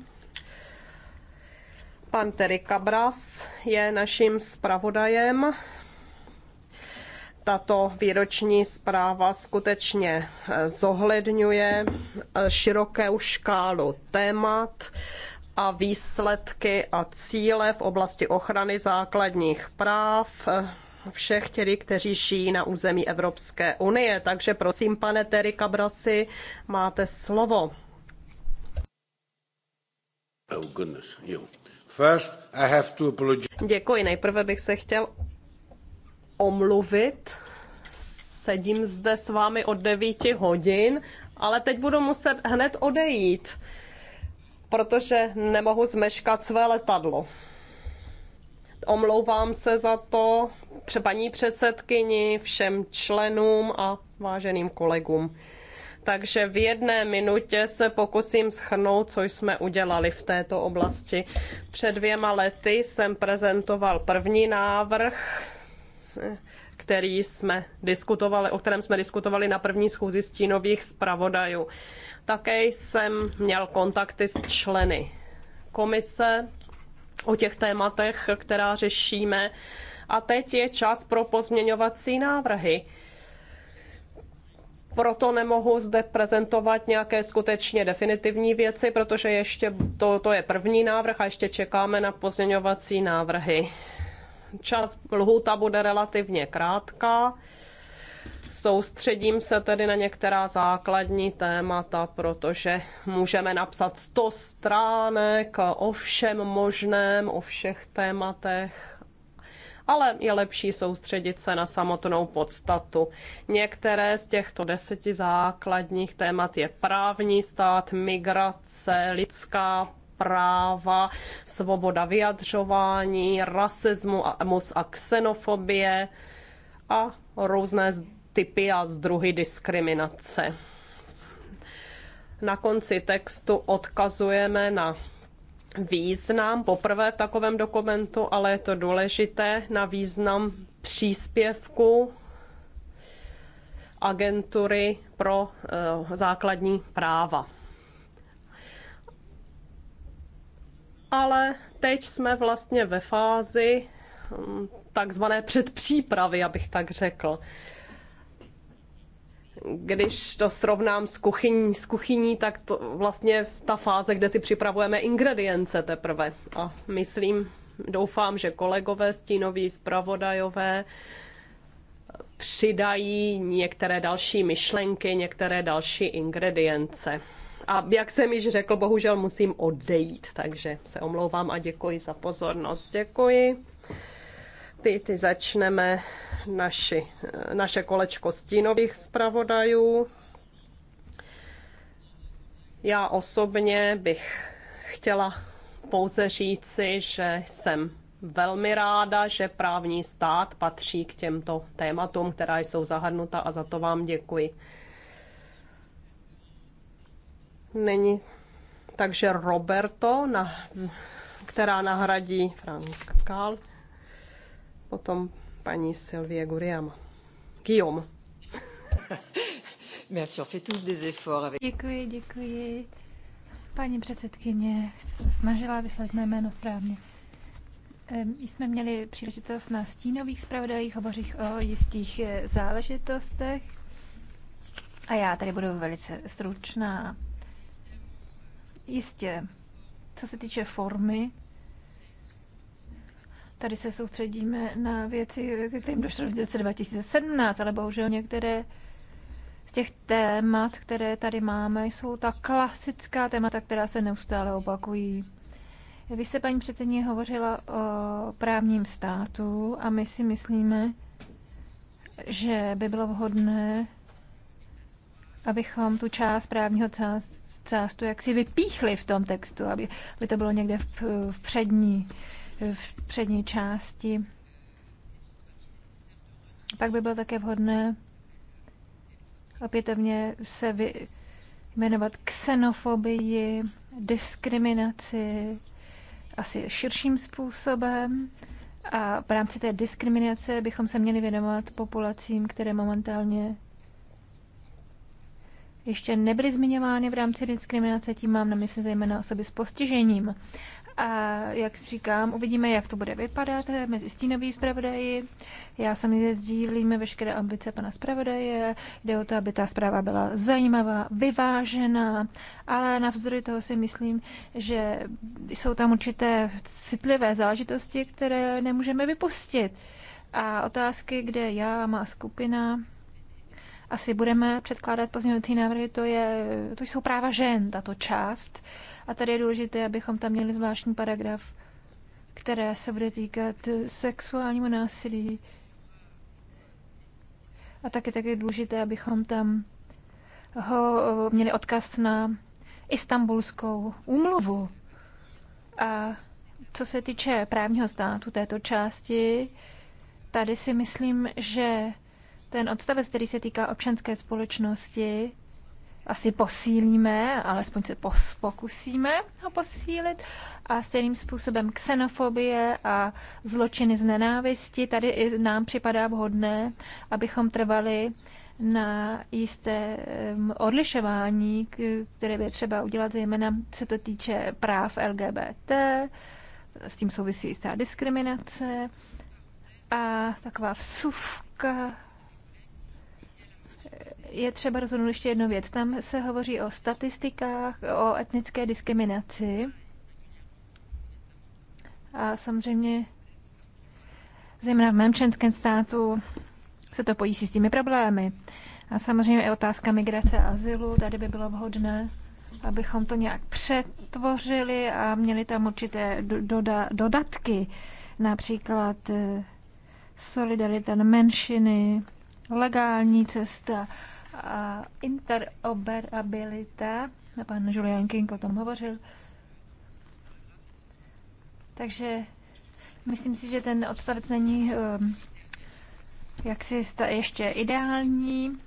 Pan Terry Cabras je naším zpravodajem tato výroční zpráva skutečně eh, zohledňuje eh, širokou škálu témat a výsledky a cíle v oblasti ochrany základních práv eh, všech těch, kteří žijí na území Evropské unie. Takže prosím, pane Terry Cabrasi, máte slovo. Oh goodness, you. First, I have to apologize. Děkuji. Nejprve bych se chtěl omluvit. Sedím zde s vámi od 9 hodin, ale teď budu muset hned odejít, protože nemohu zmeškat své letadlo. Omlouvám se za to paní předsedkyni, všem členům a váženým kolegům. Takže v jedné minutě se pokusím schrnout, co jsme udělali v této oblasti. Před dvěma lety jsem prezentoval první návrh který jsme diskutovali, o kterém jsme diskutovali na první schůzi stínových zpravodajů. Také jsem měl kontakty s členy komise o těch tématech, která řešíme. A teď je čas pro pozměňovací návrhy. Proto nemohu zde prezentovat nějaké skutečně definitivní věci, protože ještě to, to je první návrh a ještě čekáme na pozměňovací návrhy. Čas lhůta bude relativně krátká. Soustředím se tedy na některá základní témata, protože můžeme napsat 100 stránek o všem možném, o všech tématech, ale je lepší soustředit se na samotnou podstatu. Některé z těchto deseti základních témat je právní stát, migrace, lidská práva, svoboda vyjadřování, rasismus a xenofobie a různé typy a druhy diskriminace. Na konci textu odkazujeme na význam poprvé v takovém dokumentu, ale je to důležité na význam příspěvku agentury pro eh, základní práva. ale teď jsme vlastně ve fázi hm, takzvané předpřípravy, abych tak řekl. Když to srovnám s kuchyní, s kuchyní, tak to vlastně ta fáze, kde si připravujeme ingredience teprve. A myslím, doufám, že kolegové stínoví zpravodajové přidají některé další myšlenky, některé další ingredience a jak jsem již řekl, bohužel musím odejít, takže se omlouvám a děkuji za pozornost. Děkuji. Ty, ty začneme naši, naše kolečko stínových zpravodajů. Já osobně bych chtěla pouze říci, že jsem velmi ráda, že právní stát patří k těmto tématům, která jsou zahrnuta a za to vám děkuji. Není. Takže Roberto, na, která nahradí Frank Kál, potom paní Sylvie Guriam. Guillaume. Merci, on fait tous des efforts avec... Děkuji, děkuji. Paní předsedkyně, jste se snažila vyslat mé jméno správně. My jsme měli příležitost na stínových zpravodajích hovořit o jistých eh, záležitostech. A já tady budu velice stručná. Jistě, co se týče formy, tady se soustředíme na věci, ke kterým došlo v roce 2017, ale bohužel některé z těch témat, které tady máme, jsou ta klasická témata, která se neustále opakují. Vy jste, paní předsedně, hovořila o právním státu a my si myslíme, že by bylo vhodné, abychom tu část právního částu jaksi vypíchli v tom textu, aby, aby to bylo někde v, v, přední, v přední části. Pak by bylo také vhodné opětovně se vy, jmenovat ksenofobii, diskriminaci, asi širším způsobem. A v rámci té diskriminace bychom se měli věnovat populacím, které momentálně ještě nebyly zmiňovány v rámci diskriminace, tím mám na mysli zejména osoby s postižením. A jak říkám, uvidíme, jak to bude vypadat mezi stínový zpravodaji. Já samozřejmě sdílíme veškeré ambice pana zpravodaje. Jde o to, aby ta zpráva byla zajímavá, vyvážená, ale navzdory toho si myslím, že jsou tam určité citlivé záležitosti, které nemůžeme vypustit. A otázky, kde já, má skupina, asi budeme předkládat pozměňovací návrhy, to, je, to jsou práva žen, tato část. A tady je důležité, abychom tam měli zvláštní paragraf, které se bude týkat sexuálnímu násilí. A taky, taky je důležité, abychom tam ho měli odkaz na istambulskou úmluvu. A co se týče právního státu této části, tady si myslím, že ten odstavec, který se týká občanské společnosti, asi posílíme, alespoň se pos- pokusíme ho posílit. A stejným způsobem xenofobie a zločiny z nenávisti, tady i nám připadá vhodné, abychom trvali na jisté odlišování, které by třeba udělat, zejména se to týče práv LGBT, s tím souvisí jistá diskriminace a taková vsuvka je třeba rozhodnout ještě jednu věc. Tam se hovoří o statistikách, o etnické diskriminaci. A samozřejmě, zejména v mém členském státu, se to pojí s těmi problémy. A samozřejmě i otázka migrace a azylu, tady by bylo vhodné, abychom to nějak přetvořili a měli tam určité doda- dodatky, například eh, solidarita na menšiny, legální cesta a interoperabilita, pan Julian King o tom hovořil. Takže myslím si, že ten odstavec není um, jaksi ještě ideální.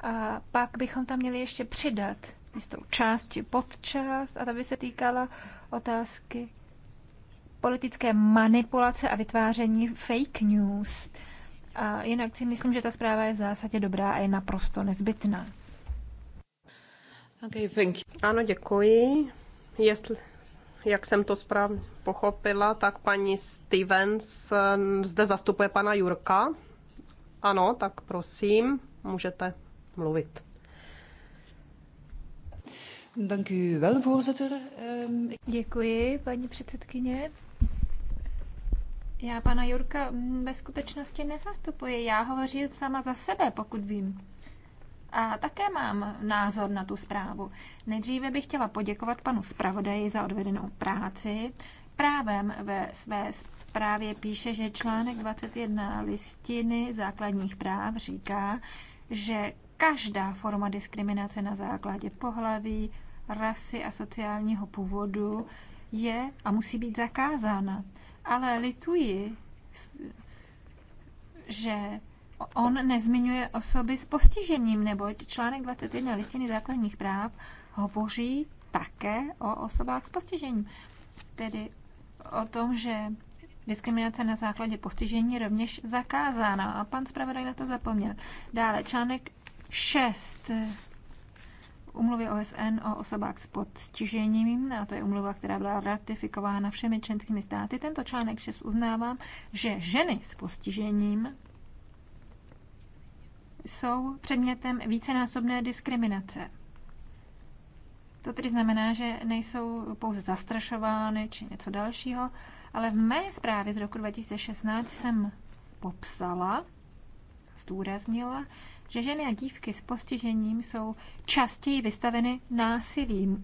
A pak bychom tam měli ještě přidat jistou část či podčást a ta by se týkala otázky politické manipulace a vytváření fake news. Uh, a jinak si myslím, že ta zpráva je v zásadě dobrá a je naprosto nezbytná. Okay, thank you. Ano, děkuji. Jestli, jak jsem to správně pochopila, tak paní Stevens eh, zde zastupuje pana Jurka. Ano, tak prosím, můžete mluvit. Ehm, děkuji, paní předsedkyně. Já pana Jurka mm, ve skutečnosti nezastupuji, já hovořím sama za sebe, pokud vím. A také mám názor na tu zprávu. Nejdříve bych chtěla poděkovat panu zpravodaji za odvedenou práci. Právem ve své zprávě píše, že článek 21 listiny základních práv říká, že každá forma diskriminace na základě pohlaví, rasy a sociálního původu je a musí být zakázána ale lituji, že on nezmiňuje osoby s postižením, neboť článek 21 listiny základních práv hovoří také o osobách s postižením. Tedy o tom, že diskriminace na základě postižení je rovněž zakázána. A pan zpravodaj na to zapomněl. Dále článek 6 umluvě OSN o osobách s postižením, a to je umluva, která byla ratifikována všemi členskými státy. Tento článek 6 uznávám, že ženy s postižením jsou předmětem vícenásobné diskriminace. To tedy znamená, že nejsou pouze zastrašovány či něco dalšího, ale v mé zprávě z roku 2016 jsem popsala, zdůraznila, že ženy a dívky s postižením jsou častěji vystaveny násilí,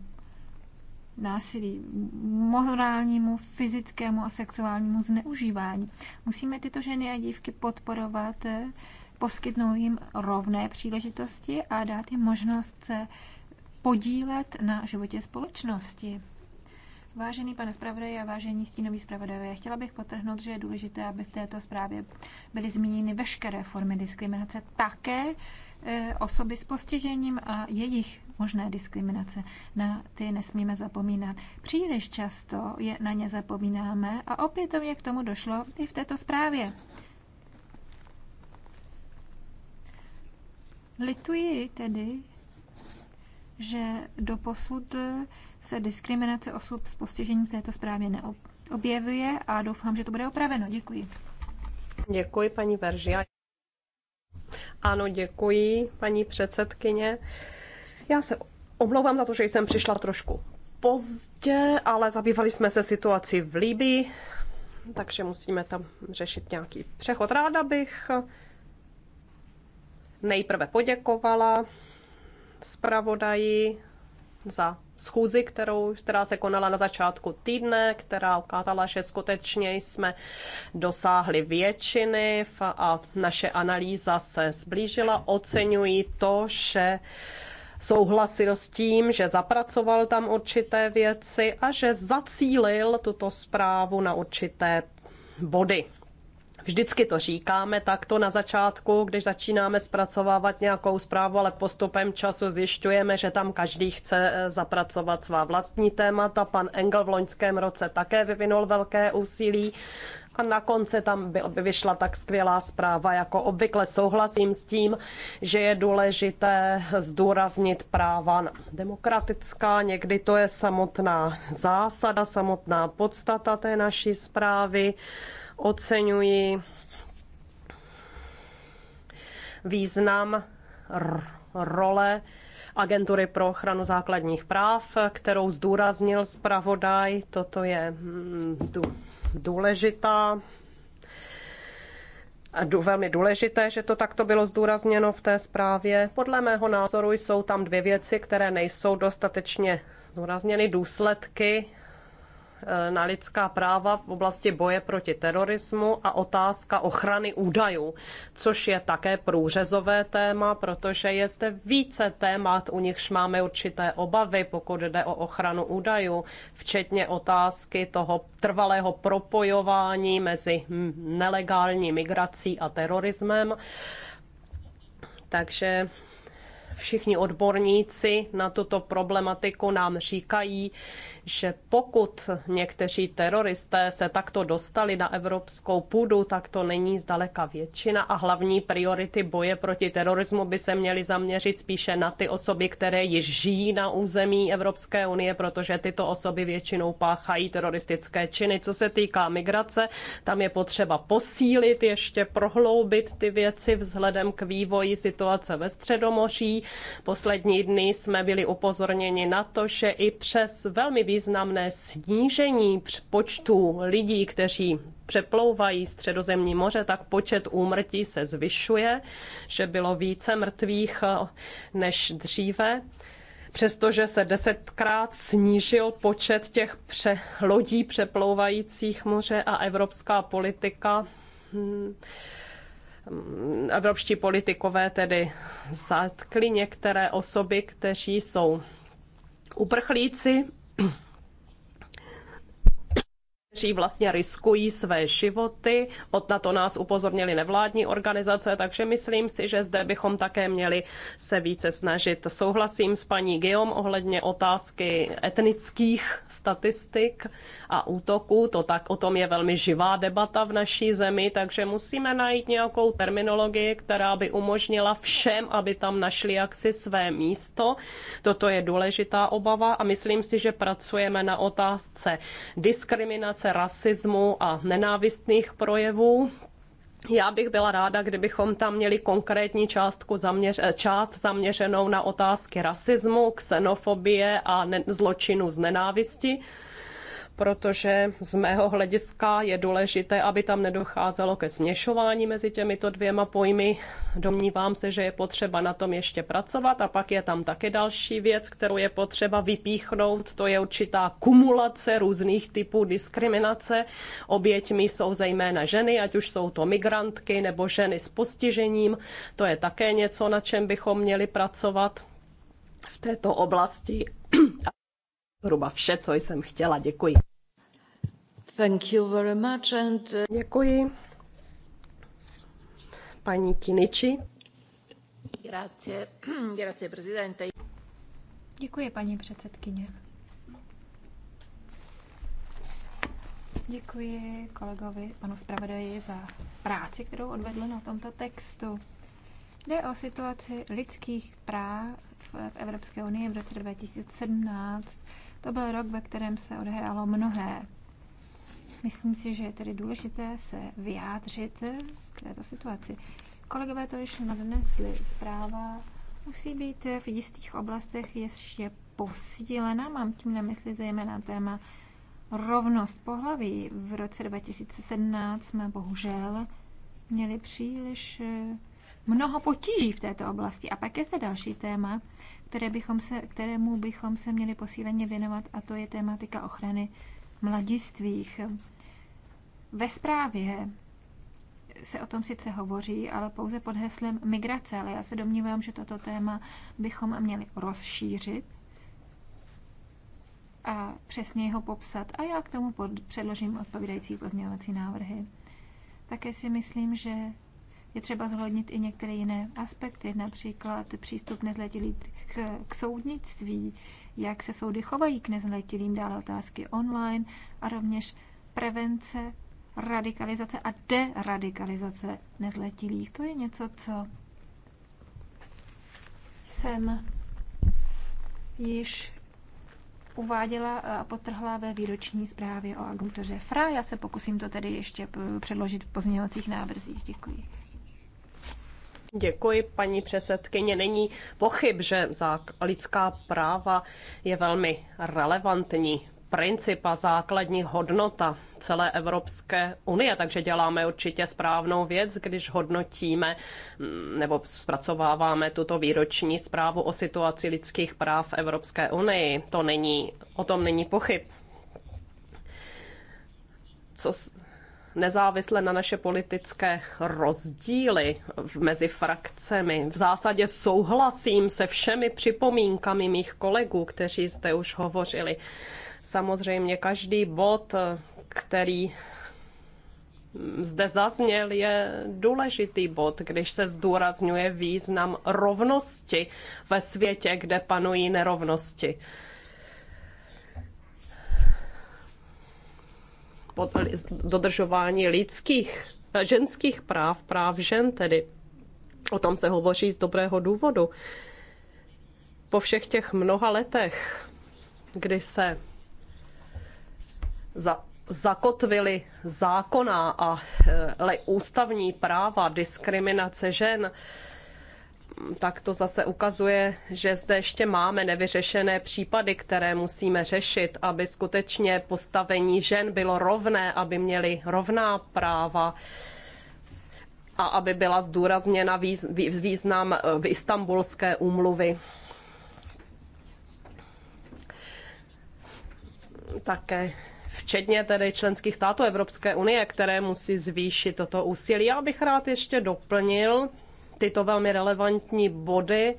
Násilí morálnímu, fyzickému a sexuálnímu zneužívání. Musíme tyto ženy a dívky podporovat, eh, poskytnout jim rovné příležitosti a dát jim možnost se podílet na životě společnosti. Vážený pane zpravodaj a vážení stínoví zpravodajové, chtěla bych potrhnout, že je důležité, aby v této zprávě byly zmíněny veškeré formy diskriminace, také e, osoby s postižením a jejich možné diskriminace. Na ty nesmíme zapomínat. Příliš často je na ně zapomínáme a opětovně k tomu došlo i v této zprávě. Lituji tedy, že doposud posud se diskriminace osob s postižením v této zprávě neobjevuje a doufám, že to bude opraveno. Děkuji. Děkuji, paní Veržia. Ano, děkuji, paní předsedkyně. Já se omlouvám za to, že jsem přišla trošku pozdě, ale zabývali jsme se situací v Líbii, takže musíme tam řešit nějaký přechod. Ráda bych nejprve poděkovala zpravodaji za schůzi, kterou, která se konala na začátku týdne, která ukázala, že skutečně jsme dosáhli většiny a naše analýza se zblížila. Oceňují to, že souhlasil s tím, že zapracoval tam určité věci a že zacílil tuto zprávu na určité body. Vždycky to říkáme takto na začátku, když začínáme zpracovávat nějakou zprávu, ale postupem času zjišťujeme, že tam každý chce eh, zapracovat svá vlastní témata. Pan Engel v loňském roce také vyvinul velké úsilí a na konci tam by vyšla tak skvělá zpráva. Jako obvykle souhlasím s tím, že je důležité zdůraznit práva na demokratická, někdy to je samotná zásada, samotná podstata té naší zprávy oceňuji význam role Agentury pro ochranu základních práv, kterou zdůraznil zpravodaj. Toto je mm, důležitá velmi důležité, že to takto bylo zdůrazněno v té zprávě. Podle mého názoru jsou tam dvě věci, které nejsou dostatečně zdůrazněny. Důsledky Eh, na lidská práva v oblasti boje proti terorismu a otázka ochrany údajů, což je také průřezové téma, protože je zde více témat, u nichž máme určité obavy, pokud jde o ochranu údajů, včetně otázky toho trvalého propojování mezi nelegální migrací a terorismem. Takže všichni odborníci na tuto problematiku nám říkají, že pokud někteří teroristé se takto dostali na evropskou půdu, tak to není zdaleka většina a hlavní priority boje proti terorismu by se měly zaměřit spíše na ty osoby, které již žijí na území Evropské unie, protože tyto osoby většinou páchají teroristické činy. Co se týká migrace, tam je potřeba posílit, ještě prohloubit ty věci vzhledem k vývoji situace ve Středomoří Poslední dny jsme byli upozorněni na to, že i přes velmi významné snížení počtu lidí, kteří přeplouvají středozemní moře, tak počet úmrtí se zvyšuje, že bylo více mrtvých eh, než dříve přestože se desetkrát snížil počet těch pře- lodí přeplouvajících moře a evropská politika hm, evropští politikové tedy zatkli některé osoby, kteří jsou uprchlíci kteří vlastně riskují své životy. Od na to nás upozornili nevládní organizace, takže myslím si, že zde bychom také měli se více snažit. Souhlasím s paní Geom ohledně otázky etnických statistik a útoků. To tak o tom je velmi živá debata v naší zemi, takže musíme najít nějakou terminologii, která by umožnila všem, aby tam našli jaksi své místo. Toto je důležitá obava a myslím si, že pracujeme na otázce diskriminace více rasismu a nenávistných projevů. Já bych byla ráda, kdybychom tam měli konkrétní částku zaměř, eh, část zaměřenou na otázky rasismu, xenofobie a ne, zločinu z nenávisti protože z mého hlediska je důležité, aby tam nedocházelo ke směšování mezi těmito dvěma pojmy. Domnívám se, že je potřeba na tom ještě pracovat a pak je tam také další věc, kterou je potřeba vypíchnout, to je určitá kumulace různých typů diskriminace. Oběťmi jsou zejména ženy, ať už jsou to migrantky nebo ženy s postižením. To je také něco, na čem bychom měli pracovat v této oblasti. Zhruba vše, co jsem chtěla. Děkuji. Thank you very much and... Uh, Děkuji. Paní Kiniči. Grazie. Grazie, prezidente. Děkuji, paní předsedkyně. Děkuji kolegovi, panu zpravodaji, za práci, kterou odvedl na tomto textu. Jde o situaci lidských práv v Evropské unii v roce 2017. To byl rok, ve kterém se odehrálo mnohé. Myslím si, že je tedy důležité se vyjádřit k této situaci. Kolegové to již nadnesli. Zpráva musí být v jistých oblastech ještě posílena. Mám tím na mysli zejména téma rovnost pohlaví. V roce 2017 jsme bohužel měli příliš eh, mnoho potíží v této oblasti. A pak je zde další téma, které bychom se, kterému bychom se měli posíleně věnovat, a to je tématika ochrany mladistvých. Ve zprávě se o tom sice hovoří, ale pouze pod heslem migrace, ale já se domnívám, že toto téma bychom měli rozšířit a přesně ho popsat. A já k tomu pod, předložím odpovídající pozměňovací návrhy. Také si myslím, že je třeba zhodnit i některé jiné aspekty, například přístup nezletilých k soudnictví, jak se soudy chovají k nezletilým, dále otázky online a rovněž prevence, radikalizace a deradikalizace nezletilých. To je něco, co jsem již uváděla a potrhla ve výroční zprávě o agentuře FRA. Já se pokusím to tedy ještě předložit v pozměňovacích návrzích. Děkuji. Děkuji, paní předsedkyně. Není pochyb, že za lidská práva je velmi relevantní princip a základní hodnota celé Evropské unie, takže děláme určitě správnou věc, když hodnotíme mm, nebo zpracováváme tuto výroční zprávu o situaci lidských práv v Evropské unii. To není, o tom není pochyb. Co, nezávisle na naše politické rozdíly mezi frakcemi. V zásadě souhlasím se všemi připomínkami mých kolegů, kteří zde už hovořili. Samozřejmě každý bod, který zde zazněl, je důležitý bod, když se zdůrazňuje význam rovnosti ve světě, kde panují nerovnosti. dodržování lidských, ženských práv, práv žen tedy. O tom se hovoří z dobrého důvodu. Po všech těch mnoha letech, kdy se za, zakotvili zákona a e, le, ústavní práva diskriminace žen, tak to zase ukazuje, že zde ještě máme nevyřešené případy, které musíme řešit, aby skutečně postavení žen bylo rovné, aby měly rovná práva a aby byla zdůrazněna význam eh, v istambulské úmluvy. Také včetně tedy členských států Evropské unie, které musí zvýšit toto úsilí. Já bych rád ještě doplnil tyto velmi relevantní body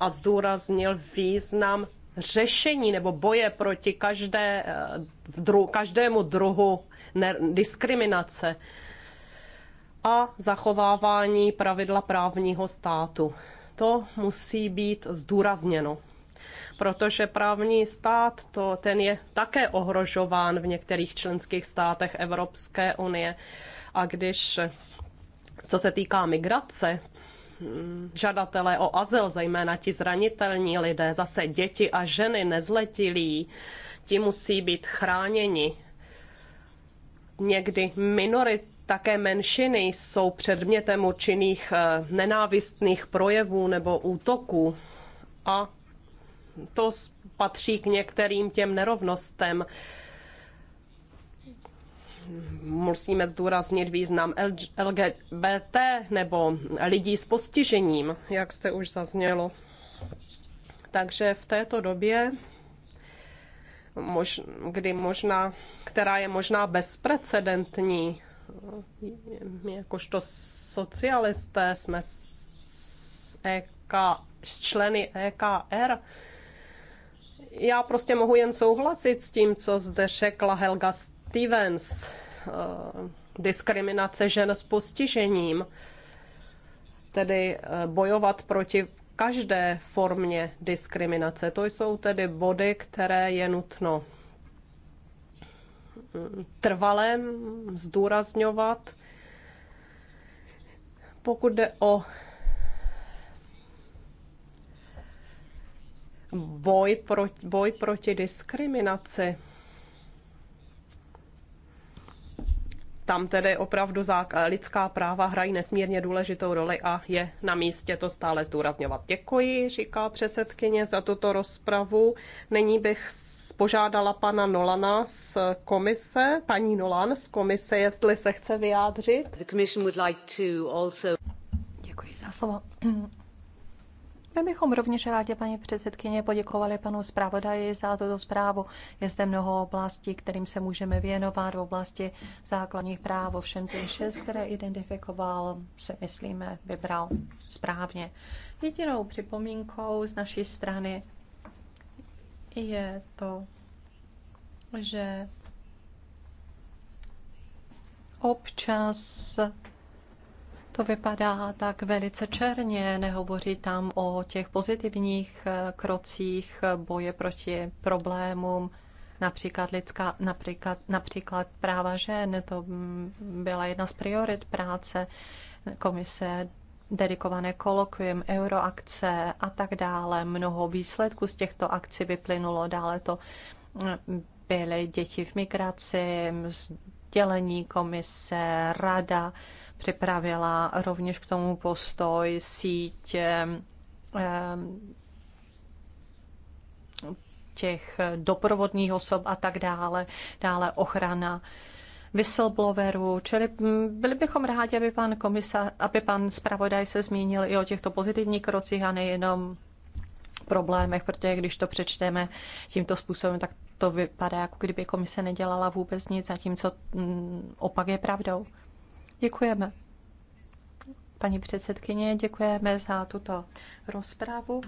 a zdůraznil význam řešení nebo boje proti každé, eh, dru, každému druhu diskriminace a zachovávání pravidla právního státu. To musí být zdůrazněno, protože právní stát to, ten je také ohrožován v některých členských státech Evropské unie. A když co se týká migrace, žadatelé o azyl, zejména ti zranitelní lidé, zase děti a ženy nezletilí, ti musí být chráněni. Někdy minority také menšiny jsou předmětem určitých eh, nenávistných projevů nebo útoků. A to patří k některým těm nerovnostem, musíme zdůraznit význam LGBT nebo lidí s postižením, jak jste už zaznělo. Takže v této době, mož, kdy možná, která je možná bezprecedentní, my jakožto socialisté jsme s EK, s členy EKR, já prostě mohu jen souhlasit s tím, co zde řekla Helga Stevens, eh, diskriminace žen s postižením, tedy eh, bojovat proti každé formě diskriminace. To jsou tedy body, které je nutno mm, trvale zdůrazňovat. Pokud jde o boj, proti boj proti diskriminaci, tam tedy opravdu lidská práva hrají nesmírně důležitou roli a je na místě to stále zdůrazňovat. Děkuji, říká předsedkyně, za tuto rozpravu. Nyní bych požádala pana Nolana z komise, paní Nolan z komise, jestli se chce vyjádřit. The commission would like to also... Děkuji za slovo. My bychom rovněž rádi, paní předsedkyně, poděkovali panu zpravodaji za tuto zprávu. Je zde mnoho oblastí, kterým se můžeme věnovat v oblasti základních práv. Všem těch šest, které identifikoval, se myslíme, vybral správně. Jedinou připomínkou z naší strany je to, že občas to vypadá tak velice černě, nehovoří tam o těch pozitivních eh, krocích boje proti problémům, například, lidská, například, například práva žen, to mm, byla jedna z priorit práce komise dedikované kolokvium, euroakce a tak dále. Mnoho výsledků z těchto akcí vyplynulo. Dále to mm, byly děti v migraci, sdělení komise, rada, připravila rovněž k tomu postoj sítě eh, těch doprovodných osob a tak dále, dále ochrana whistleblowerů, čili mm, byli bychom rádi, aby pan komisař, aby pan zpravodaj se zmínil i o těchto pozitivních krocích a nejenom problémech, protože když to přečteme tímto způsobem, tak to vypadá, jako kdyby komise nedělala vůbec nic, zatímco mm, opak je pravdou. Děkujeme. Paní předsedkyně, děkujeme za tuto rozpravu.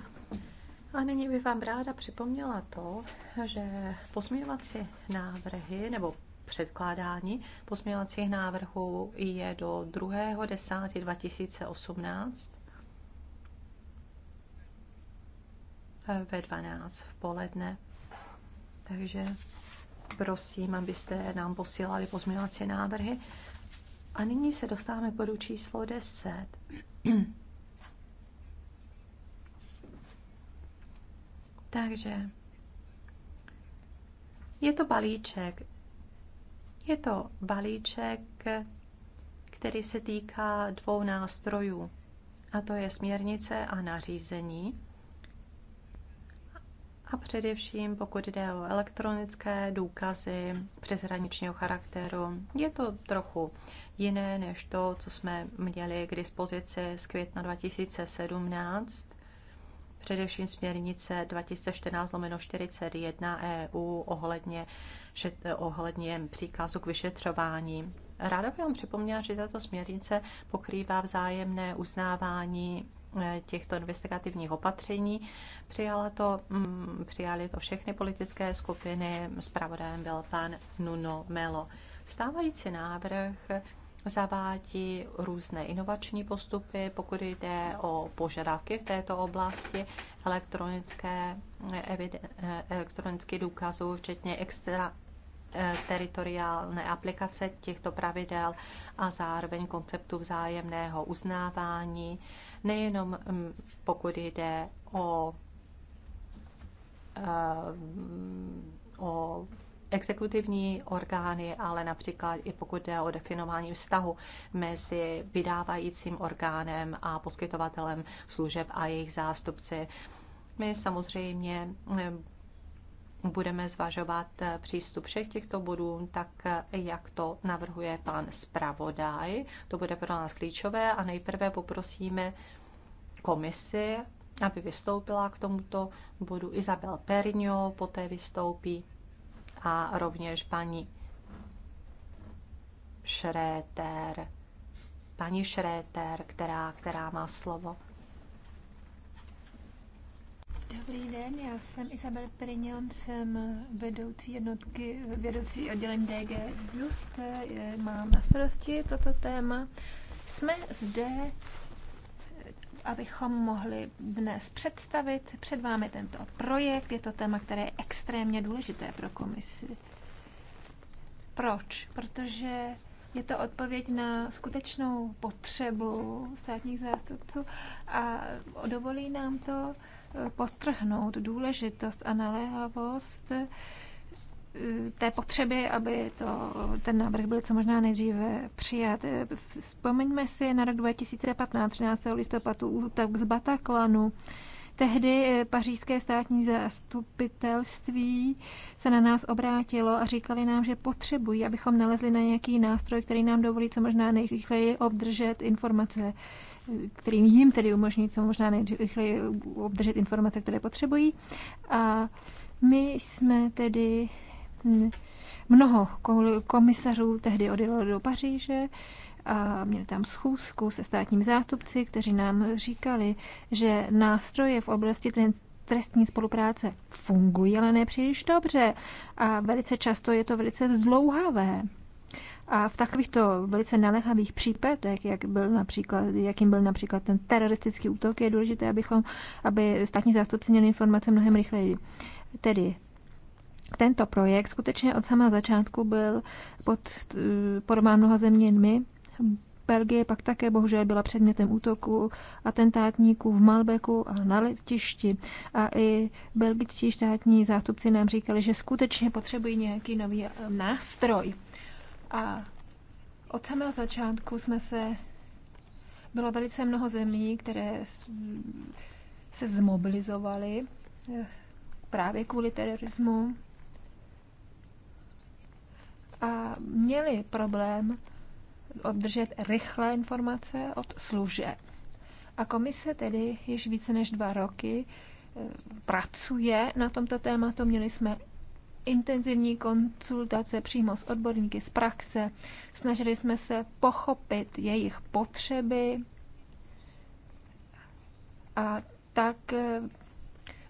A nyní bych vám ráda připomněla to, že pozměňovací návrhy nebo předkládání pozměňovacích návrhů je do 2.10.2018 ve 12 v poledne. Takže prosím, abyste nám posílali pozměňovací návrhy. A nyní se dostáváme k bodu číslo 10. Takže je to balíček. Je to balíček, který se týká dvou nástrojů, a to je směrnice a nařízení. A především, pokud jde o elektronické důkazy přeshraničního charakteru, je to trochu jiné než to, co jsme měli k dispozici z května 2017, především směrnice 2014-41 EU ohledně, ohledně příkazu k vyšetřování. Ráda bych vám připomněla, že tato směrnice pokrývá vzájemné uznávání eh, těchto investigativních opatření. Přijala to, mm, přijali to všechny politické skupiny, zpravodajem byl pan Nuno Melo. Stávající návrh zavádí různé inovační postupy, pokud jde o požadavky v této oblasti elektronické, elektronický důkazů, včetně extra eh, teritoriální aplikace těchto pravidel a zároveň konceptu vzájemného uznávání, nejenom mm, pokud jde o, eh, mm, o exekutivní orgány, ale například i pokud jde o definování vztahu mezi vydávajícím orgánem a poskytovatelem služeb a jejich zástupci. My samozřejmě eh, budeme zvažovat eh, přístup všech těchto bodů, tak eh, jak to navrhuje pan zpravodaj. To bude pro nás klíčové a nejprve poprosíme komisi, aby vystoupila k tomuto bodu Izabel Perňo, poté vystoupí a rovněž paní Šréter, paní Šréter, která, která má slovo. Dobrý den, já jsem Isabel Perignon, jsem vedoucí jednotky, vedoucí oddělení DG Just, eh, mám na starosti toto téma. Jsme zde abychom mohli dnes představit před vámi tento projekt. Je to téma, které je extrémně důležité pro komisi. Proč? Protože je to odpověď na skutečnou potřebu státních zástupců a dovolí nám to eh, potrhnout důležitost a naléhavost Eh, té potřeby, aby to, ten návrh byl co možná nejdříve přijat. Eh, vzpomeňme si na rok 2015, 13. listopadu, útok z Bataklanu. Tehdy eh, pařížské státní zastupitelství se na nás obrátilo a říkali nám, že potřebují, abychom nalezli na nějaký nástroj, který nám dovolí co možná nejrychleji obdržet informace kterým jim tedy umožní co možná nejrychleji obdržet informace, které potřebují. A my jsme tedy Mnoho komisařů tehdy odjelo do Paříže a měli tam schůzku se státními zástupci, kteří nám říkali, že nástroje v oblasti trestní spolupráce fungují, ale ne příliš dobře a velice často je to velice zdlouhavé. A v takovýchto velice nalehavých případech, jak byl například, jakým byl například ten teroristický útok, je důležité, abychom, aby státní zástupci měli informace mnohem rychleji. Tedy tento projekt skutečně od samého začátku byl pod podobá mnoha zeměnmi. Belgie pak také bohužel byla předmětem útoku atentátníků v Malbeku a na letišti. A i belgičtí státní zástupci nám říkali, že skutečně potřebují nějaký nový eh, nástroj. A od samého začátku jsme se bylo velice mnoho zemí, které se zmobilizovaly eh, právě kvůli terorismu a měli problém obdržet rychlé informace od služeb. A komise tedy již více než dva roky eh, pracuje na tomto tématu. Měli jsme intenzivní konzultace přímo s odborníky z praxe. Snažili jsme se pochopit jejich potřeby a tak eh,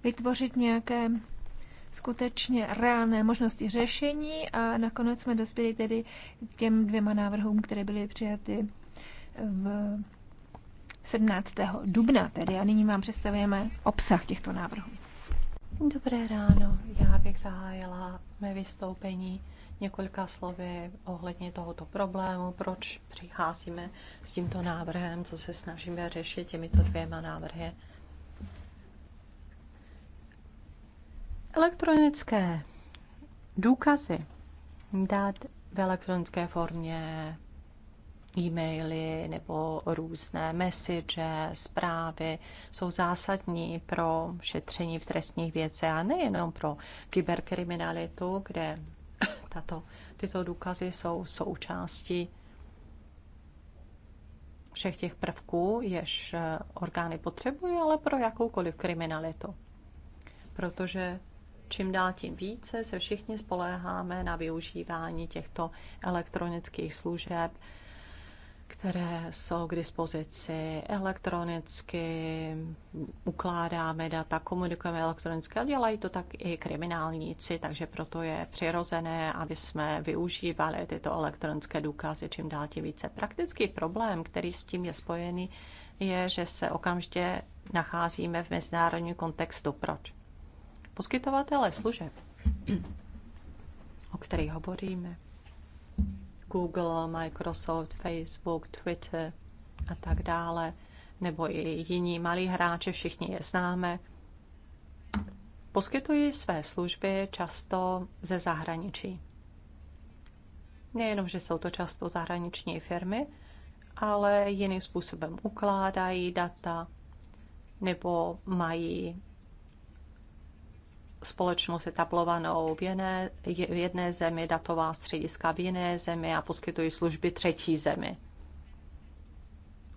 vytvořit nějaké skutečně reálné možnosti řešení a nakonec jsme dospěli tedy k těm dvěma návrhům, které byly přijaty v 17. dubna tedy a nyní vám představujeme obsah těchto návrhů. Dobré ráno, já bych zahájila mé vystoupení několika slovy ohledně tohoto problému, proč přicházíme s tímto návrhem, co se snažíme řešit těmito dvěma návrhy. Elektronické důkazy dát v elektronické formě e-maily nebo různé message, zprávy jsou zásadní pro šetření v trestních věcech a nejenom pro kyberkriminalitu, kde tato, tyto důkazy jsou součástí všech těch prvků, jež eh, orgány potřebují, ale pro jakoukoliv kriminalitu. Protože čím dál tím více se všichni spoléháme na využívání těchto elektronických služeb, které jsou k dispozici elektronicky, ukládáme data, komunikujeme elektronicky a dělají to tak i kriminálníci, takže proto je přirozené, aby jsme využívali tyto elektronické důkazy čím dál tím více. Praktický problém, který s tím je spojený, je, že se okamžitě nacházíme v mezinárodním kontextu. Proč? poskytovatele služeb, o kterých hovoříme, Google, Microsoft, Facebook, Twitter a tak dále, nebo i jiní malí hráči, všichni je známe, poskytují své služby často ze zahraničí. Nejenom, že jsou to často zahraniční firmy, ale jiným způsobem ukládají data nebo mají společnost etablovanou v jedné, v jedné zemi, datová střediska v jiné zemi a poskytují služby třetí zemi.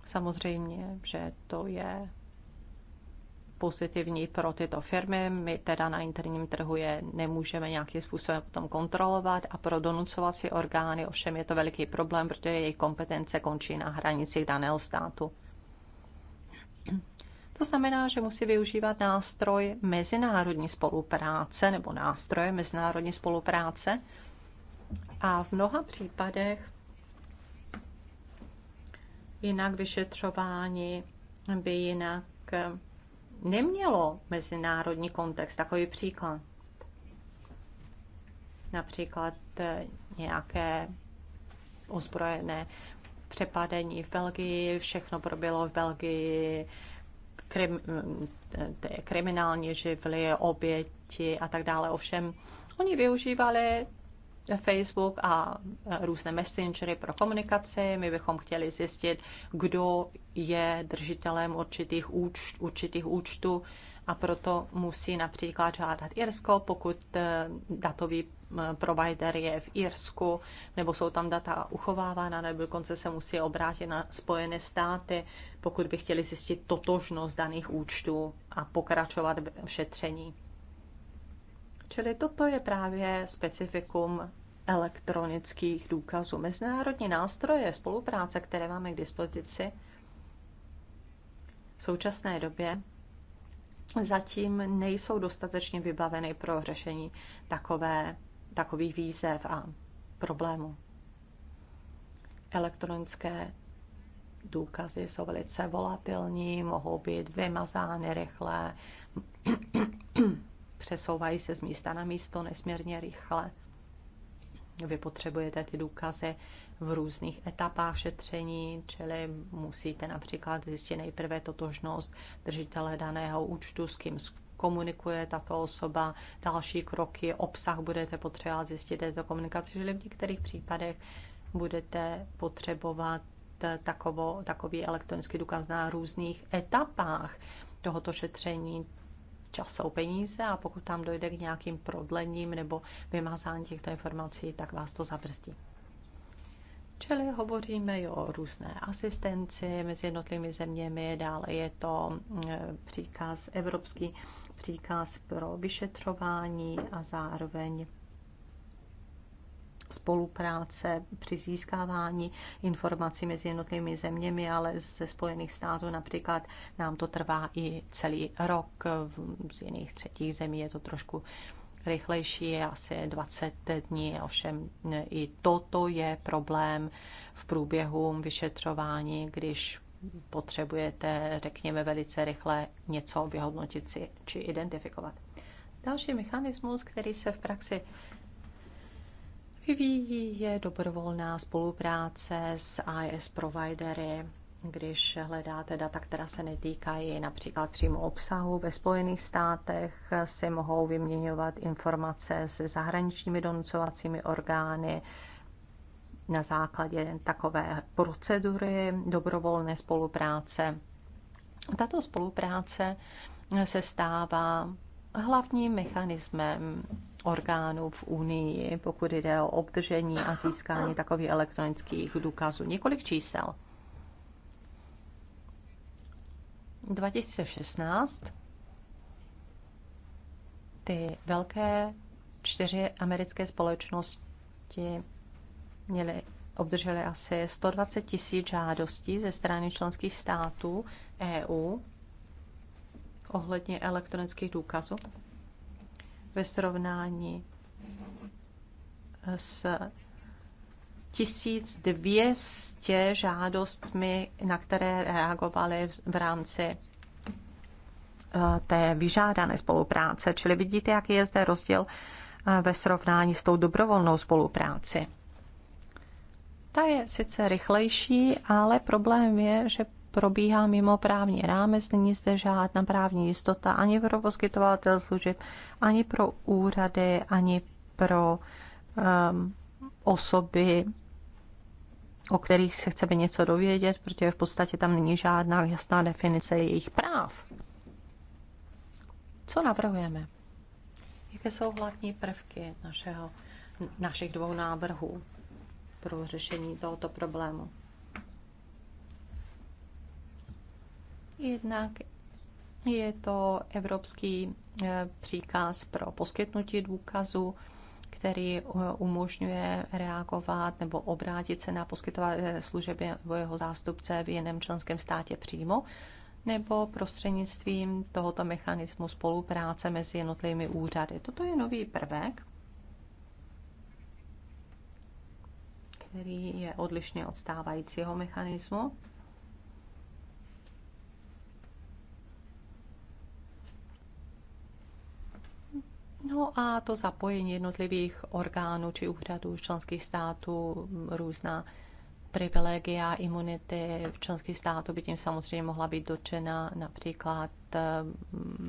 Samozřejmě, že to je pozitivní pro tyto firmy. My teda na interním trhu je nemůžeme nějakým způsobem potom kontrolovat a pro donucovací orgány ovšem je to veliký problém, protože jejich kompetence končí na hranicích daného státu. To znamená, že musí využívat nástroj mezinárodní spolupráce nebo nástroje mezinárodní spolupráce. A v mnoha případech jinak vyšetřování by jinak nemělo mezinárodní kontext. Takový příklad. Například eh, nějaké ozbrojené přepadení v Belgii, všechno probělo v Belgii, krim, eh, ty kriminální živly, oběti a tak dále. Ovšem, oni využívali Facebook a eh, různé messengery pro komunikaci. My bychom chtěli zjistit, kdo je držitelem určitých, účt, určitých účtů a proto musí například žádat Irsko, pokud eh, datový eh, provider je v Irsku, nebo jsou tam data uchovávána, nebo dokonce se musí obrátit na Spojené státy, pokud by chtěli zjistit totožnost daných účtů a pokračovat v šetření. Čili toto je právě specifikum elektronických důkazů. Mezinárodní nástroje spolupráce, které máme k dispozici v současné době, zatím nejsou dostatečně vybaveny pro řešení takové, takových výzev a problémů. Elektronické důkazy jsou velice volatilní, mohou být vymazány rychle, přesouvají se z místa na místo nesmírně rychle. Vy potřebujete ty důkazy v různých etapách šetření, čili musíte například zjistit nejprve totožnost držitele daného účtu, s kým komunikuje tato osoba, další kroky, obsah budete potřebovat zjistit této komunikaci, čili v některých případech budete potřebovat takovo, takový elektronický důkaz na různých etapách tohoto šetření čas jsou peníze a pokud tam dojde k nějakým prodlením nebo vymazání těchto informací, tak vás to zabrzdí. Čili hovoříme i o různé asistenci mezi jednotlivými zeměmi, dále je to mm, příkaz, evropský příkaz pro vyšetřování a zároveň spolupráce při získávání informací mezi jednotlivými zeměmi, ale ze Spojených států například nám to trvá i celý rok. Z jiných třetích zemí je to trošku rychlejší, je asi 20 dní, ovšem i toto je problém v průběhu vyšetřování, když potřebujete, řekněme, velice rychle něco vyhodnotit si či identifikovat. Další mechanismus, který se v praxi vyvíjí, je dobrovolná spolupráce s IS providery, když hledáte data, která se netýkají například přímo obsahu. Ve Spojených státech se mohou vyměňovat informace se zahraničními donucovacími orgány na základě takové procedury dobrovolné spolupráce. Tato spolupráce se stává hlavním mechanismem orgánů v Unii, pokud jde o obdržení a získání takových elektronických důkazů. Několik čísel. 2016 ty velké čtyři americké společnosti měly, obdržely asi 120 tisíc žádostí ze strany členských států EU ohledně elektronických důkazů ve srovnání s 1200 žádostmi, na které reagovali v rámci eh, té vyžádané spolupráce. Čili vidíte, jaký je zde rozdíl eh, ve srovnání s tou dobrovolnou spolupráci. Ta je sice rychlejší, ale problém je, že probíhá mimo právní rámec, není zde žádná právní jistota ani pro poskytovatel služeb, ani pro úřady, ani pro um, osoby, o kterých se chceme něco dovědět, protože v podstatě tam není žádná jasná definice jejich práv. Co navrhujeme? Jaké jsou hlavní prvky našeho, našich dvou návrhů pro řešení tohoto problému? Jednak je to evropský eh, příkaz pro poskytnutí důkazu, který eh, umožňuje reagovat nebo obrátit se na poskytovatele eh, služeby nebo jeho zástupce v jiném členském státě přímo nebo prostřednictvím tohoto mechanismu spolupráce mezi jednotlivými úřady. Toto je nový prvek, který je odlišný od stávajícího mechanismu. No a to zapojení jednotlivých orgánů či úřadů členských států, různá privilegia, imunity v členských státu by tím samozřejmě mohla být dočena například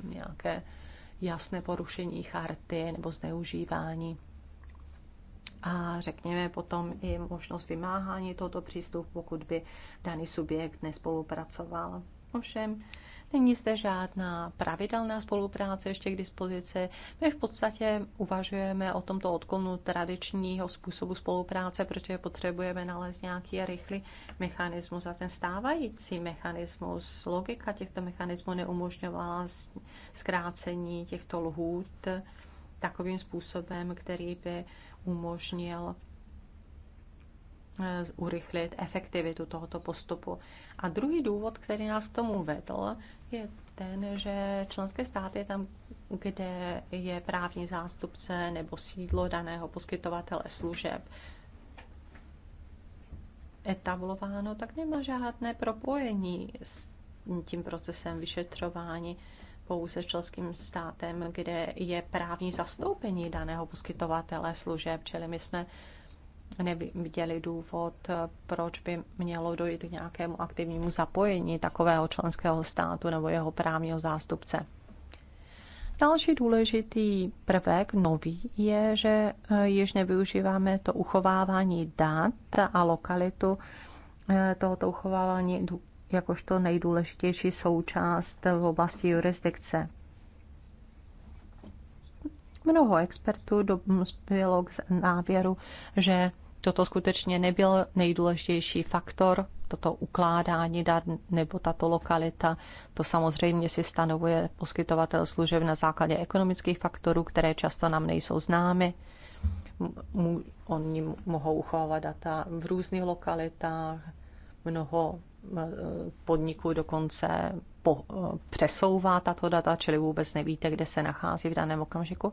nějaké jasné porušení charty nebo zneužívání. A řekněme potom i možnost vymáhání tohoto přístupu, pokud by daný subjekt nespolupracoval. Ovšem, Není zde žádná pravidelná spolupráce ještě k dispozici. My v podstatě uvažujeme o tomto odklonu tradičního způsobu spolupráce, protože potřebujeme nalézt nějaký rychlý mechanismus a ten stávající mechanismus, logika těchto mechanismů neumožňovala zkrácení těchto lhůt takovým způsobem, který by umožnil Eh, urychlit efektivitu tohoto postupu. A druhý důvod, který nás k tomu vedl, je ten, že členské státy tam, kde je právní zástupce nebo sídlo daného poskytovatele služeb, etablováno, tak nemá žádné propojení s tím procesem vyšetřování pouze členským státem, kde je právní zastoupení daného poskytovatele služeb. Čili my jsme neviděli důvod, proč by mělo dojít k nějakému aktivnímu zapojení takového členského státu nebo jeho právního zástupce. Další důležitý prvek, nový, je, že eh, již nevyužíváme to uchovávání dat a lokalitu eh, tohoto uchovávání jakožto nejdůležitější součást v oblasti jurisdikce. Mnoho expertů dobylo k návěru, že toto skutečně nebyl nejdůležitější faktor, toto ukládání dat nebo tato lokalita. To samozřejmě si stanovuje poskytovatel služeb na základě ekonomických faktorů, které často nám nejsou známy. Oni mohou uchovávat data v různých lokalitách, mnoho podniků dokonce po, e, přesouvá tato data, čili vůbec nevíte, kde se nachází v daném okamžiku.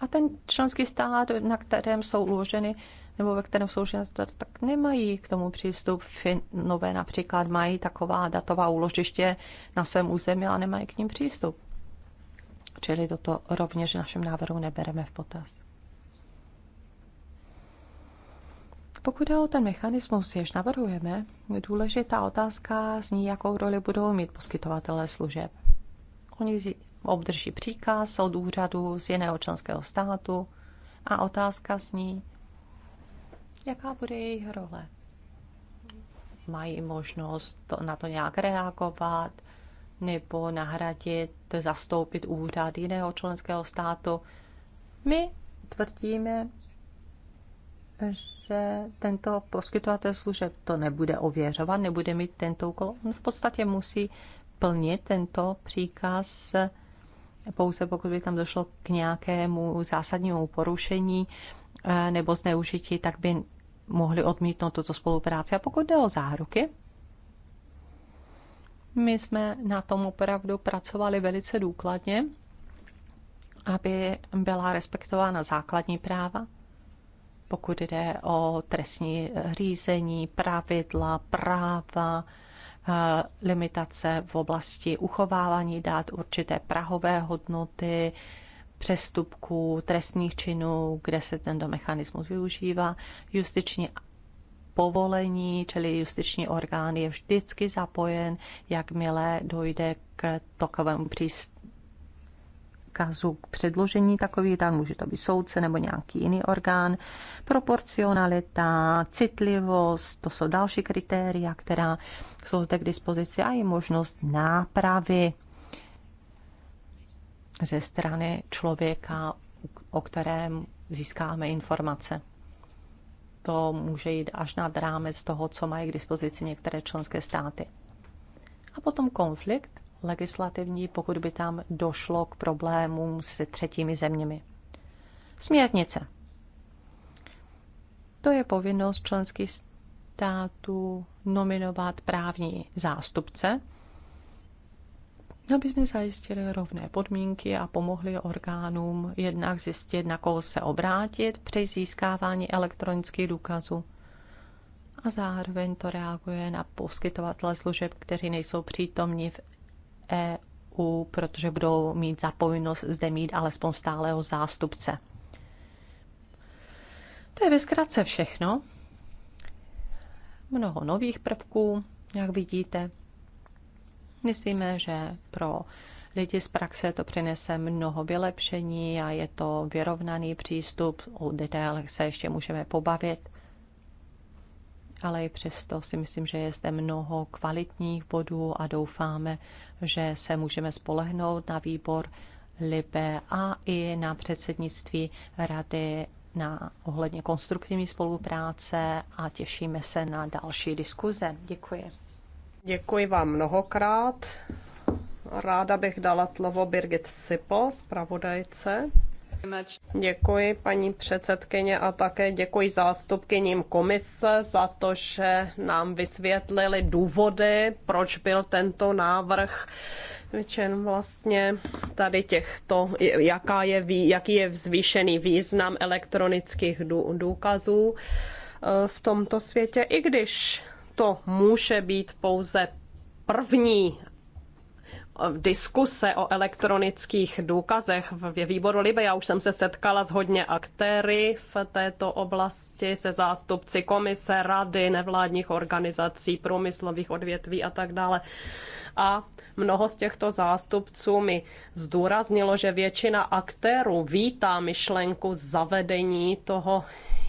A ten členský stát, na kterém jsou uloženy nebo ve kterém jsou ženství, tak nemají k tomu přístup. Finové například mají taková datová úložiště na svém území, ale nemají k ním přístup. Čili toto rovněž v našem návrhu nebereme v potaz. Pokud je o ten mechanismus, jež navrhujeme, důležitá otázka zní, jakou roli budou mít poskytovatelé služeb. Oni obdrží příkaz od úřadu z jiného členského státu a otázka zní, jaká bude jejich role. Mají možnost to, na to nějak reagovat nebo nahradit, zastoupit úřad jiného členského státu. My tvrdíme, že tento poskytovatel služeb to nebude ověřovat, nebude mít tento úkol. On v podstatě musí plnit tento příkaz pouze pokud by tam došlo k nějakému zásadnímu porušení eh, nebo zneužití, tak by mohli odmítnout tuto spolupráci. A pokud jde o záruky, my jsme na tom opravdu pracovali velice důkladně, aby byla respektována základní práva, pokud jde o trestní řízení, pravidla, práva, Eh, limitace v oblasti uchovávání dát, určité prahové hodnoty, přestupků, trestních činů, kde se tento mechanismus využívá. Justiční povolení, čili justiční orgán je vždycky zapojen, jakmile dojde k takovému přístupu zákazu k předložení takových dat, může to být soudce nebo nějaký jiný orgán. Proporcionalita, citlivost, to jsou další kritéria, která jsou zde k dispozici a je možnost nápravy ze strany člověka, o kterém získáme informace. To může jít až nad rámec toho, co mají k dispozici některé členské státy. A potom konflikt legislativní, pokud by tam došlo k problémům s třetími zeměmi. Směrnice. To je povinnost členských států nominovat právní zástupce, aby jsme zajistili rovné podmínky a pomohli orgánům jednak zjistit, na koho se obrátit při získávání elektronických důkazů. A zároveň to reaguje na poskytovatele služeb, kteří nejsou přítomní v EU, protože budou mít zapovinnost zde mít alespoň stálého zástupce. To je ve zkratce všechno. Mnoho nových prvků, jak vidíte. Myslíme, že pro lidi z praxe to přinese mnoho vylepšení a je to vyrovnaný přístup. O detailech se ještě můžeme pobavit ale i přesto si myslím, že je zde mnoho kvalitních bodů a doufáme, že se můžeme spolehnout na výbor Libe a i na předsednictví rady na ohledně konstruktivní spolupráce a těšíme se na další diskuze. Děkuji. Děkuji vám mnohokrát. Ráda bych dala slovo Birgit Sipl, zpravodajce. Děkuji paní předsedkyně a také děkuji zástupkyním komise za to, že nám vysvětlili důvody, proč byl tento návrh vyčen vlastně tady těchto, jaká je, jaký je zvýšený význam elektronických důkazů eh, v tomto světě, i když to může být pouze první diskuse o elektronických důkazech v výboru Libe. Já už jsem se setkala s hodně aktéry v této oblasti, se zástupci komise, rady, nevládních organizací, průmyslových odvětví a tak dále. A mnoho z těchto zástupců mi zdůraznilo, že většina aktérů vítá myšlenku zavedení toho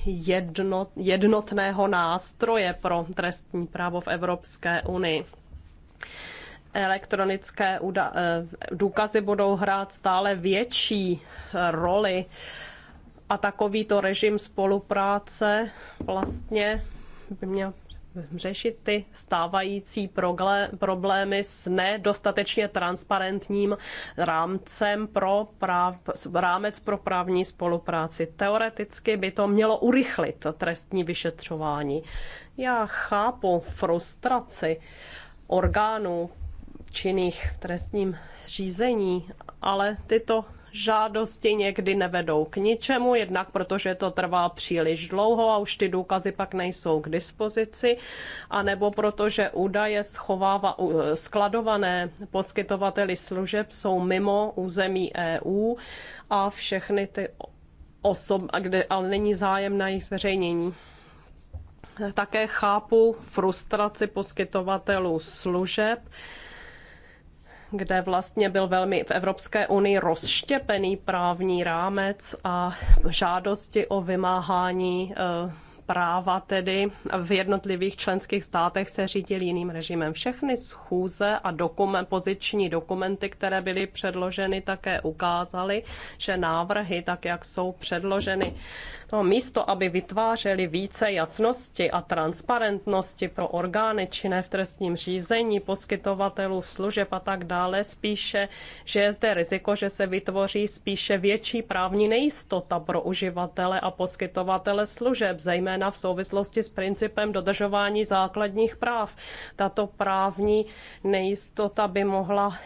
jednot, jednotného nástroje pro trestní právo v Evropské unii elektronické eh, důkazy budou hrát stále větší eh, roli a takovýto režim spolupráce vlastně by měl řešit ty stávající problémy s nedostatečně transparentním rámcem pro práv, rámec pro právní spolupráci. Teoreticky by to mělo urychlit trestní vyšetřování. Já chápu frustraci orgánů činných v trestním řízení, ale tyto žádosti někdy nevedou k ničemu, jednak protože to trvá příliš dlouho a už ty důkazy pak nejsou k dispozici, anebo protože údaje schovává, skladované poskytovateli služeb jsou mimo území EU a všechny ty osob, kde, ale není zájem na jejich zveřejnění. Také chápu frustraci poskytovatelů služeb, kde vlastně byl velmi v Evropské unii rozštěpený právní rámec a žádosti o vymáhání eh, práva tedy v jednotlivých členských státech se řídil jiným režimem. Všechny schůze a dokument, poziční dokumenty, které byly předloženy, také ukázaly, že návrhy, tak jak jsou předloženy to místo, aby vytvářeli více jasnosti a transparentnosti pro orgány činné v trestním řízení, poskytovatelů služeb a tak dále, spíše, že je zde riziko, že se vytvoří spíše větší právní nejistota pro uživatele a poskytovatele služeb, zejména v souvislosti s principem dodržování základních práv. Tato právní nejistota by mohla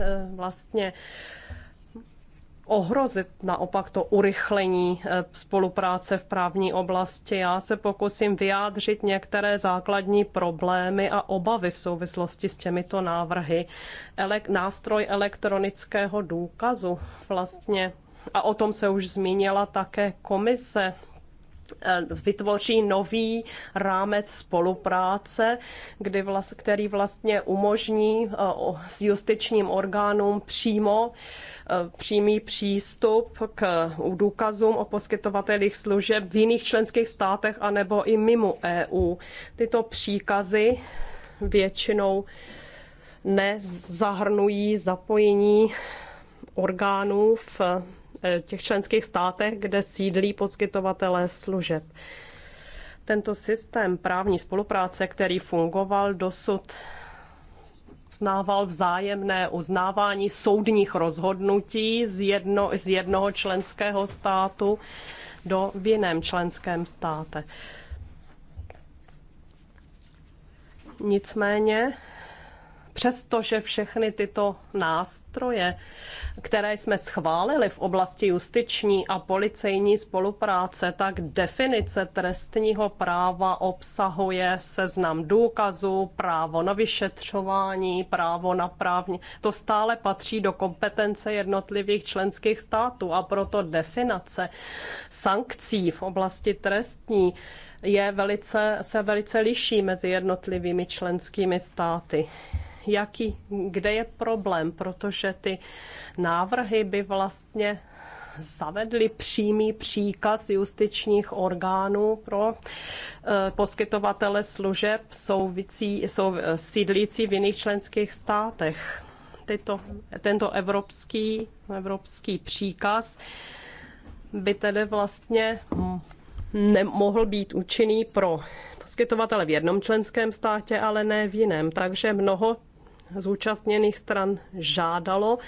eh, vlastně ohrozit naopak to urychlení eh, spolupráce v právní oblasti. Já se pokusím vyjádřit některé základní problémy a obavy v souvislosti s těmito návrhy. Elek- nástroj elektronického důkazu vlastně a o tom se už zmínila také komise Eh, vytvoří nový rámec spolupráce, kdy vlast, který vlastně umožní eh, s justičním orgánům přímo eh, přímý přístup k důkazům o poskytovatelích služeb v jiných členských státech anebo i mimo EU. Tyto příkazy většinou nezahrnují zapojení orgánů v Eh, těch členských státech, kde sídlí poskytovatelé služeb. Tento systém právní spolupráce, který fungoval dosud, znával vzájemné uznávání soudních rozhodnutí z, jedno, z jednoho členského státu do v jiném členském státe. Nicméně přestože všechny tyto nástroje, které jsme schválili v oblasti justiční a policejní spolupráce, tak definice trestního práva obsahuje seznam důkazů, právo na vyšetřování, právo na právní. To stále patří do kompetence jednotlivých členských států a proto definice sankcí v oblasti trestní je velice, se velice liší mezi jednotlivými členskými státy jaký, kde je problém, protože ty návrhy by vlastně zavedli přímý příkaz justičních orgánů pro eh, poskytovatele služeb vící, sou, sídlící v jiných členských státech. Tyto, tento evropský, evropský příkaz by tedy vlastně nemohl být účinný pro poskytovatele v jednom členském státě, ale ne v jiném. Takže mnoho zúčastněných stran žádalo,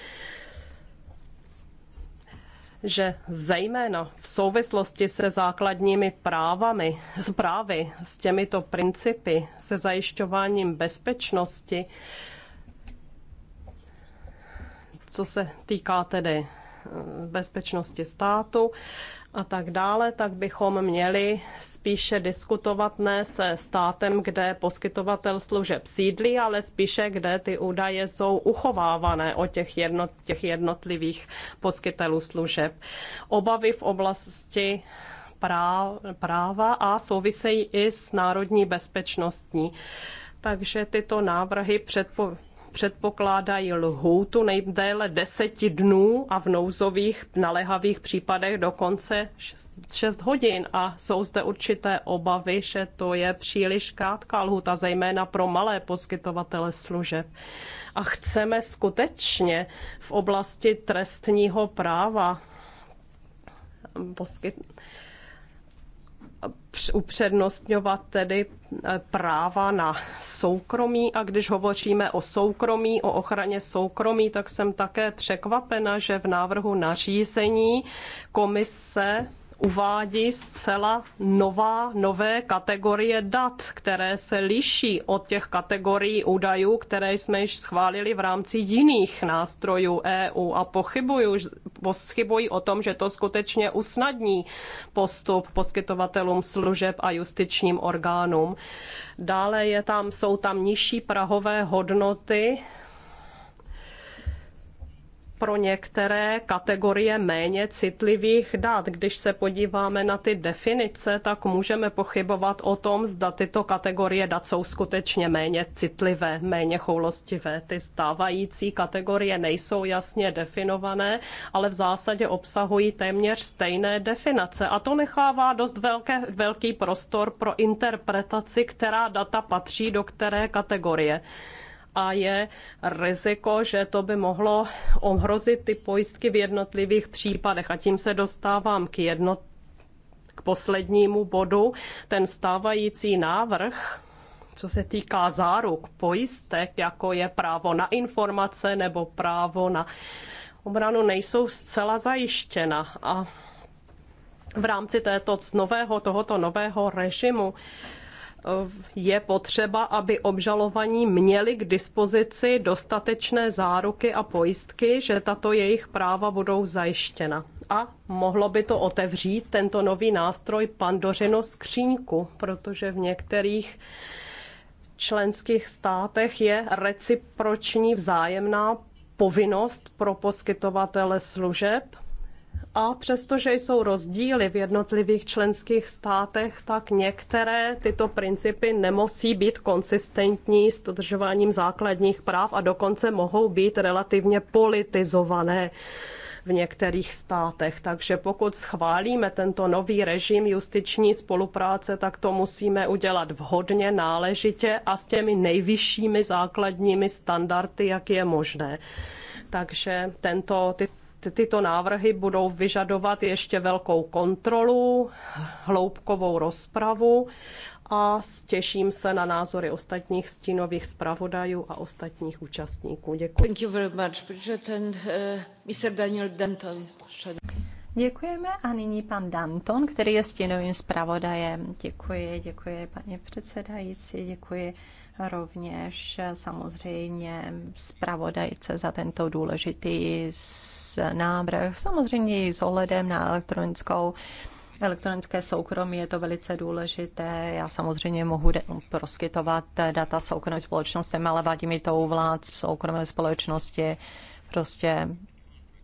že zejména v souvislosti se základními právami, s právy, s těmito principy, se zajišťováním bezpečnosti, co se týká tedy eh, bezpečnosti státu, a tak dále, tak bychom měli spíše diskutovat ne se státem, kde poskytovatel služeb sídlí, ale spíše, kde ty údaje jsou uchovávané o těch, jednot, těch jednotlivých poskytelů služeb. Obavy v oblasti práva a souvisejí i s národní bezpečnostní. Takže tyto návrhy předpo, předpokládají lhůtu nejdéle deseti dnů a v nouzových naléhavých případech dokonce 6 hodin. A jsou zde určité obavy, že to je příliš krátká lhůta, zejména pro malé poskytovatele služeb. A chceme skutečně v oblasti trestního práva poskytnout upřednostňovat tedy e, práva na soukromí a když hovoříme o soukromí, o ochraně soukromí, tak jsem také překvapena, že v návrhu nařízení komise uvádí zcela nová, nové kategorie dat, které se liší od těch kategorií údajů, které jsme již schválili v rámci jiných nástrojů EU a pochybuji o tom, že to skutečně usnadní postup poskytovatelům služeb a justičním orgánům. Dále je tam, jsou tam nižší prahové hodnoty pro některé kategorie méně citlivých dat. Když se podíváme na ty definice, tak můžeme pochybovat o tom, zda tyto kategorie dat jsou skutečně méně citlivé, méně choulostivé. Ty stávající kategorie nejsou jasně definované, ale v zásadě obsahují téměř stejné definace. A to nechává dost velké, velký prostor pro interpretaci, která data patří do které kategorie a je riziko, že to by mohlo ohrozit ty pojistky v jednotlivých případech. A tím se dostávám k jednot k poslednímu bodu. Ten stávající návrh co se týká záruk, pojistek, jako je právo na informace nebo právo na obranu, nejsou zcela zajištěna. A v rámci této nového, tohoto nového režimu je potřeba, aby obžalovaní měli k dispozici dostatečné záruky a pojistky, že tato jejich práva budou zajištěna. A mohlo by to otevřít tento nový nástroj Pandořino skříňku, protože v některých členských státech je reciproční vzájemná povinnost pro poskytovatele služeb a přestože jsou rozdíly v jednotlivých členských státech, tak některé tyto principy nemusí být konsistentní s dodržováním základních práv a dokonce mohou být relativně politizované v některých státech. Takže pokud schválíme tento nový režim justiční spolupráce, tak to musíme udělat vhodně, náležitě a s těmi nejvyššími základními standardy, jak je možné. Takže tento, ty, tyto návrhy budou vyžadovat ještě velkou kontrolu, hloubkovou rozpravu a těším se na názory ostatních stínových zpravodajů a ostatních účastníků. Děkuji. Thank you very much, Bridget uh, Mr. Daniel Denton. Děkujeme a nyní pan Danton, který je stínovým zpravodajem. Děkuji, děkuji paní předsedající, děkuji rovněž eh, samozřejmě zpravodajce za tento důležitý návrh. Samozřejmě i s ohledem na elektronickou elektronické soukromí je to velice důležité. Já samozřejmě mohu proskytovat eh, data soukromým společnostem, ale vadí mi to u vlád v soukromé společnosti. Prostě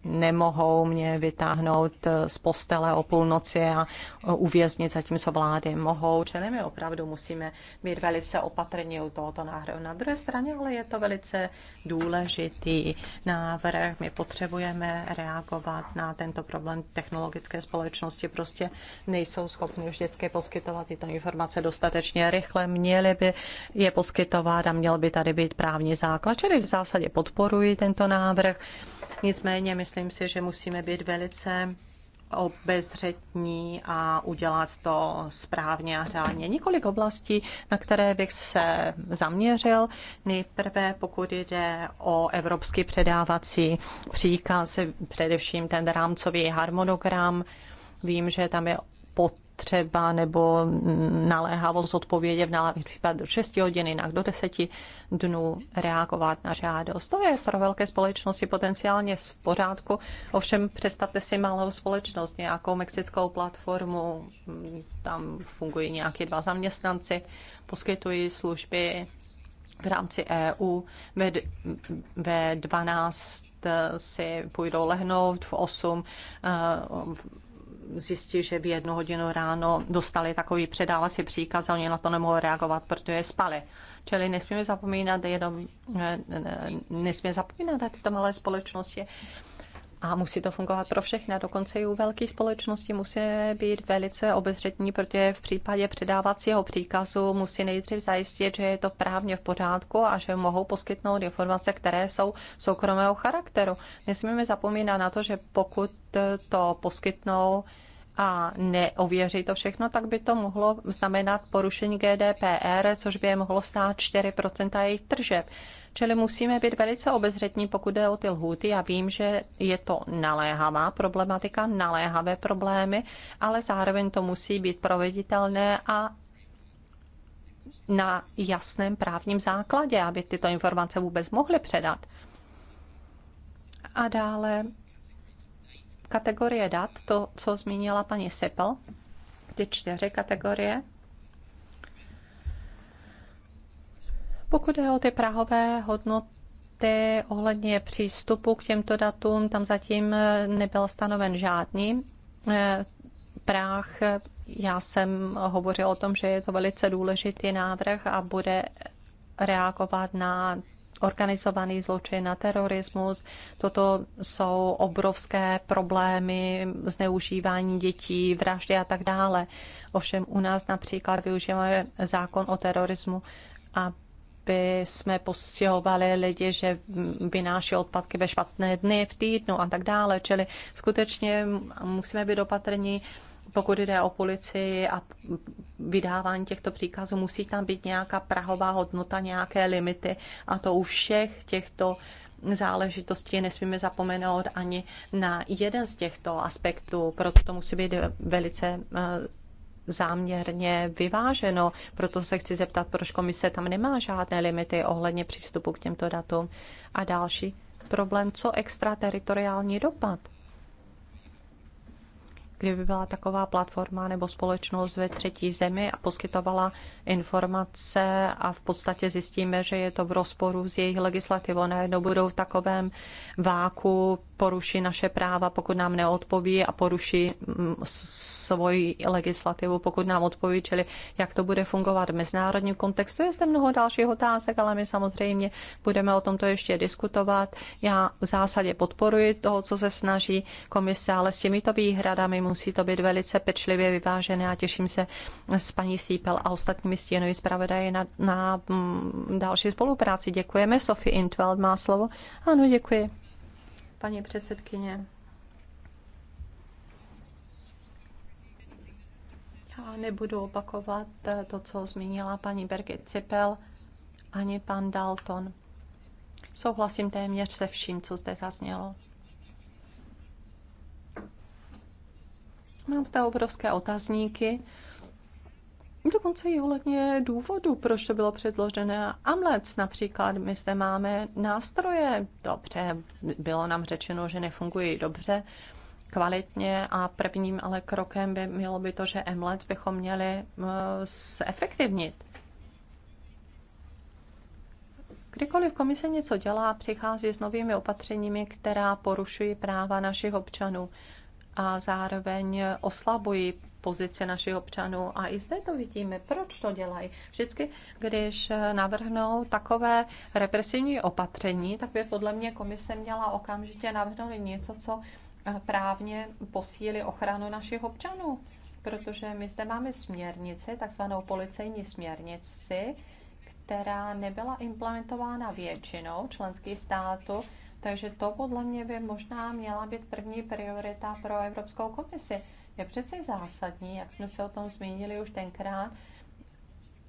nemohou mě vytáhnout eh, z postele o půlnoci a eh, uvěznit, zatímco vlády mohou. Čili my opravdu musíme být velice opatrní u tohoto návrhu. Na druhé straně ale je to velice důležitý návrh. My potřebujeme reagovat na tento problém technologické společnosti. Prostě nejsou schopni vždycky poskytovat tyto informace dostatečně rychle. Měli by je poskytovat a měl by tady být právní základ. Čili v zásadě podporuji tento návrh Nicméně myslím si, že musíme být velice obezřetní a udělat to správně a řádně. Několik oblastí, na které bych se zaměřil. Nejprve, pokud jde o evropský předávací příkaz, především ten rámcový harmonogram, Vím, že tam je třeba nebo naléhavost odpovědě v případě do 6 hodin, jinak do 10 dnů reagovat na žádost. To je pro velké společnosti potenciálně v pořádku. Ovšem představte si malou společnost, nějakou mexickou platformu, tam fungují nějaké dva zaměstnanci, poskytují služby v rámci EU ve, ve 12 si půjdou lehnout, v 8 uh, eh, zjistí, že v jednu hodinu ráno dostali takový předávací příkaz a oni na to nemohou reagovat, protože spali. Čili nesmíme zapomínat jenom, nesmíme zapomínat tyto malé společnosti, a musí to fungovat pro všechny. dokonce i u velkých společností musí být velice obezřetní, protože v případě předávacího příkazu musí nejdřív zajistit, že je to právně v pořádku a že mohou poskytnout informace, které jsou soukromého charakteru. Nesmíme zapomínat na to, že pokud to poskytnou a neověří to všechno, tak by to mohlo znamenat porušení GDPR, což by je mohlo stát 4 jejich tržeb. Čili musíme být velice obezřetní, pokud jde o ty lhůty. Já vím, že je to naléhavá problematika, naléhavé problémy, ale zároveň to musí být proveditelné a na jasném právním základě, aby tyto informace vůbec mohly předat. A dále kategorie dat, to, co zmínila paní Sipel, ty čtyři kategorie, Pokud je o ty prahové hodnoty, ohledně přístupu k těmto datům, tam zatím nebyl stanoven žádný eh, práh. Já jsem hovořil o tom, že je to velice důležitý návrh a bude reagovat na organizovaný zločin, na terorismus. Toto jsou obrovské problémy, zneužívání dětí, vraždy a tak dále. Ovšem u nás například využíváme zákon o terorismu, aby by jsme postihovali lidi, že vynáší odpadky ve špatné dny v týdnu a tak dále. Čili skutečně musíme být opatrní, pokud jde o policii a vydávání těchto příkazů, musí tam být nějaká prahová hodnota, nějaké limity a to u všech těchto záležitostí nesmíme zapomenout ani na jeden z těchto aspektů, proto to musí být velice eh, záměrně vyváženo. Proto se chci zeptat, proč komise tam nemá žádné limity ohledně přístupu k těmto datům. A další problém, co extrateritoriální dopad? kdyby byla taková platforma nebo společnost ve třetí zemi a poskytovala informace a v podstatě zjistíme, že je to v rozporu s jejich legislativou. Najednou budou v takovém váku poruší naše práva, pokud nám neodpoví a poruší mm, svoji legislativu, pokud nám odpoví, čili jak to bude fungovat v mezinárodním kontextu. Je zde mnoho dalších otázek, ale my samozřejmě budeme o tomto ještě diskutovat. Já v zásadě podporuji toho, co se snaží komise, ale s těmito výhradami musí to být velice pečlivě vyvážené a těším se s paní Sípel a ostatními stěnovi zpravodaji na, na mm, další spolupráci. Děkujeme. Sophie Intveld má slovo. Ano, děkuji paní předsedkyně. Já nebudu opakovat to, co zmínila paní Birgit Cipel ani pan Dalton. Souhlasím téměř se vším, co zde zaznělo. Mám zde obrovské otazníky Dokonce i ohledně důvodu, proč to bylo předložené. Amlec například, my zde máme nástroje, dobře, bylo nám řečeno, že nefungují dobře, kvalitně a prvním ale krokem by mělo by to, že Amlec bychom měli eh, zefektivnit. Kdykoliv komise něco dělá, přichází s novými opatřeními, která porušují práva našich občanů a zároveň oslabují pozice našich občanů. A i zde to vidíme, proč to dělají. Vždycky, když eh, navrhnou takové represivní opatření, tak by podle mě komise měla okamžitě navrhnout něco, co eh, právně posílí ochranu našich občanů. Protože my zde máme směrnici, takzvanou policejní směrnici, která nebyla implementována většinou členských států, takže to podle mě by možná měla být první priorita pro Evropskou komisi je přece zásadní, jak jsme se o tom zmínili už tenkrát,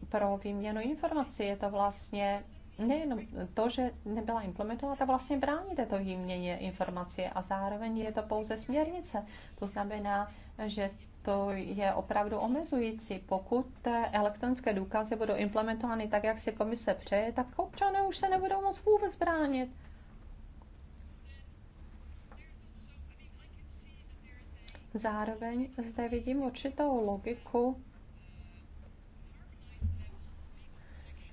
pro výměnu informací. Je to vlastně nejenom to, že nebyla implementována, vlastně brání této výměně informací a zároveň je to pouze směrnice. To znamená, že to je opravdu omezující. Pokud elektronické důkazy budou implementovány tak, jak si komise přeje, tak občané už se nebudou moc vůbec bránit. Zároveň zde vidím určitou logiku.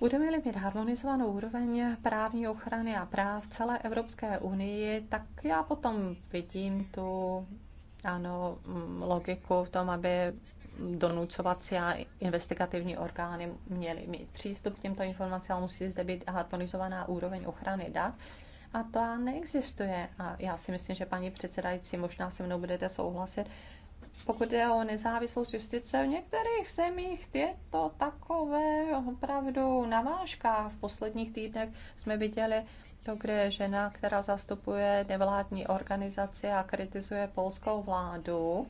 Budeme-li mít harmonizovanou úroveň právní ochrany a práv v celé Evropské unii, tak já potom vidím tu ano, logiku v tom, aby donucovací a investigativní orgány měly mít přístup k těmto informacím, ale musí zde být harmonizovaná úroveň ochrany dat, a ta neexistuje. A já si myslím, že paní předsedající, možná se mnou budete souhlasit, pokud je o nezávislost justice, v některých zemích je to takové opravdu na vážkách. V posledních týdnech jsme viděli to, kde je žena, která zastupuje nevládní organizaci a kritizuje polskou vládu,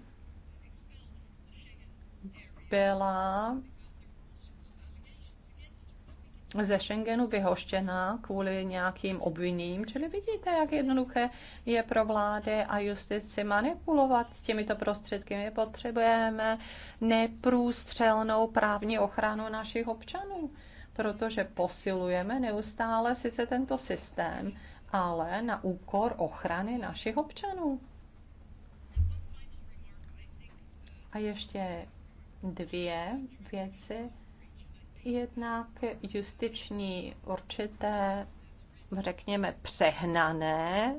byla ze Schengenu vyhoštěna kvůli nějakým obviněním. Čili vidíte, jak jednoduché je pro vlády a justici manipulovat s těmito prostředky. My potřebujeme neprůstřelnou právní ochranu našich občanů, protože posilujeme neustále sice tento systém, ale na úkor ochrany našich občanů. A ještě dvě věci jednak justiční určité, řekněme, přehnané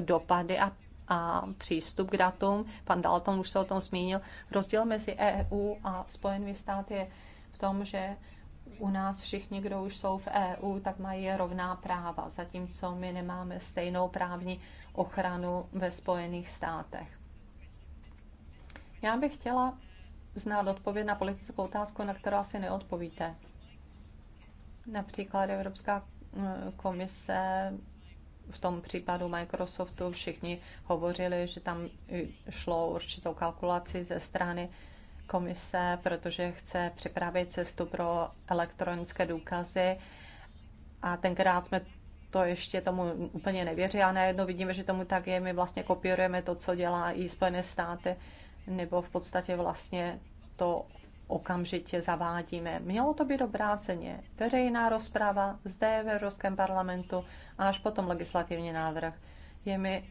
dopady a a přístup k datům. Pan Dalton už se o tom zmínil. Rozdíl mezi EU a Spojenými státy je v tom, že u nás všichni, kdo už jsou v EU, tak mají rovná práva, zatímco my nemáme stejnou právní ochranu ve Spojených státech. Já bych chtěla znát odpověď na politickou otázku, na kterou asi neodpovíte. Například Evropská mm, komise v tom případu Microsoftu všichni hovořili, že tam šlo určitou kalkulaci ze strany komise, protože chce připravit cestu pro elektronické důkazy. A tenkrát jsme to ještě tomu úplně nevěřili, a najednou vidíme, že tomu tak je. My vlastně kopírujeme to, co dělá i Spojené státy nebo v podstatě vlastně to okamžitě zavádíme. Mělo to být obráceně. Veřejná rozprava zde v Evropském parlamentu a až potom legislativní návrh. Je mi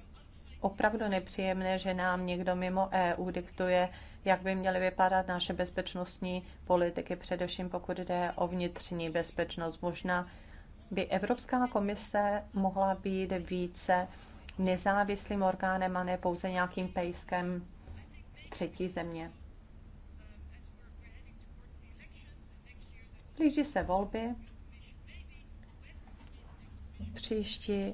opravdu nepříjemné, že nám někdo mimo EU diktuje, jak by měly vypadat naše bezpečnostní politiky, především pokud jde o vnitřní bezpečnost. Možná by Evropská komise mohla být více nezávislým orgánem a ne pouze nějakým pejskem třetí země. Blíží se volby. Příští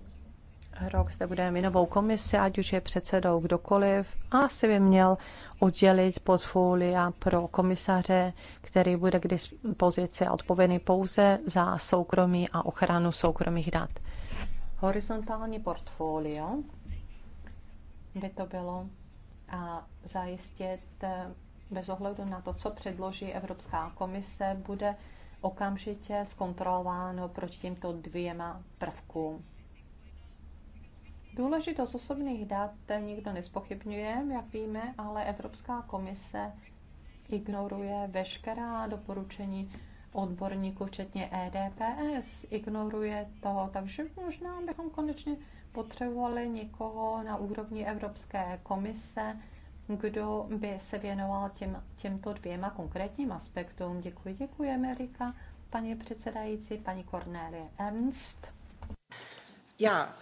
rok zde bude minovou komisi, ať už je předsedou kdokoliv, a asi by měl oddělit portfolia pro komisaře, který bude k dispozici odpovědný pouze za soukromí a ochranu soukromých dat. Horizontální portfolio by to bylo a zajistit eh, bez ohledu na to, co předloží Evropská komise, bude okamžitě zkontrolováno proti těmto dvěma prvkům. Důležitost osobních dat nikdo nespochybňuje, jak víme, ale Evropská komise ignoruje veškerá doporučení odborníků, včetně EDPS. Ignoruje to, takže možná bychom konečně potřebovali někoho na úrovni Evropské komise, kdo by se věnoval těm, těmto dvěma konkrétním aspektům. Děkuji, děkuji, Amerika, paní předsedající, paní Cornélie Ernst. Já.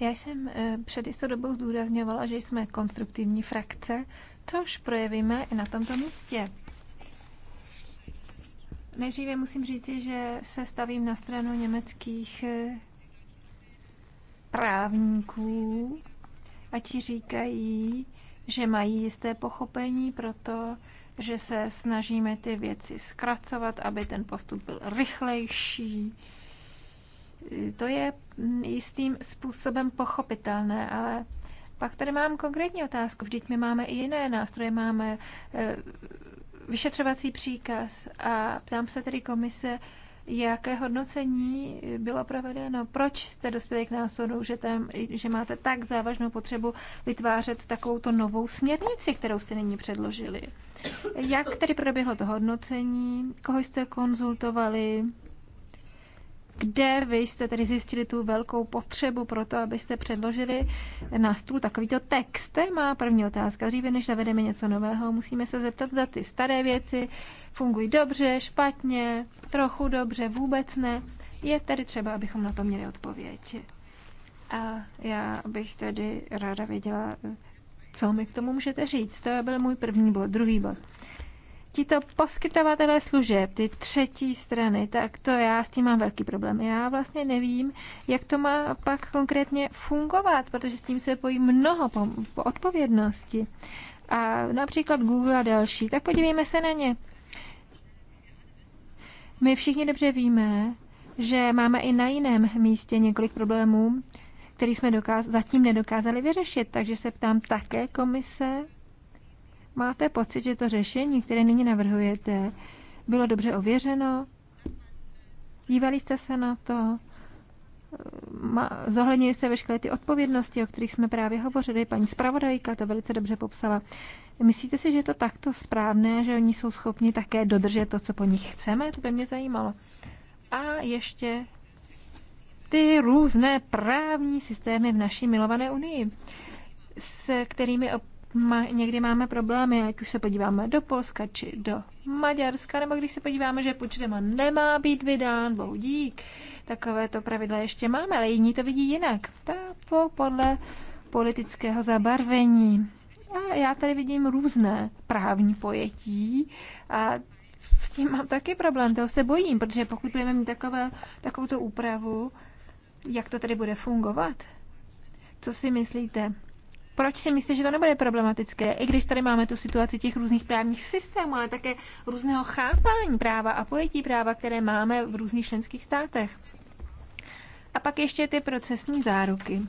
Já jsem eh, před jistou dobou zdůrazňovala, že jsme konstruktivní frakce, což projevíme i na tomto místě. Nejdříve musím říct, že se stavím na stranu německých eh, právníků a ti říkají, že mají jisté pochopení pro to, že se snažíme ty věci zkracovat, aby ten postup byl rychlejší. To je jistým způsobem pochopitelné, ale pak tady mám konkrétní otázku. Vždyť my máme i jiné nástroje, máme eh, vyšetřovací příkaz a ptám se tedy komise, Jaké hodnocení bylo provedeno? Proč jste dospěli k názoru, že, tam, že máte tak závažnou potřebu vytvářet to novou směrnici, kterou jste nyní předložili? Jak tedy proběhlo to hodnocení? Koho jste konzultovali? kde vy jste tedy zjistili tu velkou potřebu pro to, abyste předložili na stůl takovýto text? To je má první otázka. Dříve než zavedeme něco nového, musíme se zeptat, zda ty staré věci fungují dobře, špatně, trochu dobře, vůbec ne. Je tedy třeba, abychom na to měli odpověď. A já bych tedy ráda věděla, co mi k tomu můžete říct. To byl můj první bod. Druhý bod tito poskytovatelé služeb, ty třetí strany, tak to já s tím mám velký problém. Já vlastně nevím, jak to má pak konkrétně fungovat, protože s tím se pojí mnoho po, po odpovědnosti. A například Google a další, tak podívejme se na ně. My všichni dobře víme, že máme i na jiném místě několik problémů, který jsme dokáz- zatím nedokázali vyřešit, takže se ptám také komise, Máte pocit, že to řešení, které nyní navrhujete, bylo dobře ověřeno? Dívali jste se na to? Zohlednili se veškeré ty odpovědnosti, o kterých jsme právě hovořili. Paní zpravodajka to velice dobře popsala. Myslíte si, že je to takto správné, že oni jsou schopni také dodržet to, co po nich chceme? To by mě zajímalo. A ještě ty různé právní systémy v naší milované unii, s kterými ma, někdy máme problémy, ať už se podíváme do Polska či do Maďarska, nebo když se podíváme, že počtema nemá být vydán dík, takové to pravidla ještě máme, ale jiní to vidí jinak. Ta po, podle politického zabarvení. A já tady vidím různé právní pojetí a s tím mám taky problém, toho se bojím, protože pokud budeme mít takové, takovou úpravu, jak to tady bude fungovat? Co si myslíte? Proč si myslíte, že to nebude problematické? I když tady máme tu situaci těch různých právních systémů, ale také různého chápání práva a pojetí práva, které máme v různých členských státech. A pak ještě ty procesní záruky.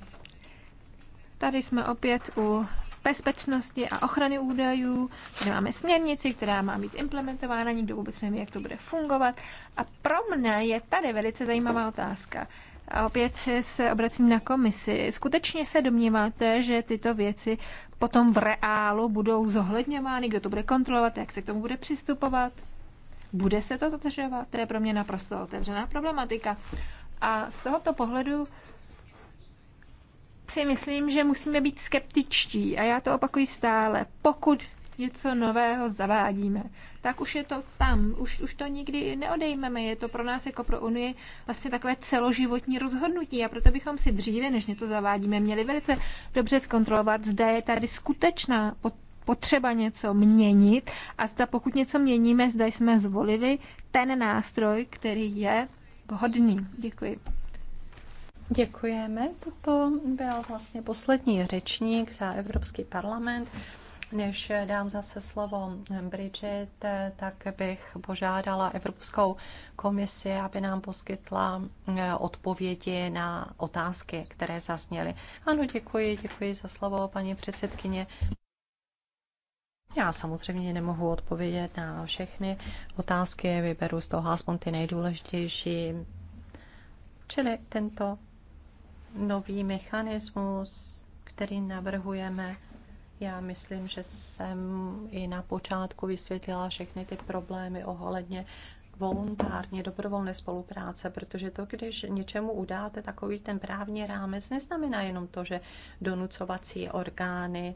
Tady jsme opět u bezpečnosti a ochrany údajů, kde máme směrnici, která má být implementována, nikdo vůbec neví, jak to bude fungovat. A pro mne je tady velice zajímavá otázka. A opět se obracím na komisi. Skutečně se domníváte, že tyto věci potom v reálu budou zohledňovány, kdo to bude kontrolovat, jak se k tomu bude přistupovat? Bude se to dodržovat? To je pro mě naprosto otevřená problematika. A z tohoto pohledu si myslím, že musíme být skeptičtí. A já to opakuji stále. Pokud něco nového zavádíme, tak už je to tam, už, už to nikdy neodejmeme. Je to pro nás jako pro Unii vlastně takové celoživotní rozhodnutí a proto bychom si dříve, než něco zavádíme, měli velice dobře zkontrolovat, zda je tady skutečná potřeba něco měnit a zda pokud něco měníme, zda jsme zvolili ten nástroj, který je vhodný. Děkuji. Děkujeme. Toto byl vlastně poslední řečník za Evropský parlament. Než dám zase slovo Bridget, tak bych požádala Evropskou komisi, aby nám poskytla eh, odpovědi na otázky, které zazněly. Ano, děkuji, děkuji za slovo, paní předsedkyně. Já samozřejmě nemohu odpovědět na všechny otázky, vyberu z toho aspoň ty nejdůležitější. Čili tento nový mechanismus, který navrhujeme, já myslím, že jsem i na počátku vysvětlila všechny ty problémy ohledně voluntárně, dobrovolné spolupráce, protože to, když něčemu udáte takový ten právní rámec, neznamená jenom to, že donucovací orgány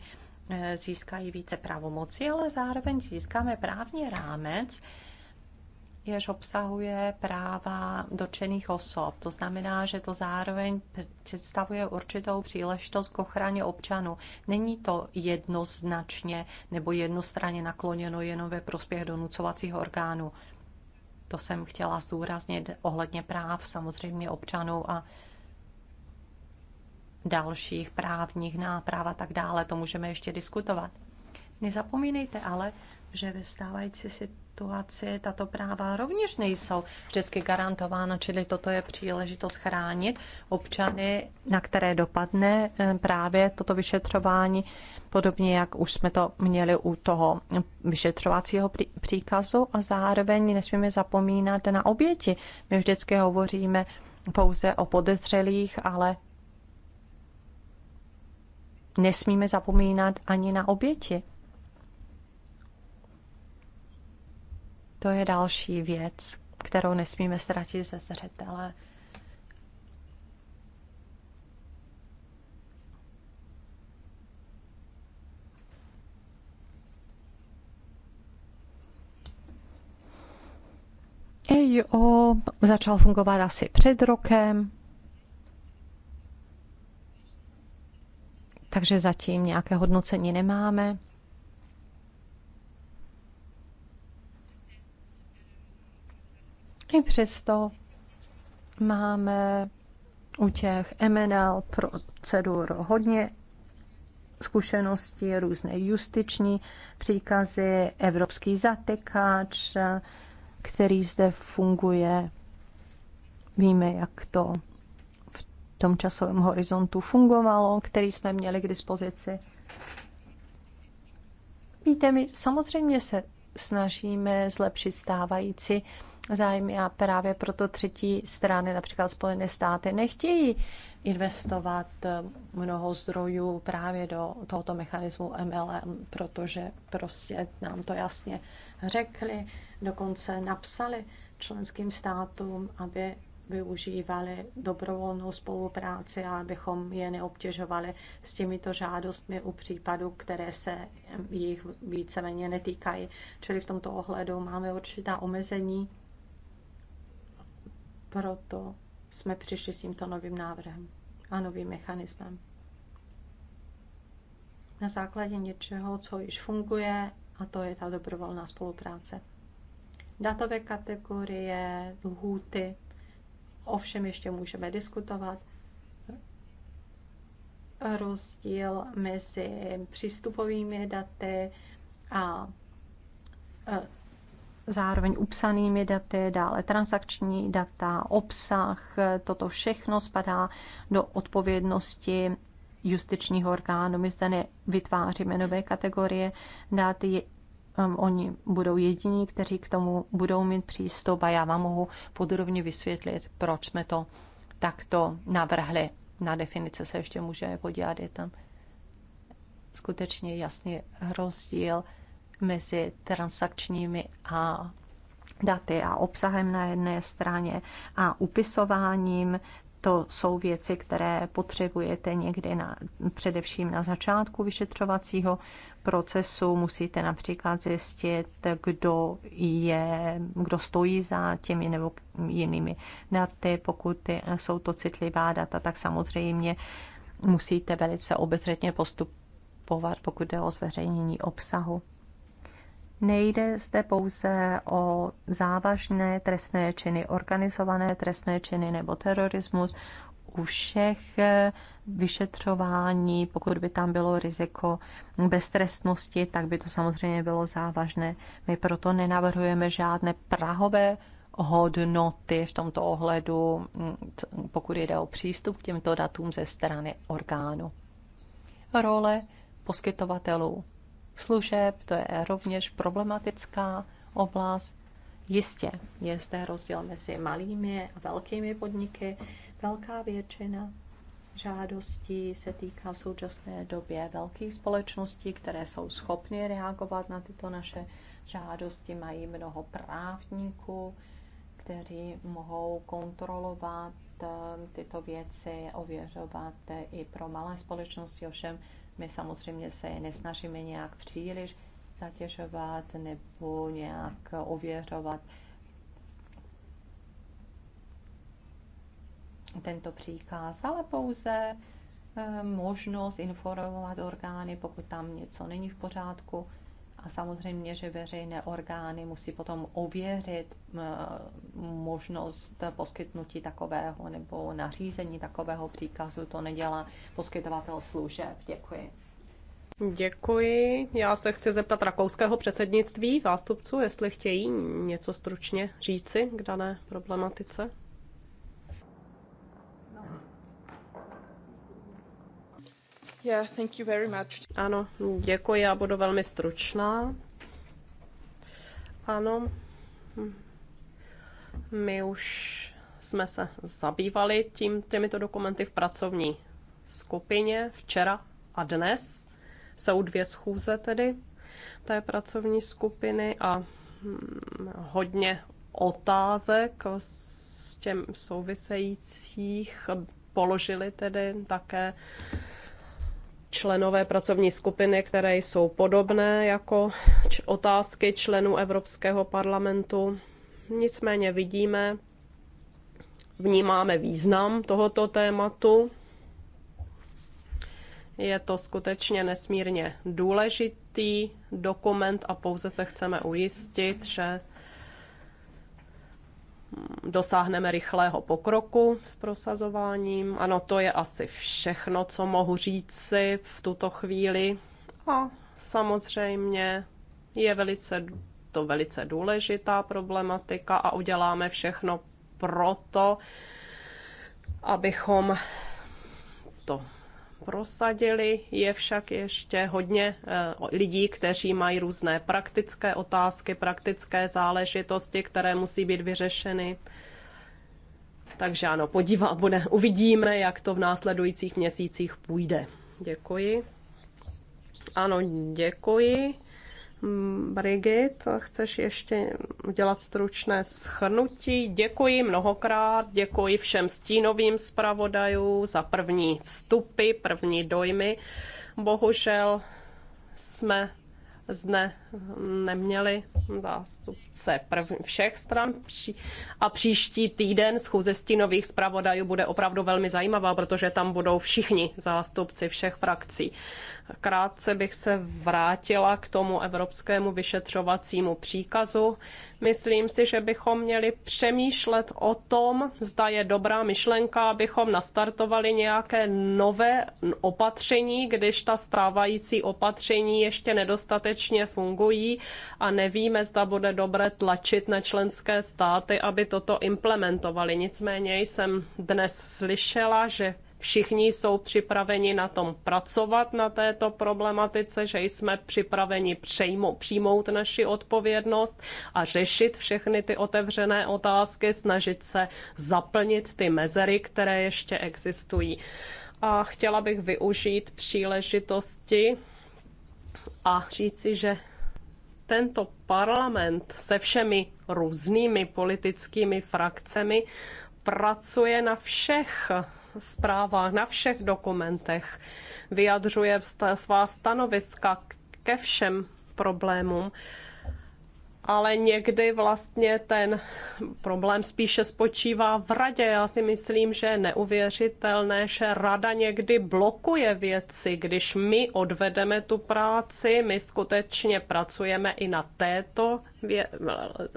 eh, získají více pravomoci, ale zároveň získáme právní rámec, jež obsahuje práva dotčených osob. To znamená, že to zároveň představuje určitou příležitost k ochraně občanů. Není to jednoznačně nebo jednostranně nakloněno jenom ve prospěch donucovacích orgánů. To jsem chtěla zdůraznit ohledně práv samozřejmě občanů a dalších právních náprav a tak dále. To můžeme ještě diskutovat. Nezapomínejte ale, že ve stávající situaci tato práva rovněž nejsou vždycky garantována, čili toto je příležitost chránit občany, na které dopadne eh, právě toto vyšetřování, podobně jak už jsme to měli u toho vyšetřovacího příkazu a zároveň nesmíme zapomínat na oběti. My vždycky hovoříme pouze o podezřelých, ale nesmíme zapomínat ani na oběti. To je další věc, kterou nesmíme ztratit ze zřetele. EIO začal fungovat asi před rokem, takže zatím nějaké hodnocení nemáme. I přesto máme u těch MNL procedur hodně zkušenosti, různé justiční příkazy, evropský zatekáč, který zde funguje. Víme, jak to v tom časovém horizontu fungovalo, který jsme měli k dispozici. Víte, my samozřejmě se snažíme zlepšit stávající zájmy a právě proto třetí strany, například Spojené státy, nechtějí investovat eh, mnoho zdrojů právě do tohoto mechanismu MLM, protože prostě nám to jasně řekli, dokonce napsali členským státům, aby využívali dobrovolnou spolupráci a abychom je neobtěžovali s těmito žádostmi u případů, které se jich víceméně netýkají. Čili v tomto ohledu máme určitá omezení proto jsme přišli s tímto novým návrhem a novým mechanismem. Na základě něčeho, co již funguje, a to je ta dobrovolná spolupráce. Datové kategorie, lhůty, ovšem ještě můžeme diskutovat. Rozdíl mezi přístupovými daty a e, zároveň upsanými daty, dále transakční data, obsah, toto všechno spadá do odpovědnosti justičního orgánu. My zde nevytváříme nové kategorie dat, je, um, oni budou jediní, kteří k tomu budou mít přístup a já vám mohu podrobně vysvětlit, proč jsme to takto navrhli. Na definice se ještě můžeme podívat, je tam skutečně jasný rozdíl mezi transakčními a daty a obsahem na jedné straně a upisováním to jsou věci, které potřebujete někdy na, především na začátku vyšetřovacího procesu. Musíte například zjistit, kdo, je, kdo stojí za těmi nebo jinými daty. Pokud jsou to citlivá data, tak samozřejmě musíte velice obezřetně postupovat, pokud jde o zveřejnění obsahu. Nejde zde pouze o závažné trestné činy, organizované trestné činy nebo terorismus. U všech eh, vyšetřování, pokud by tam bylo riziko beztrestnosti, tak by to samozřejmě bylo závažné. My proto nenavrhujeme žádné prahové hodnoty v tomto ohledu, mm, pokud jde o přístup k těmto datům ze strany orgánu. Role poskytovatelů služeb, to je rovněž problematická oblast. Jistě je zde rozdíl mezi malými a velkými podniky. Velká většina žádostí se týká v současné době velkých společností, které jsou schopny reagovat na tyto naše žádosti, mají mnoho právníků, kteří mohou kontrolovat eh, tyto věci, ověřovat eh, i pro malé společnosti, ovšem my samozřejmě se nesnažíme nějak příliš zatěžovat nebo nějak ověřovat tento příkaz, ale pouze eh, možnost informovat orgány, pokud tam něco není v pořádku a samozřejmě, že veřejné orgány musí potom ověřit eh, možnost poskytnutí takového nebo nařízení takového příkazu. To nedělá poskytovatel služeb. Děkuji. Děkuji. Já se chci zeptat rakouského předsednictví, zástupců, jestli chtějí něco stručně říci k dané problematice. Yeah, thank you very much. Ano, děkuji, já budu velmi stručná. Ano, my už jsme se zabývali tím, těmito dokumenty v pracovní skupině včera a dnes. Jsou dvě schůze tedy té pracovní skupiny a hm, hodně otázek s těm souvisejících položili tedy také členové pracovní skupiny, které jsou podobné jako otázky členů Evropského parlamentu. Nicméně vidíme, vnímáme význam tohoto tématu. Je to skutečně nesmírně důležitý dokument a pouze se chceme ujistit, že dosáhneme rychlého pokroku s prosazováním. Ano, to je asi všechno, co mohu říct si v tuto chvíli. A samozřejmě je velice, to velice důležitá problematika a uděláme všechno proto, abychom to prosadili. Je však ještě hodně eh, lidí, kteří mají různé praktické otázky, praktické záležitosti, které musí být vyřešeny. Takže ano, podívá, bude, uvidíme, jak to v následujících měsících půjde. Děkuji. Ano, děkuji. Brigit, chceš ještě udělat stručné schrnutí? Děkuji mnohokrát, děkuji všem stínovým zpravodajům za první vstupy, první dojmy. Bohužel jsme zde neměli zástupce všech stran. A příští týden schůze stínových zpravodajů bude opravdu velmi zajímavá, protože tam budou všichni zástupci všech frakcí. Krátce bych se vrátila k tomu evropskému vyšetřovacímu příkazu. Myslím si, že bychom měli přemýšlet o tom, zda je dobrá myšlenka, abychom nastartovali nějaké nové opatření, když ta stávající opatření ještě nedostatečně fungují fungují a nevíme, zda bude dobré tlačit na členské státy, aby toto implementovali. Nicméně jsem dnes slyšela, že všichni jsou připraveni na tom pracovat, na této problematice, že jsme připraveni přejmo, přijmout naši odpovědnost a řešit všechny ty otevřené otázky, snažit se zaplnit ty mezery, které ještě existují. A chtěla bych využít příležitosti a říci, že tento parlament se všemi různými politickými frakcemi pracuje na všech zprávách, na všech dokumentech, vyjadřuje svá stanoviska ke všem problémům ale někdy vlastně ten problém spíše spočívá v radě. Já si myslím, že je neuvěřitelné, že rada někdy blokuje věci, když my odvedeme tu práci, my skutečně pracujeme i na této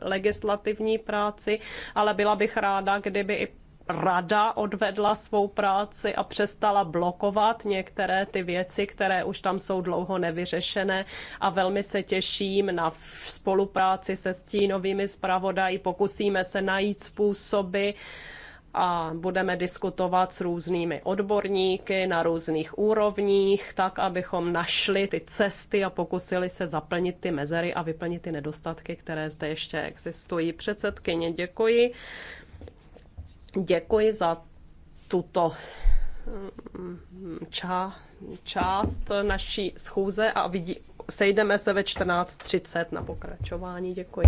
legislativní práci, ale byla bych ráda, kdyby i rada odvedla svou práci a přestala blokovat některé ty věci, které už tam jsou dlouho nevyřešené a velmi se těším na spolupráci se stínovými zpravodaji. Pokusíme se najít způsoby, a budeme diskutovat s různými odborníky na různých úrovních, tak abychom našli ty cesty a pokusili se zaplnit ty mezery a vyplnit ty nedostatky, které zde ještě existují. Předsedkyně, děkuji. Děkuji za tuto mm, ča, část naší schůze a vidí, sejdeme se ve 14.30 na pokračování. Děkuji.